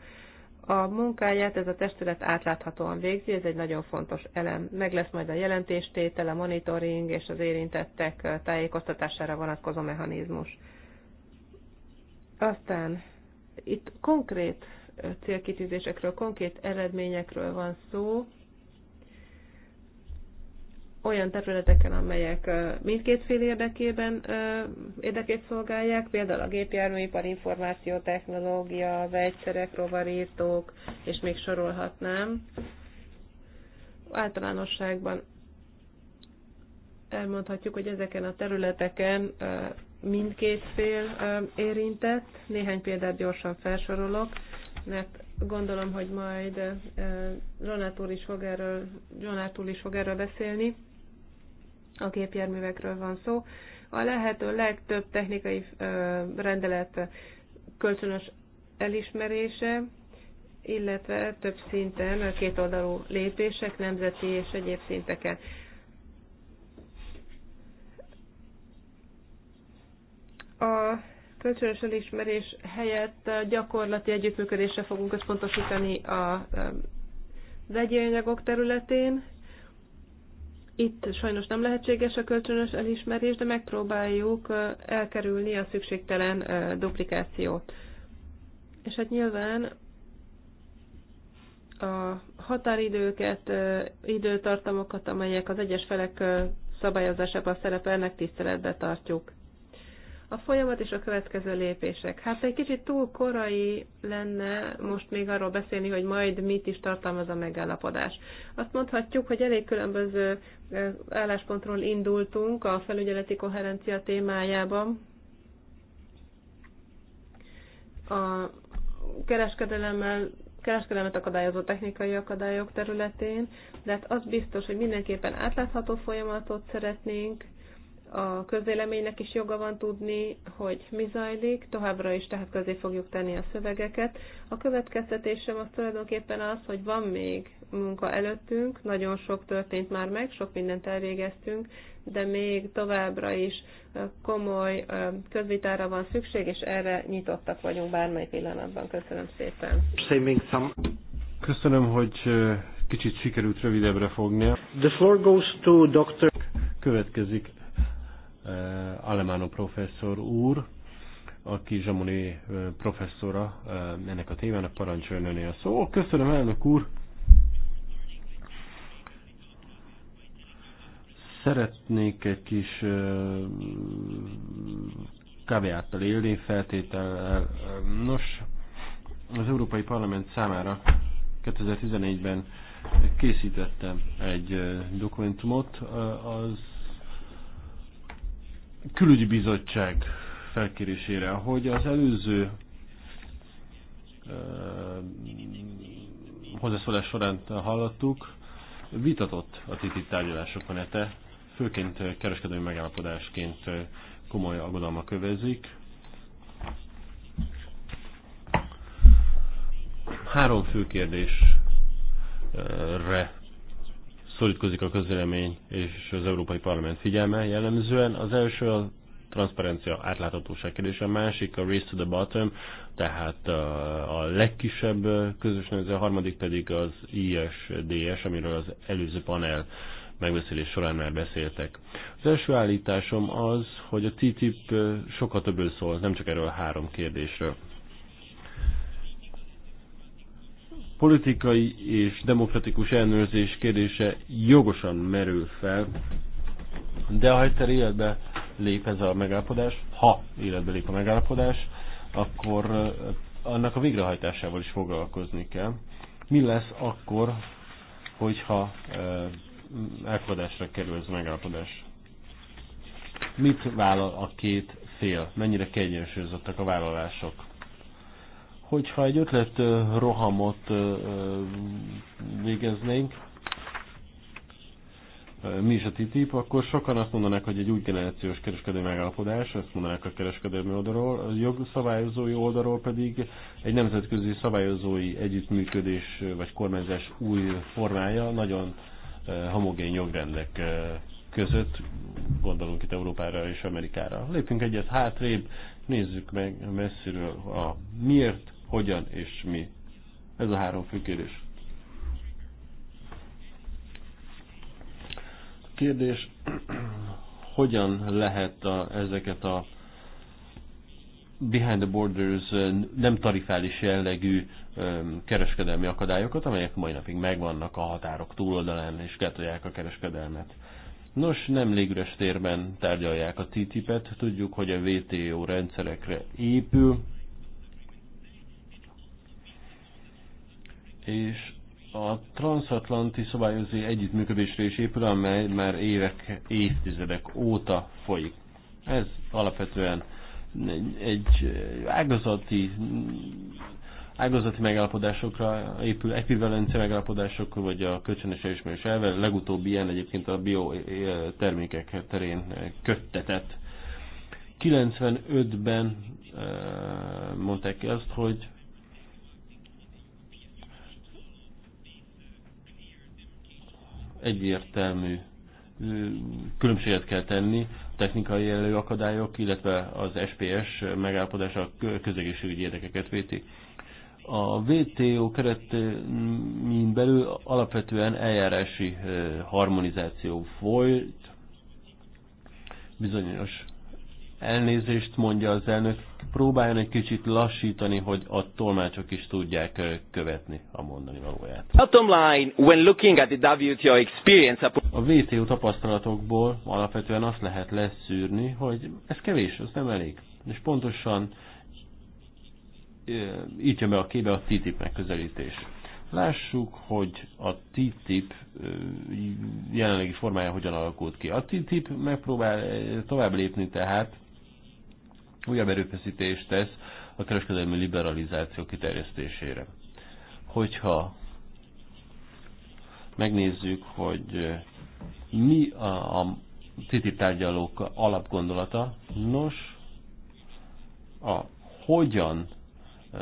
[SPEAKER 2] a munkáját ez a testület átláthatóan végzi, ez egy nagyon fontos elem. Meg lesz majd a jelentéstétel, a monitoring és az érintettek tájékoztatására vonatkozó mechanizmus. Aztán itt konkrét célkitűzésekről, konkrét eredményekről van szó, olyan területeken, amelyek mindkét fél érdekében érdekét szolgálják, például a gépjárműipar, technológia, vegyszerek, rovarítók, és még sorolhatnám. Általánosságban elmondhatjuk, hogy ezeken a területeken mindkét fél érintett. Néhány példát gyorsan felsorolok, mert gondolom, hogy majd Ronát úr is fog erről, is fog erről beszélni a gépjárművekről van szó. A lehető legtöbb technikai rendelet kölcsönös elismerése, illetve több szinten kétoldalú lépések, nemzeti és egyéb szinteken. A kölcsönös elismerés helyett gyakorlati együttműködésre fogunk összpontosítani a vegyi anyagok területén, itt sajnos nem lehetséges a kölcsönös elismerés, de megpróbáljuk elkerülni a szükségtelen duplikációt. És hát nyilván a határidőket, időtartamokat, amelyek az egyes felek szabályozásában szerepelnek, tiszteletbe tartjuk a folyamat és a következő lépések. Hát egy kicsit túl korai lenne most még arról beszélni, hogy majd mit is tartalmaz a megállapodás. Azt mondhatjuk, hogy elég különböző eh, álláspontról indultunk a felügyeleti koherencia témájában. A kereskedelemmel kereskedelmet akadályozó technikai akadályok területén, de hát az biztos, hogy mindenképpen átlátható folyamatot szeretnénk, a közvéleménynek is joga van tudni, hogy mi zajlik, továbbra is tehát közé fogjuk tenni a szövegeket. A következtetésem az tulajdonképpen az, hogy van még munka előttünk, nagyon sok történt már meg, sok mindent elvégeztünk, de még továbbra is komoly közvitára van szükség, és erre nyitottak vagyunk bármely pillanatban. Köszönöm szépen.
[SPEAKER 1] Köszönöm, hogy kicsit sikerült rövidebbre fognia. The floor goes to Dr. Következik Eh, Alemánó professzor úr, aki Zsamoni eh, professzora eh, ennek a témának parancsoljon a szó. Köszönöm, elnök úr! Szeretnék egy kis kávéáttal élni, feltétel. Nos, az Európai Parlament számára 2014-ben készítettem egy dokumentumot az külügyi bizottság felkérésére, hogy az előző uh, hozzászólás során hallottuk, vitatott a TTIP tárgyalásokon ete, hát főként kereskedelmi megállapodásként komoly aggodalma kövezik. Három fő kérdésre szorítkozik a közvélemény és az Európai Parlament figyelme jellemzően. Az első a transzparencia, átláthatóság kérdése, a másik a race to the bottom, tehát a legkisebb közös nevező, a harmadik pedig az ISDS, amiről az előző panel megbeszélés során már beszéltek. Az első állításom az, hogy a TTIP sokkal többről szól, nem csak erről a három kérdésről. politikai és demokratikus ellenőrzés kérdése jogosan merül fel, de ha egyszer életbe lép ez a megállapodás, ha életbe lép a megállapodás, akkor eh, annak a végrehajtásával is foglalkozni kell. Mi lesz akkor, hogyha eh, elfogadásra kerül ez a megállapodás? Mit vállal a két fél? Mennyire kiegyensúlyozottak a vállalások? Hogyha egy ötlet rohamot végeznénk, mi is a TTIP, akkor sokan azt mondanák, hogy egy új generációs kereskedő megállapodás, ezt mondanák a kereskedelmi oldalról, a jogszabályozói oldalról pedig egy nemzetközi szabályozói együttműködés vagy kormányzás új formája, nagyon homogén jogrendek között, gondolunk itt Európára és Amerikára. Lépjünk egyet hátrébb, nézzük meg messziről a miért, hogyan és mi. Ez a három fő kérdés. Kérdés, hogyan lehet a, ezeket a Behind the Borders nem tarifális jellegű kereskedelmi akadályokat, amelyek mai napig megvannak a határok túloldalán és gátolják a kereskedelmet. Nos, nem légüres térben tárgyalják a TTIP-et, tudjuk, hogy a WTO rendszerekre épül, és a transatlanti szabályozó együttműködésre is épül, amely már évek, évtizedek óta folyik. Ez alapvetően egy, ágazati ágazati megállapodásokra épül, ekvivalencia megállapodások, vagy a kölcsönös elismerés elve. legutóbb ilyen egyébként a biotermékek eh, terén köttetett. 95-ben eh, mondták ki azt, hogy egyértelmű különbséget kell tenni a technikai jellegű akadályok, illetve az SPS megállapodása a közegészségügyi érdekeket véti. A WTO keretén belül alapvetően eljárási harmonizáció folyt, bizonyos Elnézést mondja az elnök, próbáljon egy kicsit lassítani, hogy a tolmácsok is tudják követni a mondani valóját. Bottom line, when looking at the WTO experience... A WTO tapasztalatokból alapvetően azt lehet leszűrni, hogy ez kevés, az nem elég. És pontosan így jön be a képbe a TTIP megközelítés. Lássuk, hogy a TTIP jelenlegi formája hogyan alakult ki. A TTIP megpróbál tovább lépni tehát újabb erőfeszítést tesz a kereskedelmi liberalizáció kiterjesztésére. Hogyha megnézzük, hogy mi a, a TTIP tárgyalók alapgondolata, nos, a hogyan eh,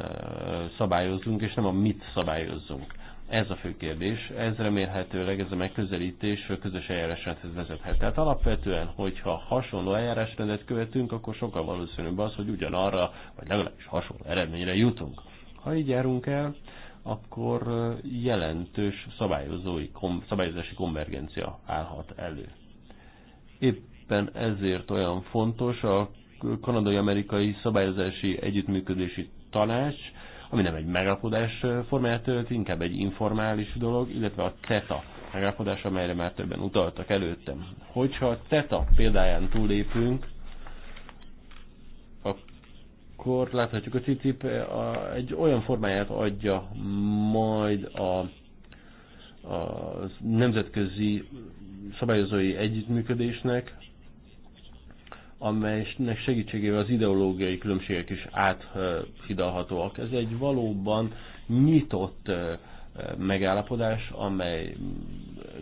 [SPEAKER 1] szabályozunk, és nem a mit szabályozzunk. Ez a fő kérdés, ez remélhetőleg ez a megközelítés a közös eljárásrendhez vezethet. Tehát alapvetően, hogyha hasonló eljárásrendet követünk, akkor sokkal valószínűbb az, hogy ugyanarra, vagy legalábbis hasonló eredményre jutunk. Ha így járunk el, akkor jelentős szabályozói, kom, szabályozási konvergencia állhat elő. Éppen ezért olyan fontos a kanadai-amerikai szabályozási együttműködési tanács, ami nem egy megállapodás formáját tölt, inkább egy informális dolog, illetve a CETA megállapodás, amelyre már többen utaltak előttem. Hogyha a CETA példáján túllépünk, akkor láthatjuk, a TTIP egy olyan formáját adja majd a, a nemzetközi szabályozói együttműködésnek, amelynek segítségével az ideológiai különbségek is áthidalhatóak. Ez egy valóban nyitott megállapodás, amely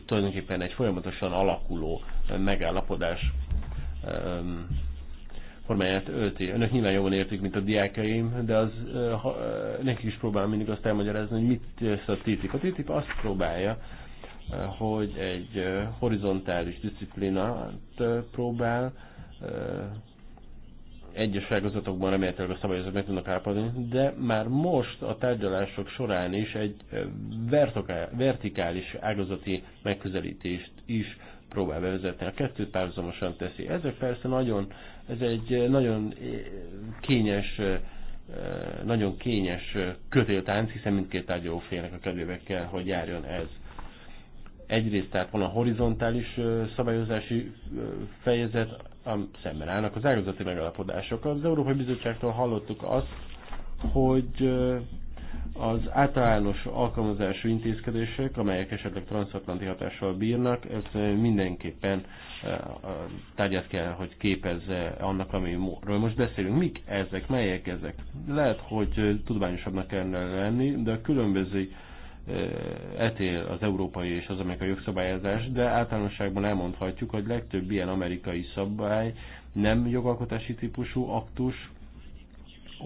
[SPEAKER 1] tulajdonképpen egy folyamatosan alakuló megállapodás formáját ölti. Önök nyilván jobban értik, mint a diákeim, de az nekik is próbálom mindig azt elmagyarázni, hogy mit tesz a TTIP. A TTIP azt próbálja, hogy egy horizontális disziplinát próbál egyes ágazatokban remélhetőleg a szabályozók meg tudnak állapodni, de már most a tárgyalások során is egy vertikális ágazati megközelítést is próbál bevezetni. A kettőt párhuzamosan teszi. Ezek persze nagyon, ez egy nagyon kényes nagyon kényes kötéltánc, hiszen mindkét tárgyaló félnek a kedvébe kell, hogy járjon ez. Egyrészt tehát van a horizontális szabályozási fejezet, szemben állnak az ágazati megalapodások. Az Európai Bizottságtól hallottuk azt, hogy az általános alkalmazású intézkedések, amelyek esetleg transatlanti hatással bírnak, ez mindenképpen tárgyát kell, hogy képezze annak, amiről most beszélünk. Mik ezek, melyek ezek? Lehet, hogy tudományosabbnak kellene lenni, de a különböző Eh, etél az európai és az amerikai jogszabályozás, de általánosságban elmondhatjuk, hogy legtöbb ilyen amerikai szabály nem jogalkotási típusú aktus,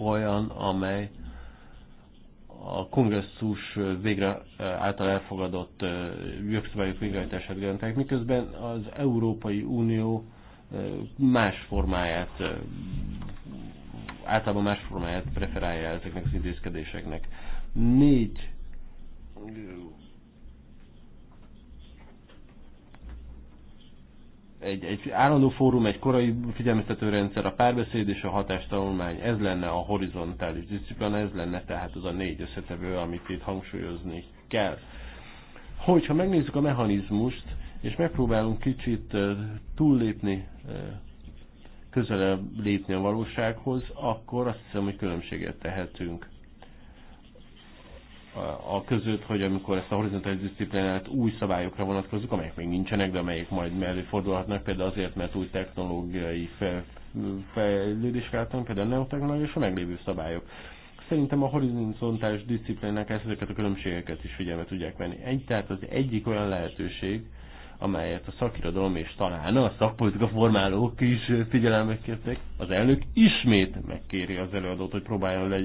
[SPEAKER 1] olyan, amely a kongresszus végre eh, által elfogadott eh, jogszabályok végrehajtását garantálják, miközben az Európai Unió más formáját, általában más formáját preferálja ezeknek az intézkedéseknek. Négy egy, egy állandó fórum, egy korai figyelmeztető rendszer, a párbeszéd és a hatástanulmány, ez lenne a horizontális disziplina, ez lenne tehát az a négy összetevő, amit itt hangsúlyozni kell. Hogyha megnézzük a mechanizmust, és megpróbálunk kicsit túllépni, közelebb lépni a valósághoz, akkor azt hiszem, hogy különbséget tehetünk a között, hogy amikor ezt a horizontális disziplinát új szabályokra vonatkozunk, amelyek még nincsenek, de amelyek majd fordulhatnak például azért, mert új technológiai fejlődés feltem, például a neotechnológia és a meglévő szabályok. Szerintem a horizontális disziplinák ezeket a különbségeket is figyelme tudják venni. Egy, tehát az egyik olyan lehetőség, amelyet a szakirodalom és talán a szakpolitika formálók is figyelembe kérték. az elnök ismét megkéri az előadót, hogy próbáljon le,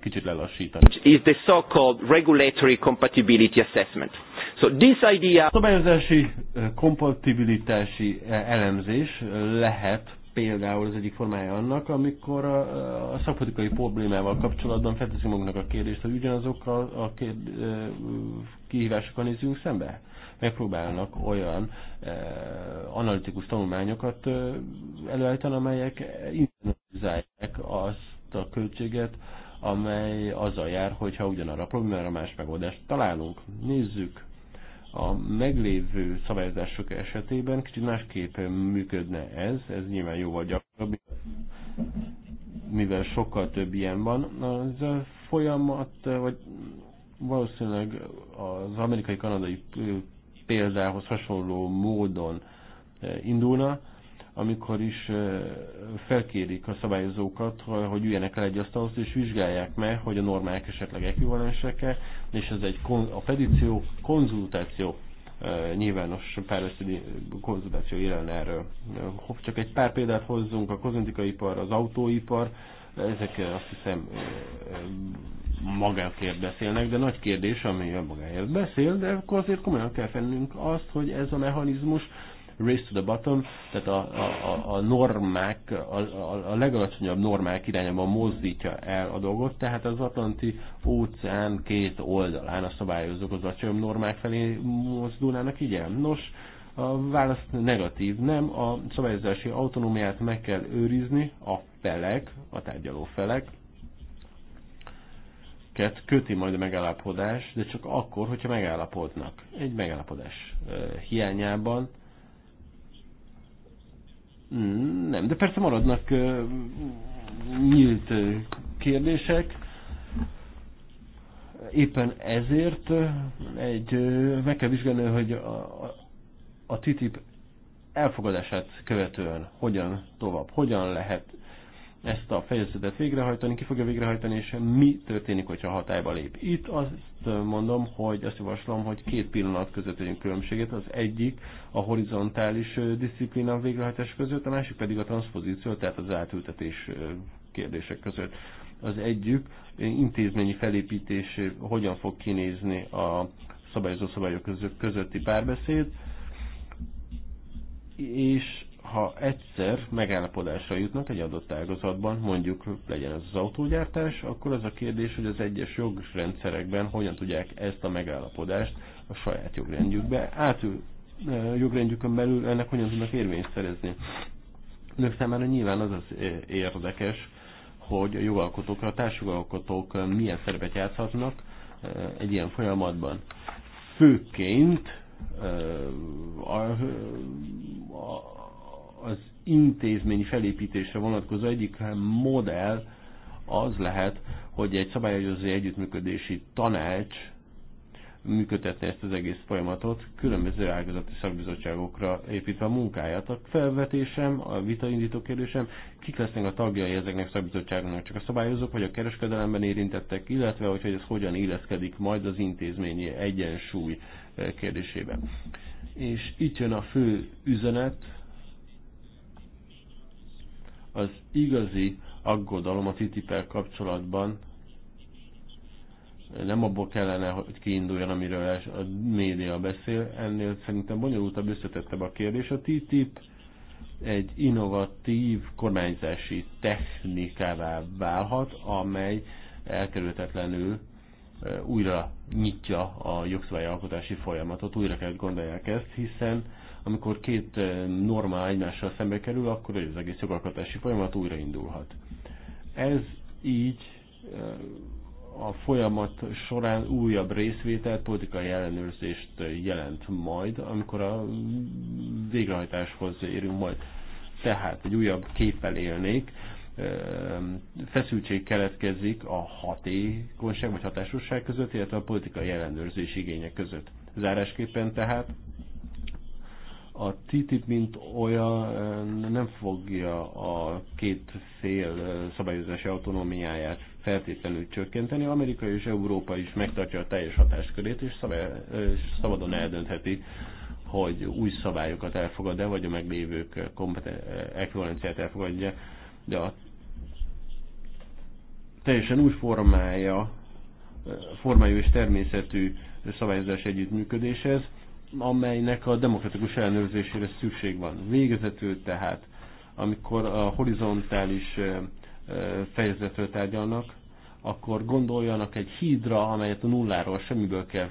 [SPEAKER 1] kicsit lelassítani. Is the so-called regulatory
[SPEAKER 2] compatibility assessment.
[SPEAKER 1] So this idea... Szabályozási eh, kompatibilitási eh, elemzés lehet például az egyik formája annak, amikor a, eh, a szakpolitikai problémával kapcsolatban felteszünk magunknak a kérdést, hogy ugyanazokkal a kérd, kihívásokkal nézzünk szembe megpróbálnak olyan eh, analitikus tanulmányokat eh, előállítani, amelyek internalizálják azt a költséget, amely azzal jár, hogyha ugyanarra a problémára más megoldást találunk. Nézzük a meglévő szabályozások esetében kicsit másképp működne ez, ez nyilván jóval gyakoribb, mivel sokkal több ilyen van. Az folyamat, vagy valószínűleg az amerikai-kanadai példához hasonló módon eh, indulna, amikor is eh, felkérik a szabályozókat, eh, hogy üljenek el egy asztalhoz, és vizsgálják meg, hogy a normák esetleg ekvivalensek-e, és ez egy kon, a petíció konzultáció nyilvános párbeszédi konzultáció jelen erről. Csak egy pár példát hozzunk, a ipar, az autóipar, ezek azt hiszem magákért beszélnek, de nagy kérdés, ami a magáért beszél, de akkor azért komolyan kell fennünk azt, hogy ez a mechanizmus race to the bottom, tehát a, a, a normák, a, a, a legalacsonyabb normák irányában mozdítja el a dolgot, tehát az Atlanti óceán két oldalán a szabályozók az alacsonyabb normák felé mozdulnának, igen. Nos, a válasz negatív, nem, a szabályozási autonómiát meg kell őrizni, a felek, a tárgyaló felek, ket köti majd a megállapodás, de csak akkor, hogyha megállapodnak. Egy megállapodás hiányában nem, de persze maradnak nyílt kérdések. Éppen ezért egy, meg kell vizsgálni, hogy a, a TTIP elfogadását követően hogyan tovább, hogyan lehet ezt a fejezetet végrehajtani, ki fogja végrehajtani, és mi történik, hogyha hatályba lép. Itt azt mondom, hogy azt javaslom, hogy két pillanat között tegyünk különbséget. Az egyik a horizontális disziplína végrehajtás között, a másik pedig a transzpozíció, tehát az átültetés kérdések között. Az egyik intézményi felépítés hogyan fog kinézni a szabályozó szabályok közötti párbeszéd, és ha egyszer megállapodásra jutnak egy adott ágazatban, mondjuk legyen ez az autógyártás, akkor az a kérdés, hogy az egyes jogrendszerekben hogyan tudják ezt a megállapodást a saját jogrendjükbe, átül jogrendjükön belül ennek hogyan tudnak érvényt szerezni. Önök számára nyilván az az érdekes, hogy a jogalkotók, a társjogalkotók milyen szerepet játszhatnak egy ilyen folyamatban. Főként a, a, a az intézményi felépítésre vonatkozó egyik modell az lehet, hogy egy szabályozói együttműködési tanács működtetni ezt az egész folyamatot, különböző ágazati szakbizottságokra építve a munkáját. A felvetésem, a vitaindító kérdésem, kik lesznek a tagjai ezeknek a szakbizottságoknak, csak a szabályozók vagy a kereskedelemben érintettek, illetve hogy, hogy ez hogyan illeszkedik majd az intézményi egyensúly eh, kérdésében. És itt jön a fő üzenet, az igazi aggodalom a titipel kapcsolatban nem abból kellene, hogy kiinduljon, amiről a média beszél, ennél szerintem bonyolultabb, összetettebb a kérdés. A TTIP egy innovatív kormányzási technikává válhat, amely elkerülhetetlenül újra nyitja a jogszabályalkotási folyamatot, újra kell gondolják ezt, hiszen amikor két eh, norma egymással szembe kerül, akkor az egész jogalkotási folyamat újraindulhat. Ez így eh, a folyamat során újabb részvételt, politikai ellenőrzést jelent majd, amikor a végrehajtáshoz érünk majd. Tehát egy újabb képpel élnék, eh, feszültség keletkezik a hatékonyság vagy hatásosság között, illetve a politikai ellenőrzés igények között. Zárásképpen tehát a TTIP, mint olyan eh, nem fogja a két fél eh, szabályozási autonómiáját feltétlenül csökkenteni. Amerika és Európa is megtartja a teljes hatáskörét, és, eh, és szabadon eldöntheti, hogy új szabályokat elfogad-e, vagy a meglévők ekvivalenciát elfogadja, de a teljesen új formája, formájú és természetű szabályozás együttműködéshez amelynek a demokratikus ellenőrzésére szükség van. Végezetül tehát, amikor a horizontális fejezetről tárgyalnak, akkor gondoljanak egy hídra, amelyet a nulláról semmiből kell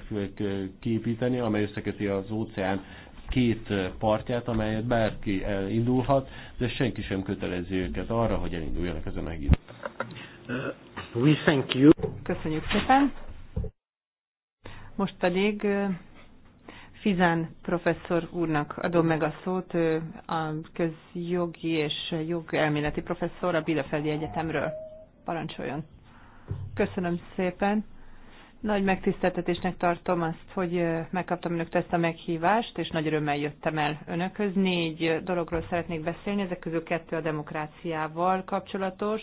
[SPEAKER 1] képíteni, amely összeköti az óceán két partját, amelyet bárki elindulhat, de senki sem kötelezi őket arra, hogy elinduljanak ezen a hídon.
[SPEAKER 2] Uh, we thank you. Köszönjük szépen. Most pedig Fizán professzor úrnak adom meg a szót, ő a közjogi és jogelméleti professzor a Bielefeldi Egyetemről. Parancsoljon! Köszönöm szépen! Nagy megtiszteltetésnek tartom azt, hogy megkaptam önöktől ezt a meghívást, és nagy örömmel jöttem el önökhöz. Négy dologról szeretnék beszélni, ezek közül kettő a demokráciával kapcsolatos,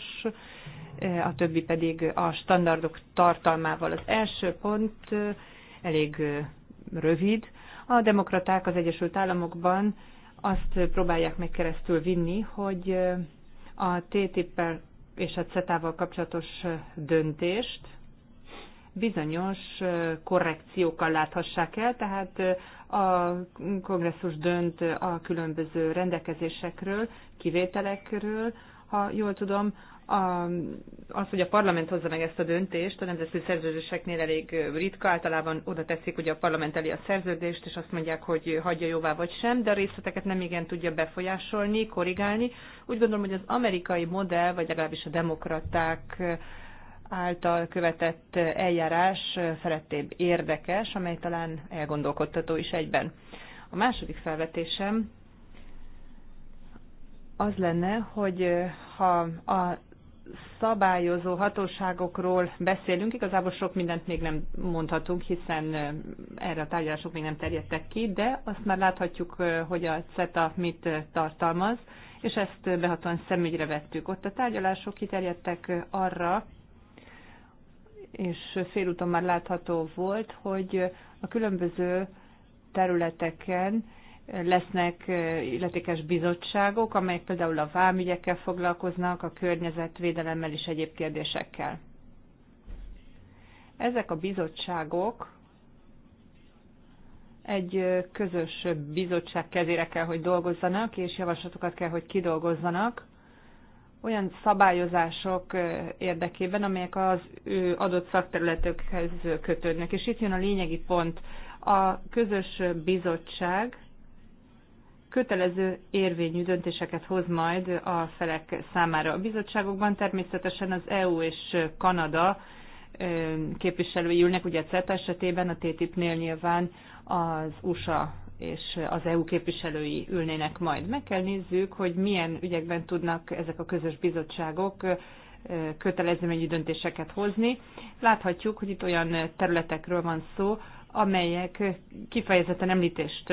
[SPEAKER 2] a többi pedig a standardok tartalmával. Az első pont elég rövid, a demokraták az Egyesült Államokban azt próbálják meg keresztül vinni, hogy a TTIP-el és a CETA-val kapcsolatos döntést bizonyos korrekciókkal láthassák el, tehát a kongresszus dönt a különböző rendelkezésekről, kivételekről, ha jól tudom, a, az, hogy a parlament hozza meg ezt a döntést, a nemzetközi szerződéseknél elég ritka, általában oda teszik hogy a parlament elé a szerződést, és azt mondják, hogy hagyja jóvá vagy sem, de a részleteket nem igen tudja befolyásolni, korrigálni. Úgy gondolom, hogy az amerikai modell, vagy legalábbis a demokraták által követett eljárás felettébb érdekes, amely talán elgondolkodtató is egyben. A második felvetésem az lenne, hogy ha a szabályozó hatóságokról beszélünk, igazából sok mindent még nem mondhatunk, hiszen erre a tárgyalások még nem terjedtek ki, de azt már láthatjuk, hogy a CETA mit tartalmaz, és ezt behatóan szemügyre vettük. Ott a tárgyalások kiterjedtek arra, és félúton már látható volt, hogy a különböző területeken lesznek illetékes bizottságok, amelyek például a vámügyekkel foglalkoznak, a környezetvédelemmel és egyéb kérdésekkel. Ezek a bizottságok egy közös bizottság kezére kell, hogy dolgozzanak, és javaslatokat kell, hogy kidolgozzanak olyan szabályozások érdekében, amelyek az ő adott szakterületekhez kötődnek. És itt jön a lényegi pont. A közös bizottság kötelező érvényű döntéseket hoz majd a felek számára. A bizottságokban természetesen az EU és Kanada képviselői ülnek, ugye a CETA esetében, a TTIP-nél nyilván az USA és az EU képviselői ülnének majd. Meg kell nézzük, hogy milyen ügyekben tudnak ezek a közös bizottságok kötelezőményi döntéseket hozni. Láthatjuk, hogy itt olyan területekről van szó, amelyek kifejezetten említést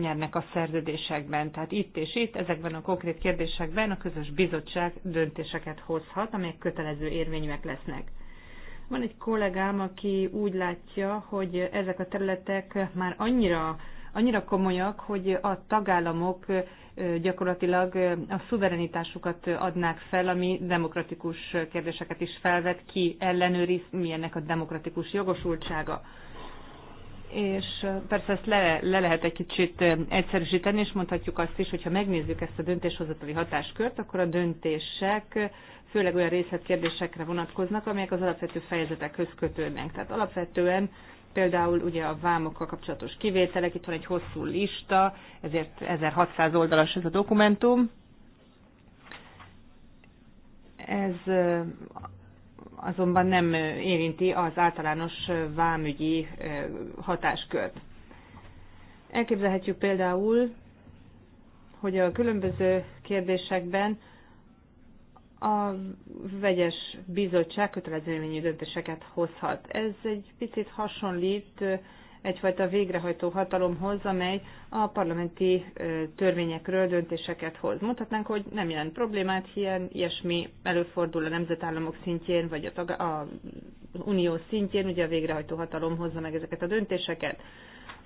[SPEAKER 2] nyernek a szerződésekben. Tehát itt és itt, ezekben a konkrét kérdésekben a közös bizottság döntéseket hozhat, amelyek kötelező érvényűek lesznek. Van egy kollégám, aki úgy látja, hogy ezek a területek már annyira, annyira komolyak, hogy a tagállamok gyakorlatilag a szuverenitásukat adnák fel, ami demokratikus kérdéseket is felvet, ki ellenőriz, milyennek a demokratikus jogosultsága és persze ezt le, le lehet egy kicsit egyszerűsíteni, és mondhatjuk azt is, hogyha megnézzük ezt a döntéshozatali hatáskört, akkor a döntések főleg olyan részletkérdésekre vonatkoznak, amelyek az alapvető fejezetekhöz kötődnek. Tehát alapvetően például ugye a vámokkal kapcsolatos kivételek, itt van egy hosszú lista, ezért 1600 oldalas ez a dokumentum. Ez azonban nem érinti az általános vámügyi hatáskört. Elképzelhetjük például, hogy a különböző kérdésekben a vegyes bizottság kötelező döntéseket hozhat. Ez egy picit hasonlít egyfajta végrehajtó hatalomhoz, amely a parlamenti törvényekről döntéseket hoz. Mondhatnánk, hogy nem jelent problémát, ilyen, ilyesmi előfordul a nemzetállamok szintjén, vagy a, taga, a unió szintjén, ugye a végrehajtó hatalom hozza meg ezeket a döntéseket.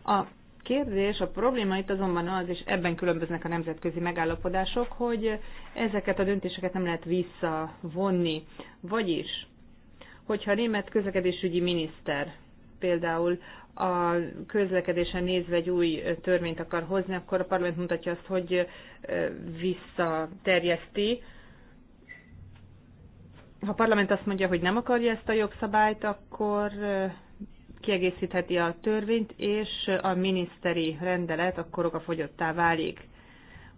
[SPEAKER 2] A kérdés, a probléma itt azonban az, és ebben különböznek a nemzetközi megállapodások, hogy ezeket a döntéseket nem lehet visszavonni. Vagyis, hogyha a német közlekedésügyi miniszter például a közlekedésen nézve egy új törvényt akar hozni, akkor a parlament mutatja azt, hogy visszaterjeszti. Ha a parlament azt mondja, hogy nem akarja ezt a jogszabályt, akkor kiegészítheti a törvényt, és a miniszteri rendelet akkor fogyottá válik.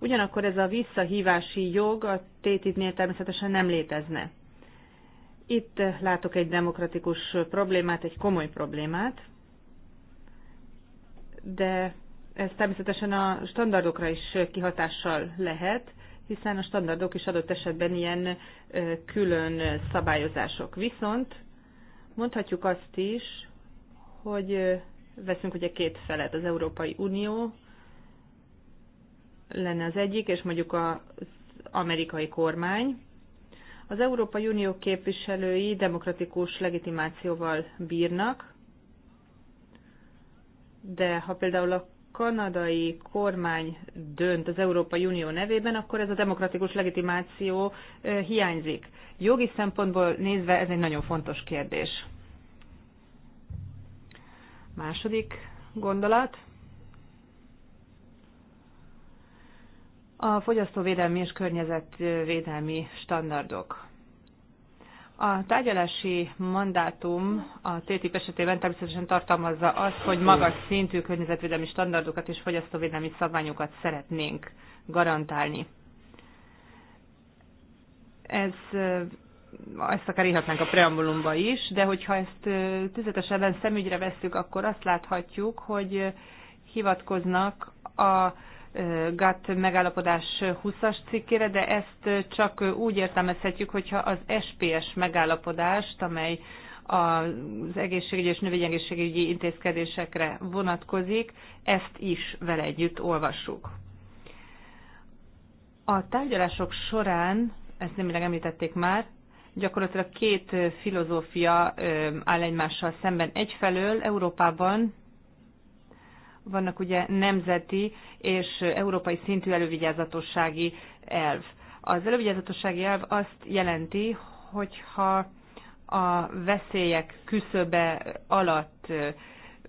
[SPEAKER 2] Ugyanakkor ez a visszahívási jog a TTIP-nél természetesen nem létezne. Itt látok egy demokratikus problémát, egy komoly problémát, de ez természetesen a standardokra is kihatással lehet, hiszen a standardok is adott esetben ilyen külön szabályozások. Viszont mondhatjuk azt is, hogy veszünk ugye két felet, az Európai Unió lenne az egyik, és mondjuk az amerikai kormány. Az Európai Unió képviselői demokratikus legitimációval bírnak, de ha például a kanadai kormány dönt az Európai Unió nevében, akkor ez a demokratikus legitimáció hiányzik. Jogi szempontból nézve ez egy nagyon fontos kérdés. Második gondolat. A fogyasztóvédelmi és környezetvédelmi standardok. A tárgyalási mandátum a TTIP esetében természetesen tartalmazza azt, hogy magas szintű környezetvédelmi standardokat és fogyasztóvédelmi szabványokat szeretnénk garantálni. Ez, ezt akár írhatnánk a preambulumba is, de hogyha ezt tüzetesebben szemügyre vesszük, akkor azt láthatjuk, hogy hivatkoznak a GATT megállapodás 20-as cikkére, de ezt csak úgy értelmezhetjük, hogyha az SPS megállapodást, amely az egészségügyi és növényegészségügyi intézkedésekre vonatkozik, ezt is vele együtt olvassuk. A tárgyalások során, ezt némileg említették már, gyakorlatilag két filozófia áll egymással szemben. Egyfelől Európában vannak ugye nemzeti és európai szintű elővigyázatossági elv. Az elővigyázatossági elv azt jelenti, hogyha a veszélyek küszöbe alatt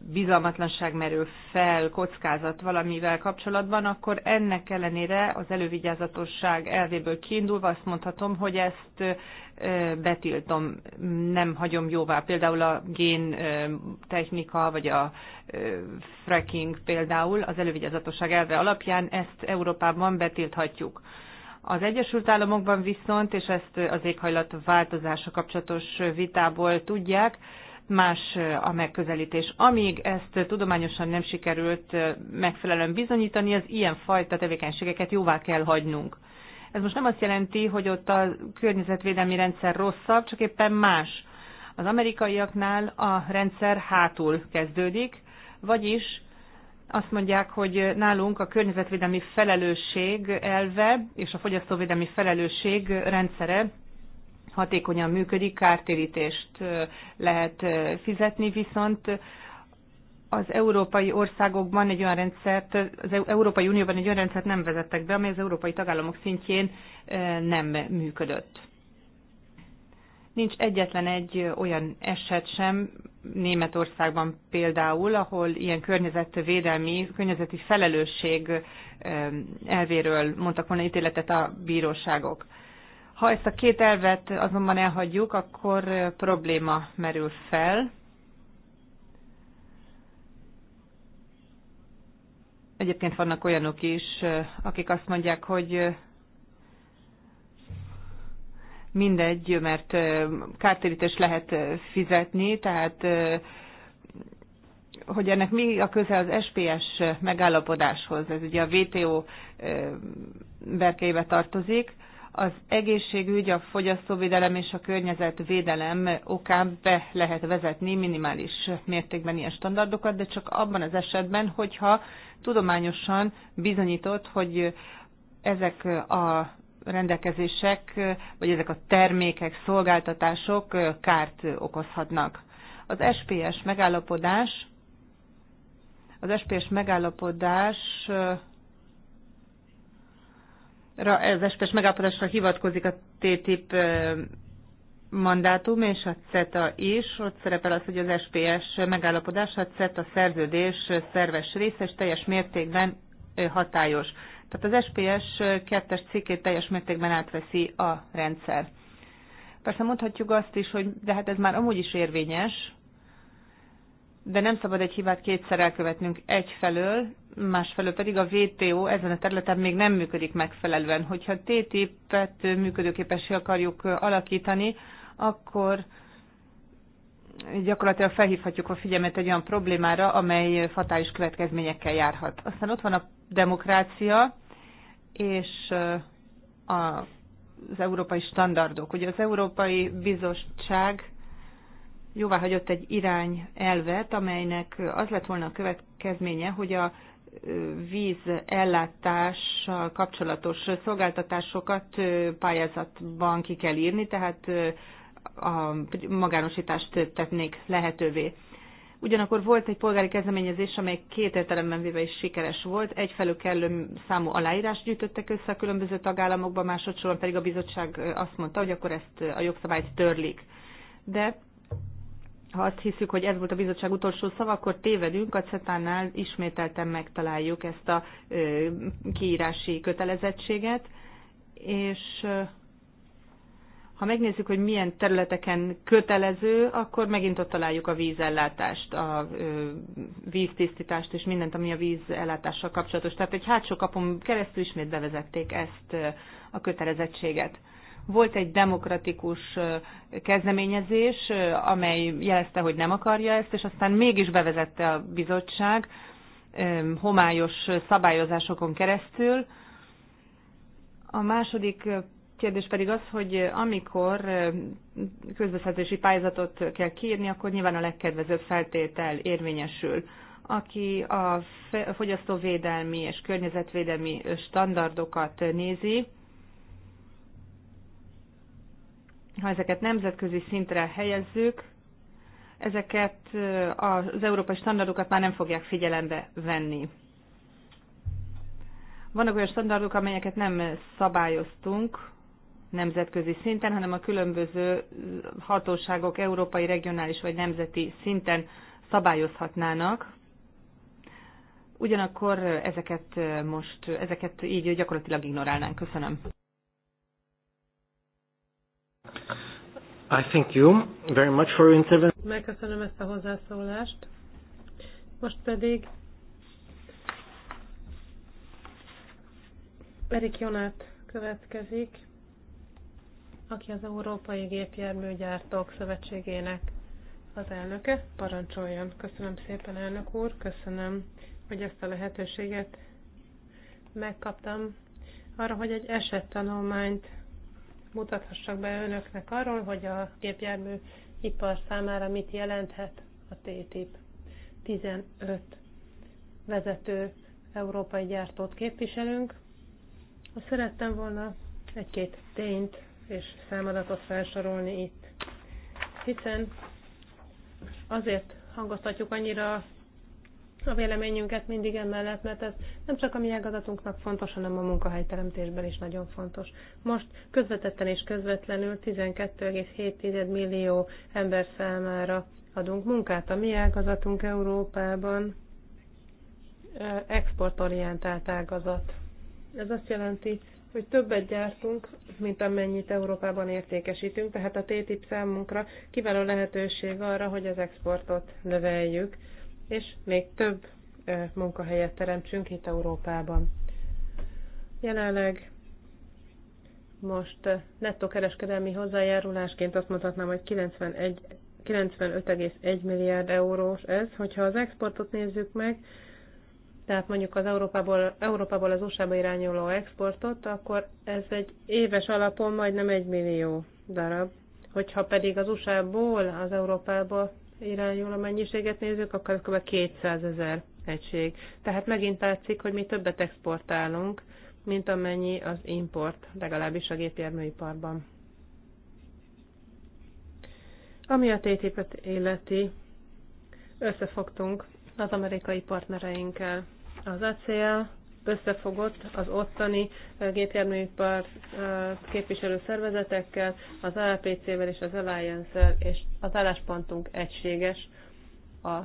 [SPEAKER 2] bizalmatlanság merül fel, kockázat valamivel kapcsolatban, akkor ennek ellenére az elővigyázatosság elvéből kiindulva azt mondhatom, hogy ezt betiltom, nem hagyom jóvá. Például a gén technika, vagy a fracking például az elővigyázatosság elve alapján ezt Európában betilthatjuk. Az Egyesült Államokban viszont, és ezt az éghajlat változása kapcsolatos vitából tudják, más a megközelítés. Amíg ezt tudományosan nem sikerült megfelelően bizonyítani, az ilyenfajta tevékenységeket jóvá kell hagynunk. Ez most nem azt jelenti, hogy ott a környezetvédelmi rendszer rosszabb, csak éppen más. Az amerikaiaknál a rendszer hátul kezdődik, vagyis azt mondják, hogy nálunk a környezetvédelmi felelősség elve és a fogyasztóvédelmi felelősség rendszere hatékonyan működik, kártérítést lehet fizetni, viszont az európai országokban egy olyan rendszert, az Európai Unióban egy olyan rendszert nem vezettek be, amely az európai tagállamok szintjén nem működött. Nincs egyetlen egy olyan eset sem, Németországban például, ahol ilyen környezetvédelmi, környezeti felelősség elvéről mondtak volna ítéletet a bíróságok. Ha ezt a két elvet azonban elhagyjuk, akkor probléma merül fel. Egyébként vannak olyanok is, akik azt mondják, hogy mindegy, mert kártérítés lehet fizetni, tehát hogy ennek mi a köze az SPS megállapodáshoz, ez ugye a WTO berkeibe tartozik, az egészségügy, a fogyasztóvédelem és a környezetvédelem okán be lehet vezetni minimális mértékben ilyen standardokat, de csak abban az esetben, hogyha tudományosan bizonyított, hogy ezek a rendelkezések, vagy ezek a termékek, szolgáltatások kárt okozhatnak. Az SPS megállapodás az SPS megállapodás az espes megállapodásra hivatkozik a TTIP mandátum és a CETA is. Ott szerepel az, hogy az SPS megállapodás a CETA szerződés szerves és teljes mértékben hatályos. Tehát az SPS kettes cikkét teljes mértékben átveszi a rendszer. Persze mondhatjuk azt is, hogy de hát ez már amúgy is érvényes, de nem szabad egy hibát kétszer elkövetnünk egyfelől, másfelől pedig a VTO ezen a területen még nem működik megfelelően. Hogyha TTIP-et működőképessé akarjuk alakítani, akkor gyakorlatilag felhívhatjuk a figyelmet egy olyan problémára, amely fatális következményekkel járhat. Aztán ott van a demokrácia és az európai standardok. Ugye az Európai Bizottság jóvá hagyott egy irány elvet, amelynek az lett volna a következménye, hogy a víz ellátással kapcsolatos szolgáltatásokat pályázatban ki kell írni, tehát a magánosítást tetnék lehetővé. Ugyanakkor volt egy polgári kezdeményezés, amely két értelemben véve is sikeres volt. Egyfelől kellő számú aláírás gyűjtöttek össze a különböző tagállamokban, másodszorban pedig a bizottság azt mondta, hogy akkor ezt a jogszabályt törlik. De ha azt hiszük, hogy ez volt a bizottság utolsó szava, akkor tévedünk, a CETA-nál ismételten megtaláljuk ezt a ö, kiírási kötelezettséget, és ö, ha megnézzük, hogy milyen területeken kötelező, akkor megint ott találjuk a vízellátást, a ö, víztisztítást és mindent, ami a vízellátással kapcsolatos. Tehát egy hátsó kapom, keresztül ismét bevezették ezt ö, a kötelezettséget volt egy demokratikus kezdeményezés, amely jelezte, hogy nem akarja ezt, és aztán mégis bevezette a bizottság homályos szabályozásokon keresztül. A második kérdés pedig az, hogy amikor közbeszerzési pályázatot kell kiírni, akkor nyilván a legkedvezőbb feltétel érvényesül. Aki a fogyasztóvédelmi és környezetvédelmi standardokat nézi, ha ezeket nemzetközi szintre helyezzük, ezeket az európai standardokat már nem fogják figyelembe venni. Vannak olyan standardok, amelyeket nem szabályoztunk nemzetközi szinten, hanem a különböző hatóságok európai, regionális vagy nemzeti szinten szabályozhatnának. Ugyanakkor ezeket most, ezeket így gyakorlatilag ignorálnánk. Köszönöm. I thank you very much for your intervention. Megköszönöm ezt a hozzászólást. Most pedig Erik Jonát következik, aki az Európai Gépjárműgyártók Szövetségének az elnöke. Parancsoljon. Köszönöm szépen, elnök úr. Köszönöm, hogy ezt a lehetőséget megkaptam arra, hogy egy esettanulmányt mutathassak be önöknek arról, hogy a gépjármű ipar számára mit jelenthet a TTIP. 15 vezető európai gyártót képviselünk. Szerettem volna egy-két tényt és számadatot felsorolni itt, hiszen azért hangoztatjuk annyira a a véleményünket mindig emellett, mert ez nem csak a mi ágazatunknak fontos, hanem a munkahelyteremtésben is nagyon fontos. Most közvetetten és közvetlenül 12,7 millió ember számára adunk munkát. A mi ágazatunk Európában exportorientált ágazat. Ez azt jelenti, hogy többet gyártunk, mint amennyit Európában értékesítünk, tehát a TTIP számunkra kiváló lehetőség arra, hogy az exportot növeljük és még több munkahelyet teremtsünk itt Európában. Jelenleg most nettó kereskedelmi hozzájárulásként azt mondhatnám, hogy 91, 95,1 milliárd eurós ez. Hogyha az exportot nézzük meg, tehát mondjuk az Európából, Európából az USA-ba irányuló exportot, akkor ez egy éves alapon majdnem egy millió darab. Hogyha pedig az USA-ból az Európába irányul a mennyiséget nézzük, akkor kb. 200 ezer egység. Tehát megint látszik, hogy mi többet exportálunk, mint amennyi az import, legalábbis a gépjárműiparban. Ami a ttip illeti, összefogtunk az amerikai partnereinkkel. Az ACL, összefogott az ottani eh, gépjárműipar eh, képviselő szervezetekkel, az lpc vel és az alliance és az álláspontunk egységes a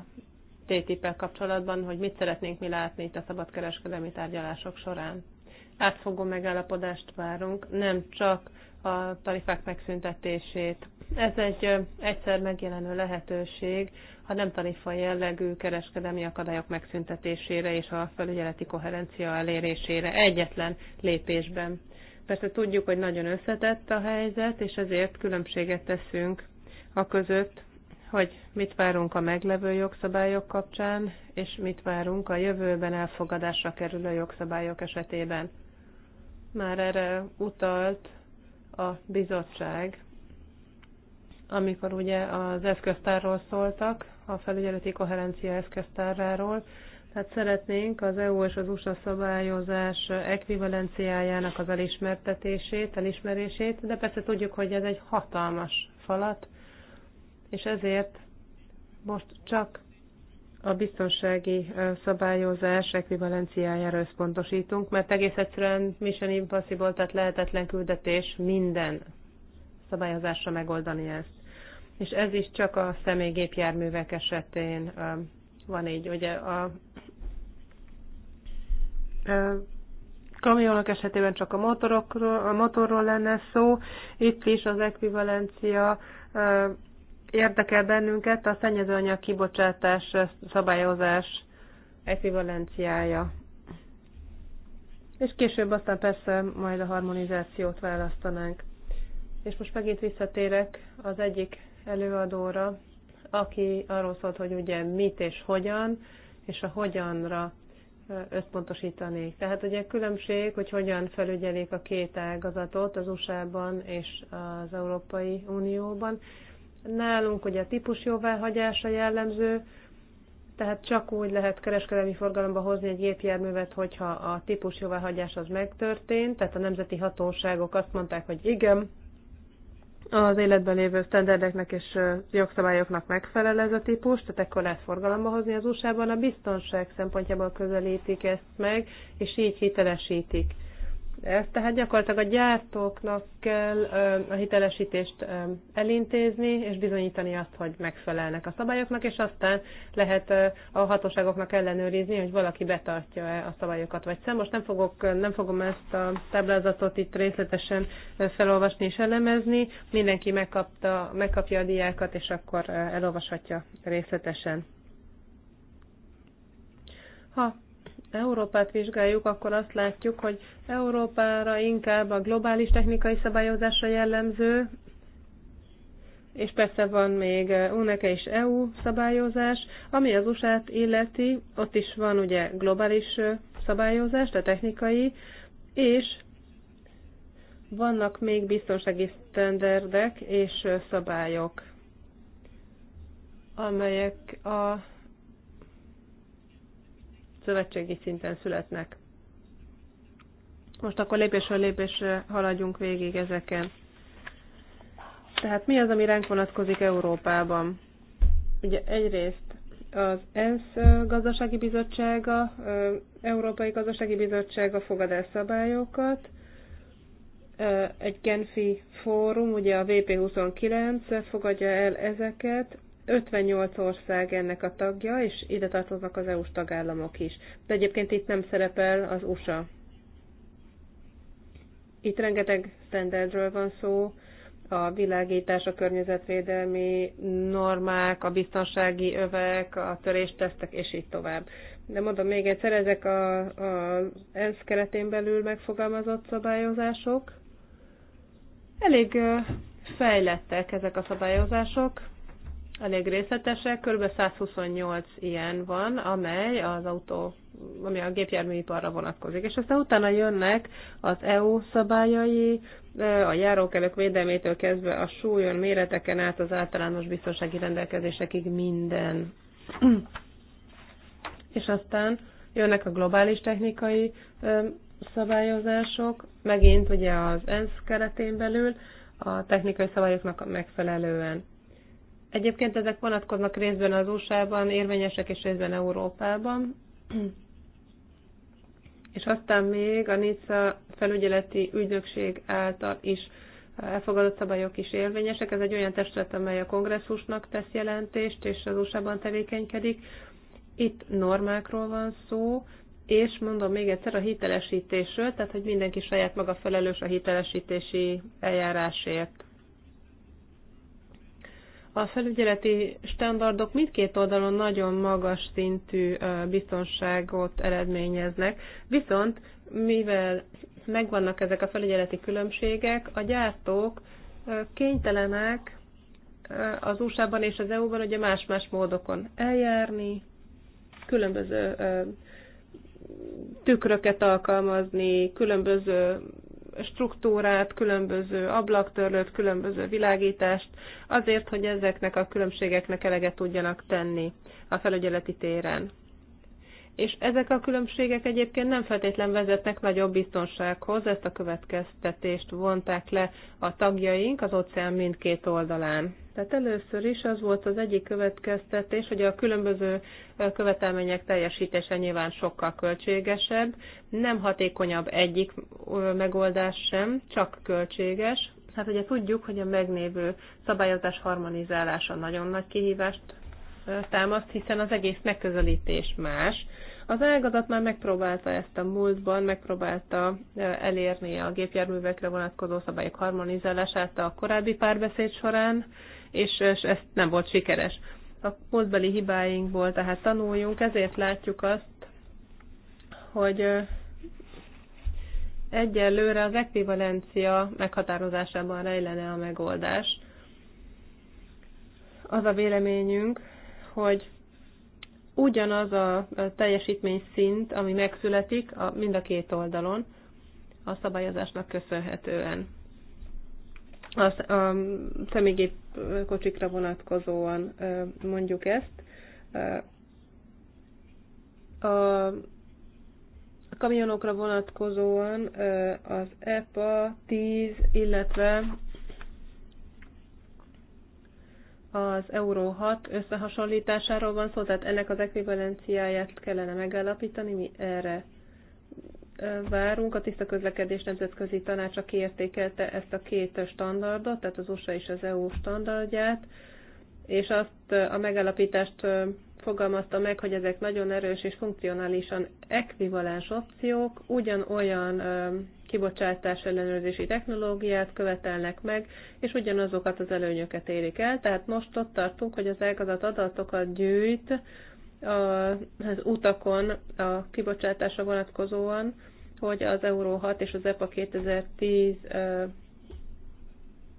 [SPEAKER 2] ttip kapcsolatban, hogy mit szeretnénk mi látni itt a szabadkereskedelmi tárgyalások során. Átfogó megállapodást várunk, nem csak a tarifák megszüntetését. Ez egy egyszer megjelenő lehetőség a nem tarifa jellegű kereskedelmi akadályok megszüntetésére és a felügyeleti koherencia elérésére egyetlen lépésben. Persze tudjuk, hogy nagyon összetett a helyzet, és ezért különbséget teszünk a között, hogy mit várunk a meglevő jogszabályok kapcsán, és mit várunk a jövőben elfogadásra kerülő jogszabályok esetében. Már erre utalt a bizottság, amikor ugye az eszköztárról szóltak, a felügyeleti koherencia eszköztárról, tehát szeretnénk az EU és az USA szabályozás ekvivalenciájának az elismertetését, elismerését, de persze tudjuk, hogy ez egy hatalmas falat, és ezért most csak a biztonsági szabályozás ekvivalenciájára összpontosítunk, mert egész egyszerűen Mission Impossible, tehát lehetetlen küldetés minden szabályozásra megoldani ezt. És ez is csak a személygépjárművek esetén van így. Ugye a kamionok esetében csak a, motorokról, a motorról lenne szó, itt is az ekvivalencia érdekel bennünket a szennyezőanyag kibocsátás szabályozás ekvivalenciája. És később aztán persze majd a harmonizációt választanánk. És most megint visszatérek az egyik előadóra, aki arról szólt, hogy ugye mit és hogyan, és a hogyanra összpontosítanék. Tehát ugye különbség, hogy hogyan felügyelik a két ágazatot az USA-ban és az Európai Unióban, Nálunk ugye a típus jóváhagyása jellemző, tehát csak úgy lehet kereskedelmi forgalomba hozni egy gépjárművet, hogyha a típus jóváhagyás az megtörtént, tehát a nemzeti hatóságok azt mondták, hogy igen, az életben lévő standardeknek és jogszabályoknak megfelel ez a típus, tehát ekkor lehet forgalomba hozni az USA-ban, a biztonság szempontjából közelítik ezt meg, és így hitelesítik ezt. Tehát gyakorlatilag a gyártóknak kell a hitelesítést elintézni, és bizonyítani azt, hogy megfelelnek a szabályoknak, és aztán lehet a hatóságoknak ellenőrizni, hogy valaki betartja-e a szabályokat vagy sem. Most nem, fogok, nem fogom ezt a táblázatot itt részletesen felolvasni és elemezni. Mindenki megkapta, megkapja a diákat, és akkor elolvashatja részletesen. Ha Európát vizsgáljuk, akkor azt látjuk, hogy Európára inkább a globális technikai szabályozásra jellemző, és persze van még UNEKE és EU szabályozás, ami az USA-t illeti, ott is van ugye globális szabályozás, a technikai, és vannak még biztonsági sztenderdek és szabályok, amelyek a szövetségi szinten születnek. Most akkor lépésről lépésre haladjunk végig ezeken. Tehát mi az, ami ránk vonatkozik Európában? Ugye egyrészt az ENSZ gazdasági bizottsága, Európai Gazdasági Bizottsága fogad el szabályokat, egy Genfi fórum, ugye a VP29 fogadja el ezeket, 58 ország ennek a tagja, és ide tartoznak az EU-s tagállamok is. De egyébként itt nem szerepel az USA. Itt rengeteg standardről van szó, a világítás, a környezetvédelmi normák, a biztonsági övek, a töréstesztek, és így tovább. De mondom még egyszer, ezek a, ENSZ keretén belül megfogalmazott szabályozások elég fejlettek ezek a szabályozások, elég részletesek, kb. 128 ilyen van, amely az autó, ami a gépjárműiparra vonatkozik. És aztán utána jönnek az EU szabályai, e, a járókelők védelmétől kezdve a súlyon, méreteken át az általános biztonsági rendelkezésekig minden. és aztán jönnek a globális technikai e, szabályozások, megint ugye az ENSZ keretén belül, a technikai szabályoknak megfelelően. Egyébként ezek vonatkoznak részben az USA-ban, érvényesek és részben Európában. És aztán még a NISA felügyeleti ügynökség által is elfogadott szabályok is érvényesek. Ez egy olyan testület, amely a kongresszusnak tesz jelentést, és az USA-ban tevékenykedik. Itt normákról van szó, és mondom még egyszer a hitelesítésről, tehát hogy mindenki saját maga felelős a hitelesítési eljárásért. A felügyeleti standardok mindkét oldalon nagyon magas szintű biztonságot eredményeznek, viszont mivel megvannak ezek a felügyeleti különbségek, a gyártók kénytelenek az USA-ban és az EU-ban ugye más-más módokon eljárni, különböző tükröket alkalmazni, különböző struktúrát, különböző ablaktörlőt, különböző világítást, azért, hogy ezeknek a különbségeknek eleget tudjanak tenni a felügyeleti téren és ezek a különbségek egyébként nem feltétlen vezetnek nagyobb biztonsághoz, ezt a következtetést vonták le a tagjaink az óceán mindkét oldalán. Tehát először is az volt az egyik következtetés, hogy a különböző követelmények teljesítése nyilván sokkal költségesebb, nem hatékonyabb egyik megoldás sem, csak költséges. Hát ugye tudjuk, hogy a megnévő szabályozás harmonizálása nagyon nagy kihívást támaszt, hiszen az egész megközelítés más. Az ágazat már megpróbálta ezt a múltban, megpróbálta elérni a gépjárművekre vonatkozó szabályok harmonizálását a korábbi párbeszéd során, és, ezt nem volt sikeres. A múltbeli hibáinkból tehát tanuljunk, ezért látjuk azt, hogy egyelőre az ekvivalencia meghatározásában rejlene a megoldás. Az a véleményünk, hogy ugyanaz a teljesítményszint, ami megszületik a, mind a két oldalon a szabályozásnak köszönhetően. A, a személygép kocsikra vonatkozóan mondjuk ezt. A kamionokra vonatkozóan az EPA 10, illetve az Euró 6 összehasonlításáról van szó, tehát ennek az ekvivalenciáját kellene megállapítani, mi erre várunk. A Tiszta Közlekedés Nemzetközi Tanácsa kiértékelte ezt a két standardot, tehát az USA és az EU standardját, és azt a megállapítást fogalmazta meg, hogy ezek nagyon erős és funkcionálisan ekvivalens opciók, ugyanolyan kibocsátás ellenőrzési technológiát követelnek meg, és ugyanazokat az előnyöket érik el. Tehát most ott tartunk, hogy az elgazat adatokat gyűjt az utakon a kibocsátásra vonatkozóan, hogy az Euró 6 és az EPA 2010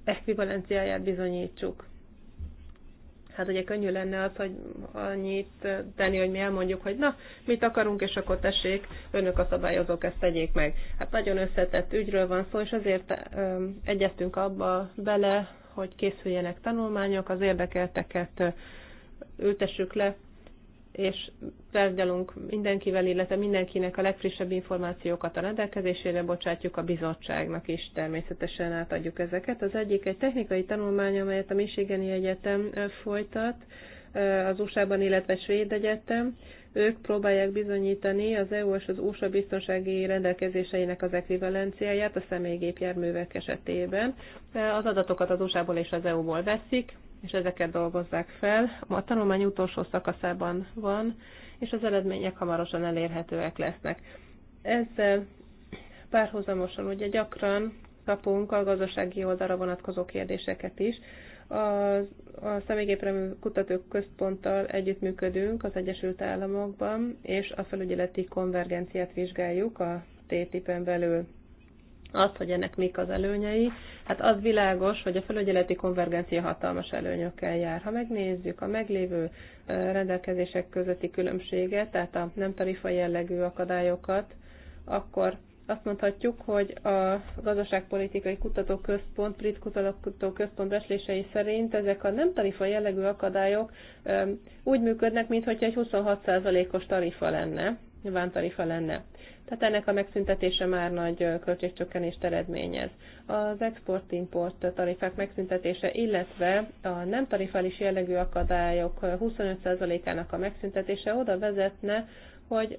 [SPEAKER 2] ekvivalenciáját bizonyítsuk. Hát ugye könnyű lenne az, hogy annyit tenni, hogy mi elmondjuk, hogy na, mit akarunk, és akkor tessék, önök a szabályozók ezt tegyék meg. Hát nagyon összetett ügyről van szó, és azért um, egyeztünk abba bele, hogy készüljenek tanulmányok, az érdekelteket ültessük le és tárgyalunk mindenkivel, illetve mindenkinek a legfrissebb információkat a rendelkezésére bocsátjuk a bizottságnak is, természetesen átadjuk ezeket. Az egyik egy technikai tanulmány, amelyet a Michigani Egyetem folytat, az USA-ban, illetve Svéd Egyetem. Ők próbálják bizonyítani az EU és az USA biztonsági rendelkezéseinek az ekvivalenciáját a személygépjárművek esetében. Az adatokat az USA-ból és az EU-ból veszik, és ezeket dolgozzák fel. A tanulmány utolsó szakaszában van, és az eredmények hamarosan elérhetőek lesznek. Ezzel párhuzamosan ugye gyakran kapunk a gazdasági oldalra vonatkozó kérdéseket is. A, a személygépremű kutatók központtal együttműködünk az Egyesült Államokban, és a felügyeleti konvergenciát vizsgáljuk a TTIP-en belül azt, hogy ennek mik az előnyei, hát az világos, hogy a felügyeleti konvergencia hatalmas előnyökkel jár. Ha megnézzük a meglévő rendelkezések közötti különbséget, tehát a nem tarifa jellegű akadályokat, akkor azt mondhatjuk, hogy a gazdaságpolitikai kutatóközpont, brit kutatóközpont beslései szerint ezek a nem tarifa jellegű akadályok úgy működnek, mintha egy 26%-os tarifa lenne, vántarifa lenne tehát ennek a megszüntetése már nagy költségcsökkenést eredményez. Az export-import tarifák megszüntetése, illetve a nem tarifális jellegű akadályok 25%-ának a megszüntetése oda vezetne, hogy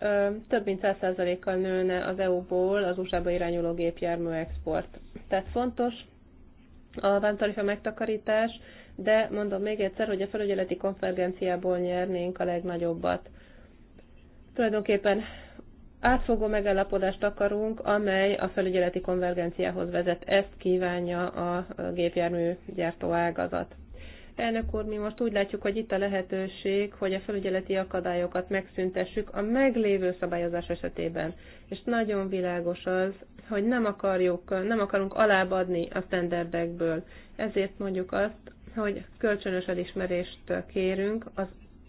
[SPEAKER 2] több mint 100%-kal nőne az EU-ból az USA-ba irányuló gépjármű export. Tehát fontos a vámtarifa megtakarítás, de mondom még egyszer, hogy a felügyeleti konferenciából nyernénk a legnagyobbat. Tulajdonképpen átfogó megállapodást akarunk, amely a felügyeleti konvergenciához vezet. Ezt kívánja a gépjármű gyártó ágazat. Elnök úr, mi most úgy látjuk, hogy itt a lehetőség, hogy a felügyeleti akadályokat megszüntessük a meglévő szabályozás esetében. És nagyon világos az, hogy nem, akarjuk, nem akarunk alábadni a standardekből. Ezért mondjuk azt, hogy kölcsönös elismerést kérünk az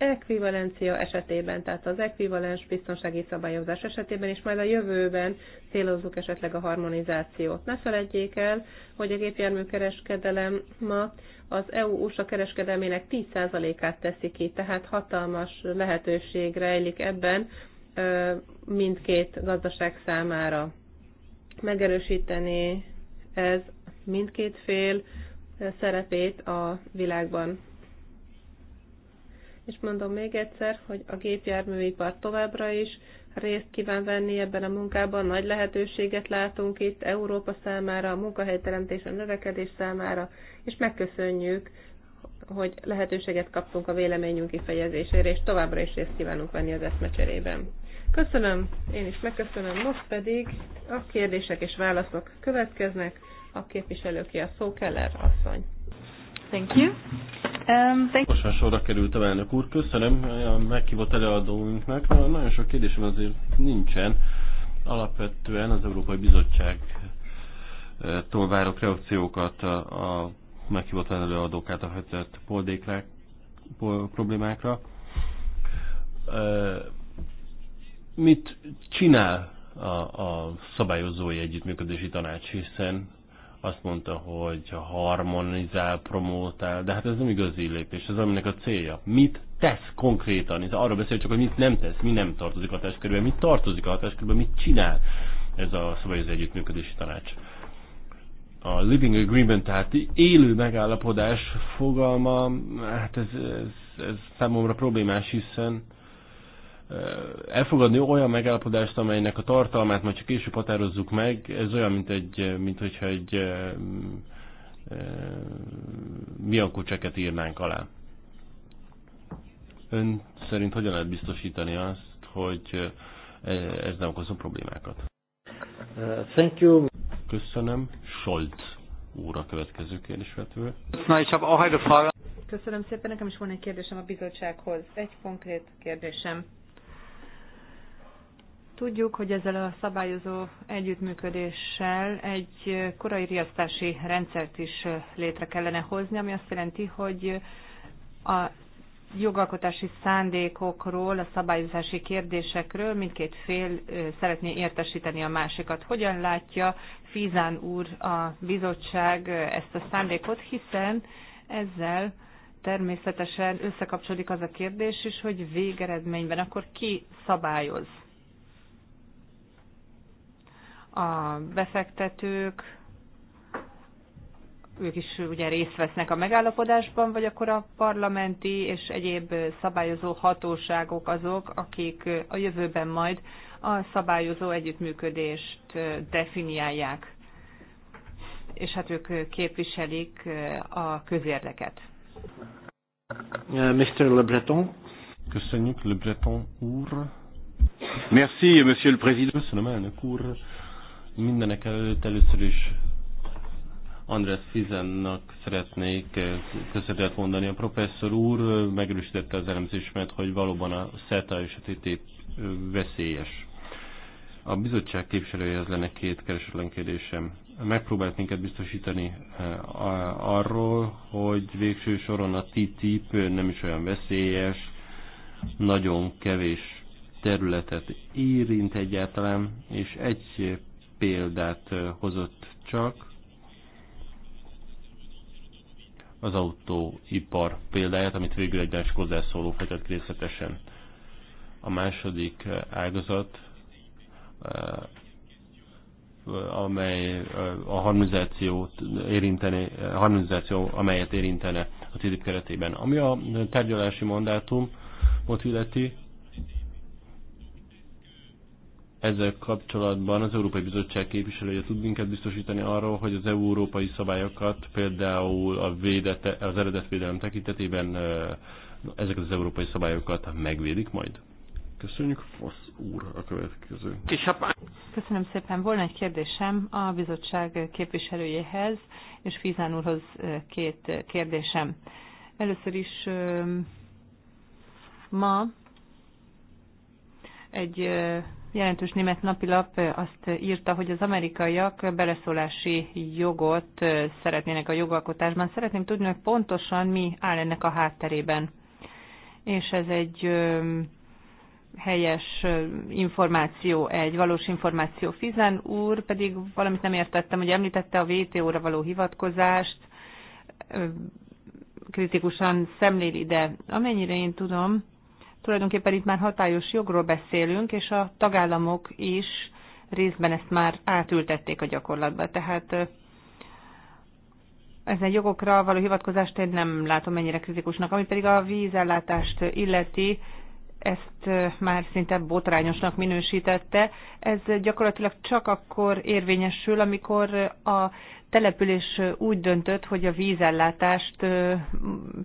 [SPEAKER 2] ekvivalencia esetében, tehát az ekvivalens biztonsági szabályozás esetében, és majd a jövőben célozzuk esetleg a harmonizációt. Ne felejtjék el, hogy a gépjárműkereskedelem ma az EU-USA kereskedelmének 10%-át teszi ki, tehát hatalmas lehetőség rejlik ebben mindkét gazdaság számára. Megerősíteni ez mindkét fél szerepét a világban. És mondom még egyszer, hogy a gépjárműipar továbbra is részt kíván venni ebben a munkában, nagy lehetőséget látunk itt Európa számára, a munkahelyteremtés, a növekedés számára, és megköszönjük, hogy lehetőséget kaptunk a véleményünk kifejezésére, és továbbra is részt kívánunk venni az eszmecserében. Köszönöm, én is megköszönöm, most pedig a kérdések és válaszok következnek, a képviselőké a szó Keller asszony. Thank you. Um, Most már
[SPEAKER 1] sorra került a elnök úr, köszönöm a meghívott előadóinknak. Nagyon sok kérdésem azért nincsen. Alapvetően az Európai Bizottság várok reakciókat a, a meghívott előadók által feltett problémákra. Mit csinál a, a szabályozói együttműködési tanács, hiszen azt mondta, hogy harmonizál, promótál, de hát ez nem igazi lépés, ez aminek a célja. Mit tesz konkrétan? Ez arra beszél csak, hogy mit nem tesz, mi nem tartozik a hatáskörbe, mit tartozik a hatáskörbe, mit csinál ez a szabályozó együttműködési tanács. A living agreement, tehát élő megállapodás fogalma, hát ez, ez, ez számomra problémás, hiszen elfogadni olyan megállapodást, amelynek a tartalmát majd csak később határozzuk meg, ez olyan, mint, egy, mint hogyha egy e, e, cseket írnánk alá. Ön szerint hogyan lehet biztosítani azt, hogy e, ez nem okozom problémákat? Uh, thank you. Köszönöm. Scholz úr a következő kérdésvetővel.
[SPEAKER 2] Köszönöm szépen, nekem is van egy kérdésem a bizottsághoz. Egy konkrét kérdésem Tudjuk, hogy ezzel a szabályozó együttműködéssel egy korai riasztási rendszert is létre kellene hozni, ami azt jelenti, hogy a jogalkotási szándékokról, a szabályozási kérdésekről mindkét fél szeretné értesíteni a másikat. Hogyan látja Fizán úr a bizottság ezt a szándékot, hiszen ezzel természetesen összekapcsolódik az a kérdés is, hogy végeredményben akkor ki szabályoz a befektetők, ők is ugye részt vesznek a megállapodásban, vagy akkor a parlamenti és egyéb szabályozó hatóságok azok, akik a jövőben majd a szabályozó együttműködést definiálják, és hát ők képviselik a közérdeket.
[SPEAKER 1] Mr. Le Breton. Köszönjük, Le Breton úr. Merci, Monsieur le Président. Köszönöm, elnök úr. Mindenek előtt először is András Fizennak szeretnék eh, köszönetet mondani. A professzor úr eh, megerősítette az elemzésmet, hogy valóban a SETA és a TTIP eh, veszélyes. A bizottság képviselőjehez lenne két keresetlen kérdésem. Megpróbált minket biztosítani arról, hogy végső soron a TTIP nem is olyan veszélyes, nagyon kevés területet érint egyáltalán, és egy példát hozott csak, az autóipar példáját, amit végül egy más szóló fejtett részletesen. A második ágazat, amely a harmonizációt érintene, harmonizáció, amelyet érintene a CIDIP keretében. Ami a tárgyalási mandátum illeti, ezzel kapcsolatban az Európai Bizottság képviselője tud minket biztosítani arról, hogy az európai szabályokat, például a védete, az eredetvédelem tekintetében ezeket az európai szabályokat megvédik majd? Köszönjük, Fosz úr, a következő.
[SPEAKER 2] Köszönöm szépen. Volna egy kérdésem a bizottság képviselőjéhez, és Fizán úrhoz két kérdésem. Először is ma egy jelentős német napilap azt írta, hogy az amerikaiak beleszólási jogot szeretnének a jogalkotásban. Szeretném tudni, hogy pontosan mi áll ennek a hátterében. És ez egy helyes információ, egy valós információ. Fizen úr pedig valamit nem értettem, hogy említette a VTO-ra való hivatkozást, kritikusan szemléli, de amennyire én tudom, Tulajdonképpen itt már hatályos jogról beszélünk, és a tagállamok is részben ezt már átültették a gyakorlatba. Tehát ezen jogokra való hivatkozást én nem látom ennyire kritikusnak. Ami pedig a vízellátást illeti, ezt már szinte botrányosnak minősítette. Ez gyakorlatilag csak akkor érvényesül, amikor a település úgy döntött, hogy a vízellátást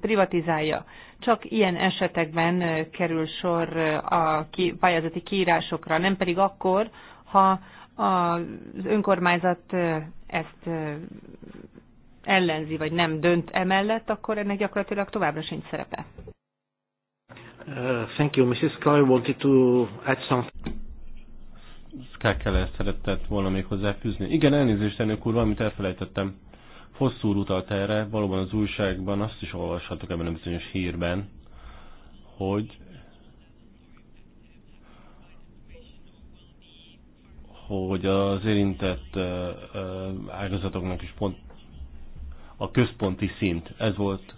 [SPEAKER 2] privatizálja. Csak ilyen esetekben kerül sor a pályázati kiírásokra, nem pedig akkor, ha az önkormányzat ezt ellenzi, vagy nem dönt emellett, akkor ennek gyakorlatilag továbbra sincs szerepe.
[SPEAKER 1] Uh, thank you. Mrs. Kelly wanted to add something. Ska Keller szeretett volna még hozzáfűzni. Igen, elnézést, elnök úr, valamit elfelejtettem. Hosszú utalt erre, valóban az újságban azt is olvashatok ebben a bizonyos hírben, hogy hogy az érintett uh, uh, ágazatoknak is pont a központi szint. Ez volt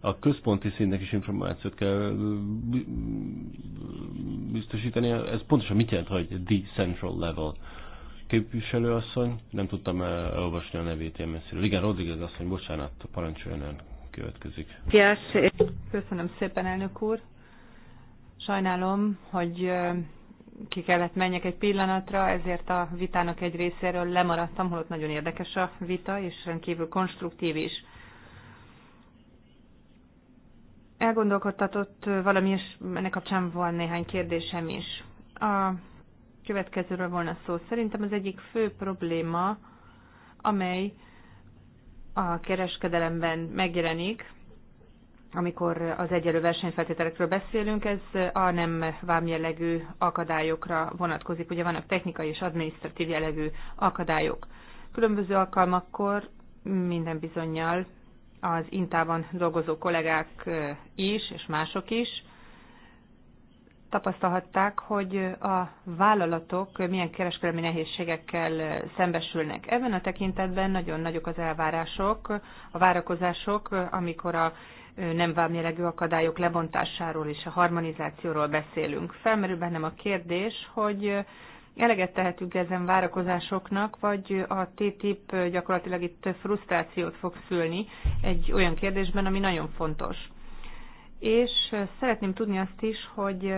[SPEAKER 1] a központi szintnek is információt kell biztosítani. Ez pontosan mit jelent, hogy the central level? Képviselőasszony, nem tudtam elolvasni a nevét ilyen messziről. Igen, Rodriguez asszony, bocsánat, parancsoljon ön, következik.
[SPEAKER 2] Köszönöm szépen, elnök úr. Sajnálom, hogy ki kellett menjek egy pillanatra, ezért a vitának egy részéről lemaradtam, holott nagyon érdekes a vita, és rendkívül konstruktív is. elgondolkodtatott valami, és ennek kapcsán van néhány kérdésem is. A következőről volna szó. Szerintem az egyik fő probléma, amely a kereskedelemben megjelenik, amikor az egyelő versenyfeltételekről beszélünk, ez a nem vámjellegű akadályokra vonatkozik. Ugye vannak technikai és adminisztratív jellegű akadályok. Különböző alkalmakkor minden bizonyal az Intában dolgozó kollégák is, és mások is tapasztalhatták, hogy a vállalatok milyen kereskedelmi nehézségekkel szembesülnek. Ebben a tekintetben nagyon nagyok az elvárások, a várakozások, amikor a nem vámjelegű akadályok lebontásáról és a harmonizációról beszélünk. Felmerül bennem a kérdés, hogy eleget tehetünk ezen várakozásoknak, vagy a TTIP gyakorlatilag itt frusztrációt fog szülni egy olyan kérdésben, ami nagyon fontos. És szeretném tudni azt is, hogy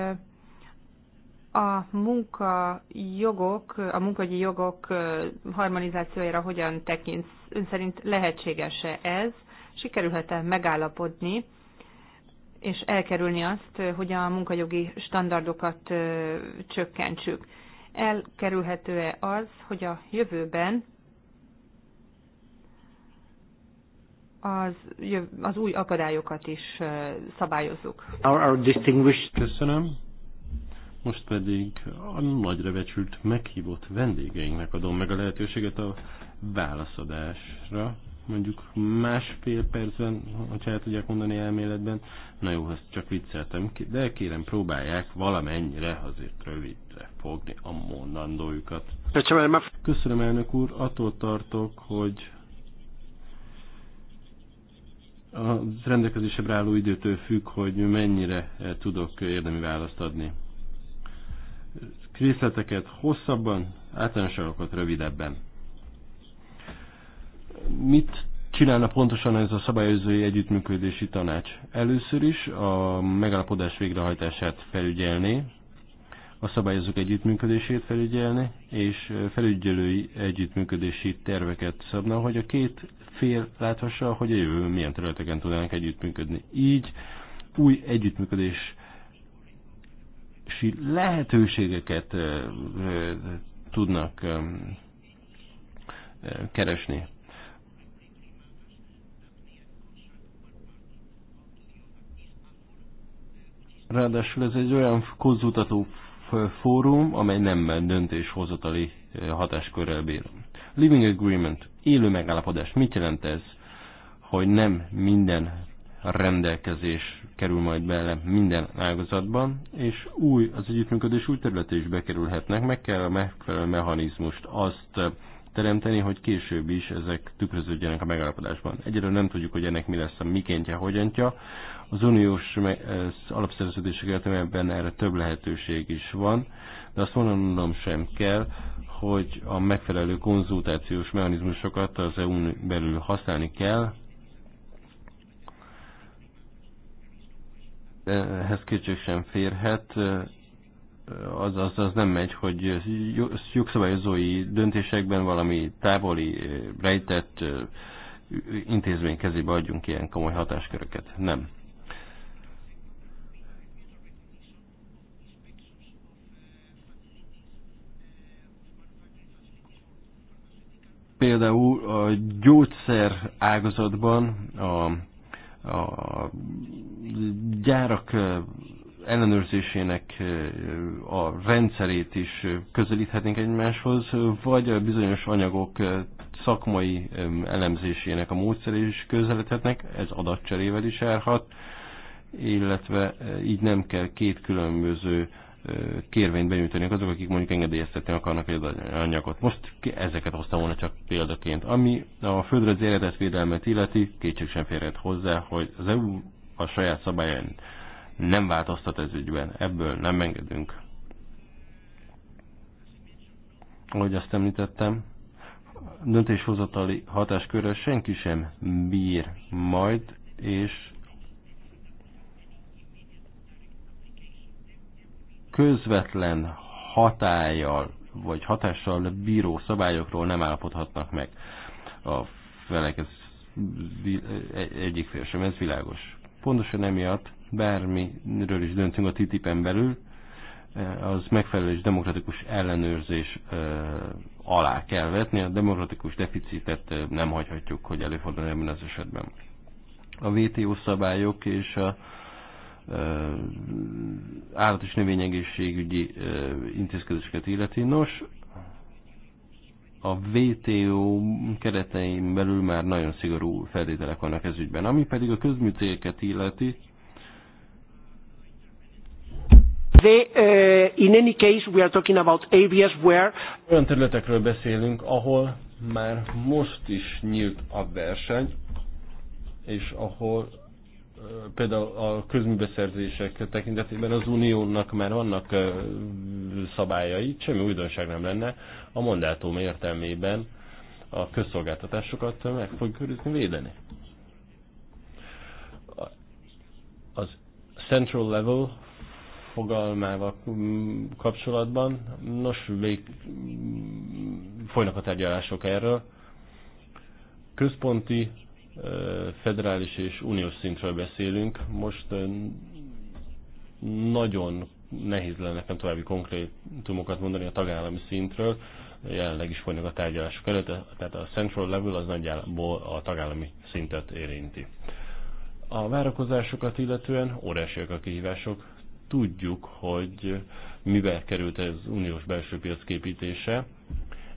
[SPEAKER 2] a munkajogok, a munkagyi jogok harmonizációjára hogyan tekint? Ön szerint lehetséges-e ez? Sikerülhet-e megállapodni, és elkerülni azt, hogy a munkajogi standardokat csökkentsük? elkerülhető-e az, hogy a jövőben az, az új akadályokat is szabályozzuk.
[SPEAKER 1] Our, our distinguished... Köszönöm. Most pedig a nagyra becsült meghívott vendégeinknek adom meg a lehetőséget a válaszadásra mondjuk másfél percben, hogyha el tudják mondani elméletben. Na jó, ezt csak vicceltem, de kérem próbálják valamennyire azért rövidre fogni a mondandójukat. Köszönöm elnök úr, attól tartok, hogy a rendelkezésre álló időtől függ, hogy mennyire tudok érdemi választ adni. Részleteket hosszabban, általánosságokat rövidebben. Mit csinálna pontosan ez a szabályozói együttműködési tanács? Először is a megállapodás végrehajtását felügyelni, a szabályozók együttműködését felügyelni, és felügyelői együttműködési terveket szabna, hogy a két fél láthassa, hogy a jövő milyen területeken tudnának együttműködni. Így új együttműködés lehetőségeket eh, eh, tudnak eh, keresni. Ráadásul ez egy olyan konzultató fórum, amely nem döntéshozatali eh, hatáskörrel bír. Living Agreement, élő megállapodás. Mit jelent ez? Hogy nem minden rendelkezés kerül majd bele minden ágazatban, és új, az együttműködés új területe is bekerülhetnek, meg kell a megfelelő mechanizmust azt eh, teremteni, hogy később is ezek tükröződjenek a megállapodásban. Egyelőre nem tudjuk, hogy ennek mi lesz a mikéntje, hogyantja. Az uniós eh, alapszerződések értelmében erre több lehetőség is van, de azt mondanom sem kell, hogy a megfelelő konzultációs mechanizmusokat az eu belül használni kell, ehhez kétség sem férhet, eh, az, az, az nem megy, hogy jogszabályozói döntésekben valami távoli, eh, rejtett intézmény kezébe adjunk ilyen komoly hatásköröket. Nem. Például a gyógyszer ágazatban a, a gyárak ellenőrzésének a rendszerét is közelíthetnénk egymáshoz, vagy a bizonyos anyagok szakmai elemzésének a módszer is közelíthetnek, ez adatcserével is járhat, illetve így nem kell két különböző kérvényt benyújtanak azok, akik mondjuk engedélyeztetni akarnak egy anyagot. Most ezeket hoztam volna csak példaként. Ami a földrajzi védelmet illeti, kétség sem férhet hozzá, hogy az EU a saját szabályán nem változtat ez ügyben. Ebből nem engedünk. Ahogy azt említettem, döntéshozatali hatáskörrel senki sem bír majd, és közvetlen hatállyal vagy hatással bíró szabályokról nem állapodhatnak meg a felek. Ez egyik fél sem, ez világos. Pontosan emiatt bármiről is döntünk a TTIP-en belül, eh, az megfelelő és demokratikus ellenőrzés eh, alá kell vetni. A demokratikus deficitet eh, nem hagyhatjuk, hogy előforduljon ebben az esetben. A WTO szabályok és a állat és növényegészségügyi intézkedéseket illeti. Nos, a WTO keretein belül már nagyon szigorú feltételek vannak ez ügyben. Ami pedig a közműcégeket illeti, de uh, in any case we are talking about areas where olyan területekről beszélünk, ahol már most is nyílt a verseny, és ahol például a közműbeszerzések tekintetében az uniónak már vannak szabályai, semmi újdonság nem lenne, a mandátum értelmében a közszolgáltatásokat meg fogjuk őrizni, védeni. Az central level fogalmával kapcsolatban, nos, vég, folynak a tárgyalások erről, központi federális és uniós szintről beszélünk. Most nagyon nehéz lenne nekem további konkrétumokat mondani a tagállami szintről, jelenleg is folynak a tárgyalások előtt, tehát a central level az nagyjából a tagállami szintet érinti. A várakozásokat illetően óriásiak a kihívások. Tudjuk, hogy mivel került ez uniós belső piac képítése,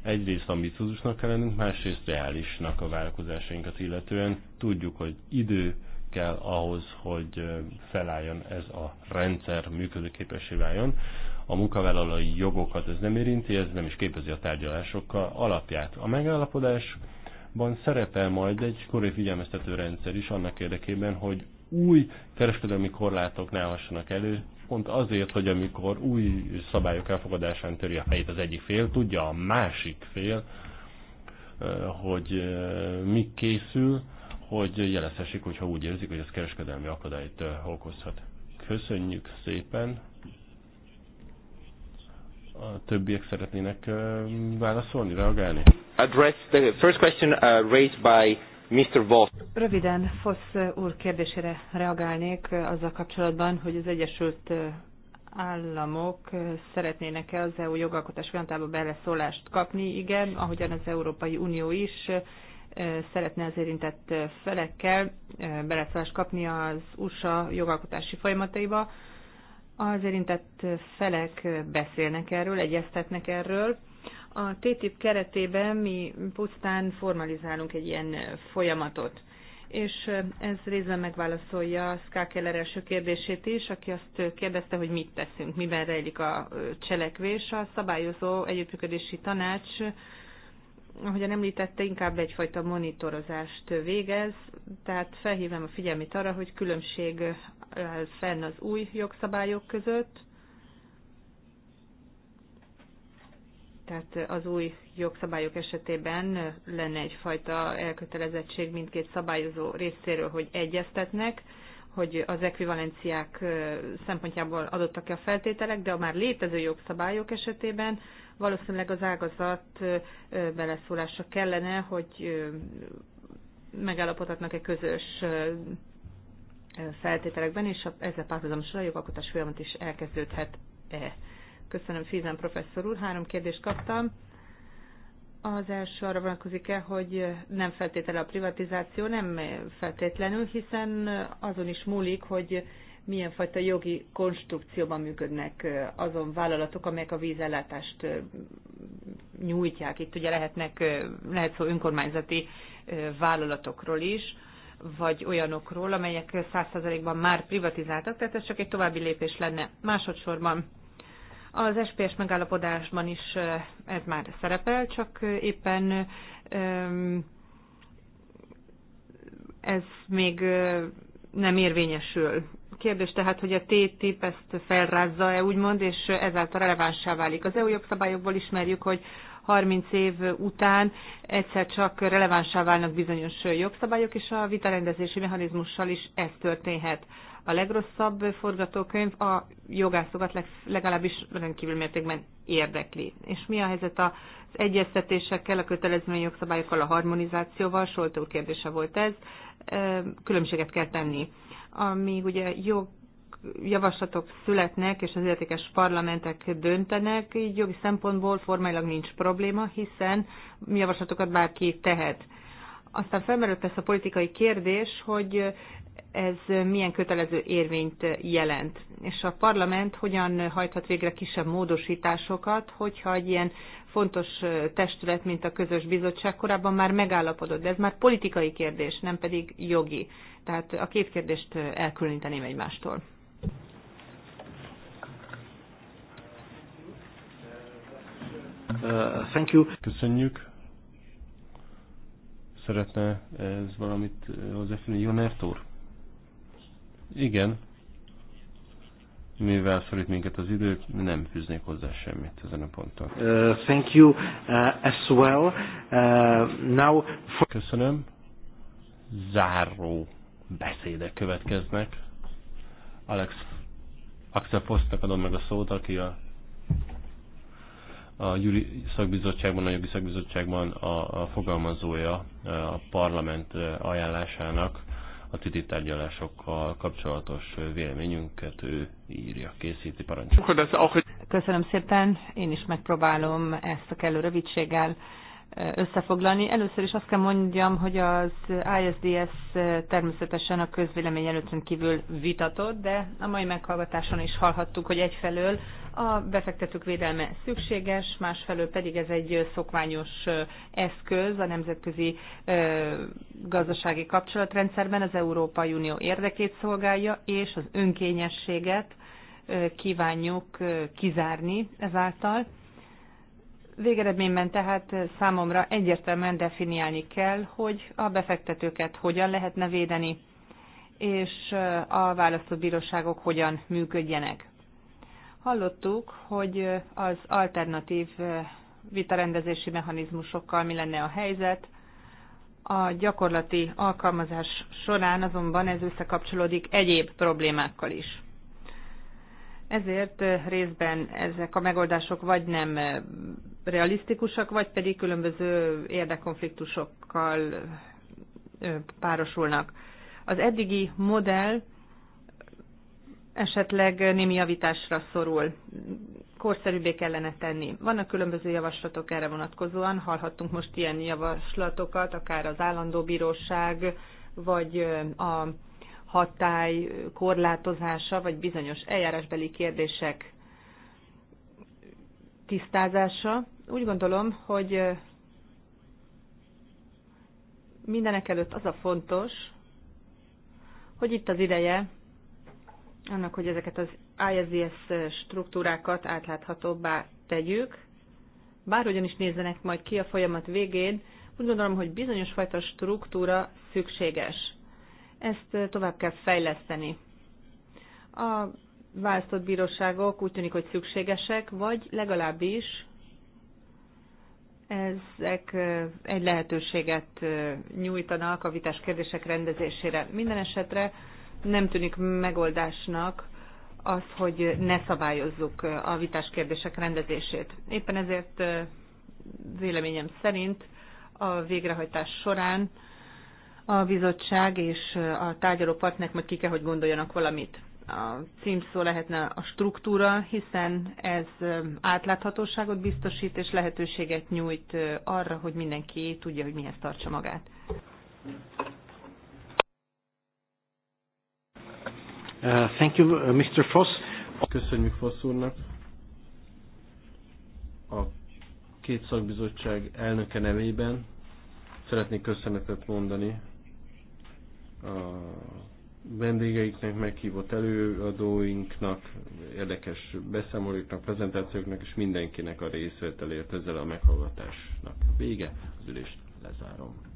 [SPEAKER 1] Egyrészt ambiciózusnak kell lennünk, másrészt reálisnak a várakozásainkat illetően. Tudjuk, hogy idő kell ahhoz, hogy felálljon ez a rendszer, működőképessé váljon. A munkavállalói jogokat ez nem érinti, ez nem is képezi a tárgyalásokkal alapját. A megállapodásban szerepel majd egy korai figyelmeztető rendszer is annak érdekében, hogy új kereskedelmi korlátok ne elő, pont azért, hogy amikor új szabályok elfogadásán töri a fejét az egyik fél, tudja a másik fél, hogy mi készül, hogy jelezhessék, hogyha úgy érzik, hogy ez kereskedelmi akadályt okozhat. Köszönjük szépen! A többiek szeretnének válaszolni, reagálni? Address the first question uh, raised by Mr. Voss.
[SPEAKER 2] Röviden Foss úr kérdésére reagálnék azzal kapcsolatban, hogy az Egyesült államok szeretnének-e az EU jogalkotás folyamatába beleszólást kapni. Igen, ahogyan az Európai Unió is eh, szeretne az érintett felekkel eh, beleszólást kapni az USA jogalkotási folyamataiba. Az érintett felek beszélnek erről, egyeztetnek erről a TTIP keretében mi pusztán formalizálunk egy ilyen folyamatot. És ez részben megválaszolja Ská Keller első kérdését is, aki azt kérdezte, hogy mit teszünk, miben rejlik a cselekvés. A szabályozó együttműködési tanács ahogyan említette, inkább egyfajta monitorozást végez, tehát felhívom a figyelmét arra, hogy különbség fenn az új jogszabályok között, Tehát az új jogszabályok esetében lenne egyfajta elkötelezettség mindkét szabályozó részéről, hogy egyeztetnek, hogy az ekvivalenciák szempontjából adottak-e a feltételek, de a már létező jogszabályok esetében valószínűleg az ágazat beleszólása kellene, hogy megállapodhatnak-e közös feltételekben, és ezzel párhuzamosan a jogalkotás folyamat is elkezdődhet-e. Köszönöm Fízen professzor úr, három kérdést kaptam. Az első arra vonatkozik-e, hogy nem feltétele a privatizáció, nem feltétlenül, hiszen azon is múlik, hogy milyen fajta jogi konstrukcióban működnek azon vállalatok, amelyek a vízellátást nyújtják. Itt ugye lehetnek, lehet szó önkormányzati vállalatokról is, vagy olyanokról, amelyek 100%-ban már privatizáltak, tehát ez csak egy további lépés lenne. Másodszorban az SPS megállapodásban is ez már szerepel, csak éppen ez még nem érvényesül. Kérdés tehát, hogy a TTIP ezt felrázza-e úgymond, és ezáltal relevánsá válik. Az EU jogszabályokból ismerjük, hogy 30 év után egyszer csak relevánsá válnak bizonyos jogszabályok, és a vitarendezési mechanizmussal is ez történhet. A legrosszabb forgatókönyv a jogászokat legalábbis rendkívül mértékben érdekli. És mi a helyzet az egyeztetésekkel, a kötelezmény jogszabályokkal, a harmonizációval? Solt úr kérdése volt ez. Különbséget kell tenni. Amíg ugye jog javaslatok születnek, és az illetékes parlamentek döntenek, így jogi szempontból formailag nincs probléma, hiszen javaslatokat bárki tehet. Aztán felmerült ez a politikai kérdés, hogy ez milyen kötelező érvényt jelent, és a parlament hogyan hajthat végre kisebb módosításokat, hogyha egy ilyen fontos testület, mint a közös bizottság korábban már megállapodott, de ez már politikai kérdés, nem pedig jogi. Tehát a két kérdést elkülöníteném egymástól.
[SPEAKER 1] Uh, thank you. Köszönjük szeretne ez valamit uh, hozzáfűzni. Jó, Nertor? Igen, mivel szorít minket az idő, nem fűznék hozzá semmit ezen a ponton. Uh, thank you uh, as well. Uh, now for... Köszönöm. Záró beszédek következnek. Alex Axel Fosznak adom meg a szót, aki a a Júli szakbizottságban, a jogi szakbizottságban a, a fogalmazója uh, a parlament uh, ajánlásának a TTIP tárgyalásokkal kapcsolatos véleményünket ő írja, készíti
[SPEAKER 2] parancsolatot. Köszönöm szépen, én is megpróbálom ezt a kellő rövidséggel összefoglalni. Először is azt kell mondjam, hogy az ISDS természetesen a közvélemény előttünk kívül vitatott, de a mai meghallgatáson is hallhattuk, hogy egyfelől a befektetők védelme szükséges, másfelől pedig ez egy szokványos eszköz a nemzetközi gazdasági kapcsolatrendszerben az Európai Unió érdekét szolgálja, és az önkényességet kívánjuk kizárni ezáltal. Végeredményben tehát számomra egyértelműen definiálni kell, hogy a befektetőket hogyan lehetne védeni, és a választott bíróságok hogyan működjenek. Hallottuk, hogy az alternatív vitarendezési mechanizmusokkal mi lenne a helyzet. A gyakorlati alkalmazás során azonban ez összekapcsolódik egyéb problémákkal is. Ezért részben ezek a megoldások vagy nem realisztikusak, vagy pedig különböző érdekkonfliktusokkal párosulnak. Az eddigi modell esetleg némi javításra szorul. Korszerűbbé kellene tenni. Vannak különböző javaslatok erre vonatkozóan, hallhattunk most ilyen javaslatokat, akár az állandó bíróság, vagy a hatály korlátozása, vagy bizonyos eljárásbeli kérdések tisztázása. Úgy gondolom, hogy mindenek előtt az a fontos, hogy itt az ideje annak, hogy ezeket az ISDS struktúrákat átláthatóbbá tegyük, bárhogyan is nézzenek majd ki a folyamat végén, úgy gondolom, hogy bizonyos fajta struktúra szükséges. Ezt tovább kell fejleszteni. A választott bíróságok úgy tűnik, hogy szükségesek, vagy legalábbis ezek egy lehetőséget nyújtanak a vitás kérdések rendezésére. Minden esetre nem tűnik megoldásnak az, hogy ne szabályozzuk a vitás kérdések rendezését. Éppen ezért véleményem szerint a végrehajtás során a bizottság és a tárgyaló partnerek majd ki kell, hogy gondoljanak valamit. A címszó lehetne a struktúra, hiszen ez átláthatóságot biztosít és lehetőséget nyújt arra, hogy mindenki tudja, hogy mihez tartsa magát.
[SPEAKER 1] Uh, thank you, uh, Mr. Foss. Köszönjük Foss úrnak. A két szakbizottság elnöke nevében szeretnék köszönetet mondani a vendégeiknek, meghívott előadóinknak, érdekes beszámolóknak, prezentációknak és mindenkinek a részvételért ezzel a meghallgatásnak. Vége, az ülést lezárom.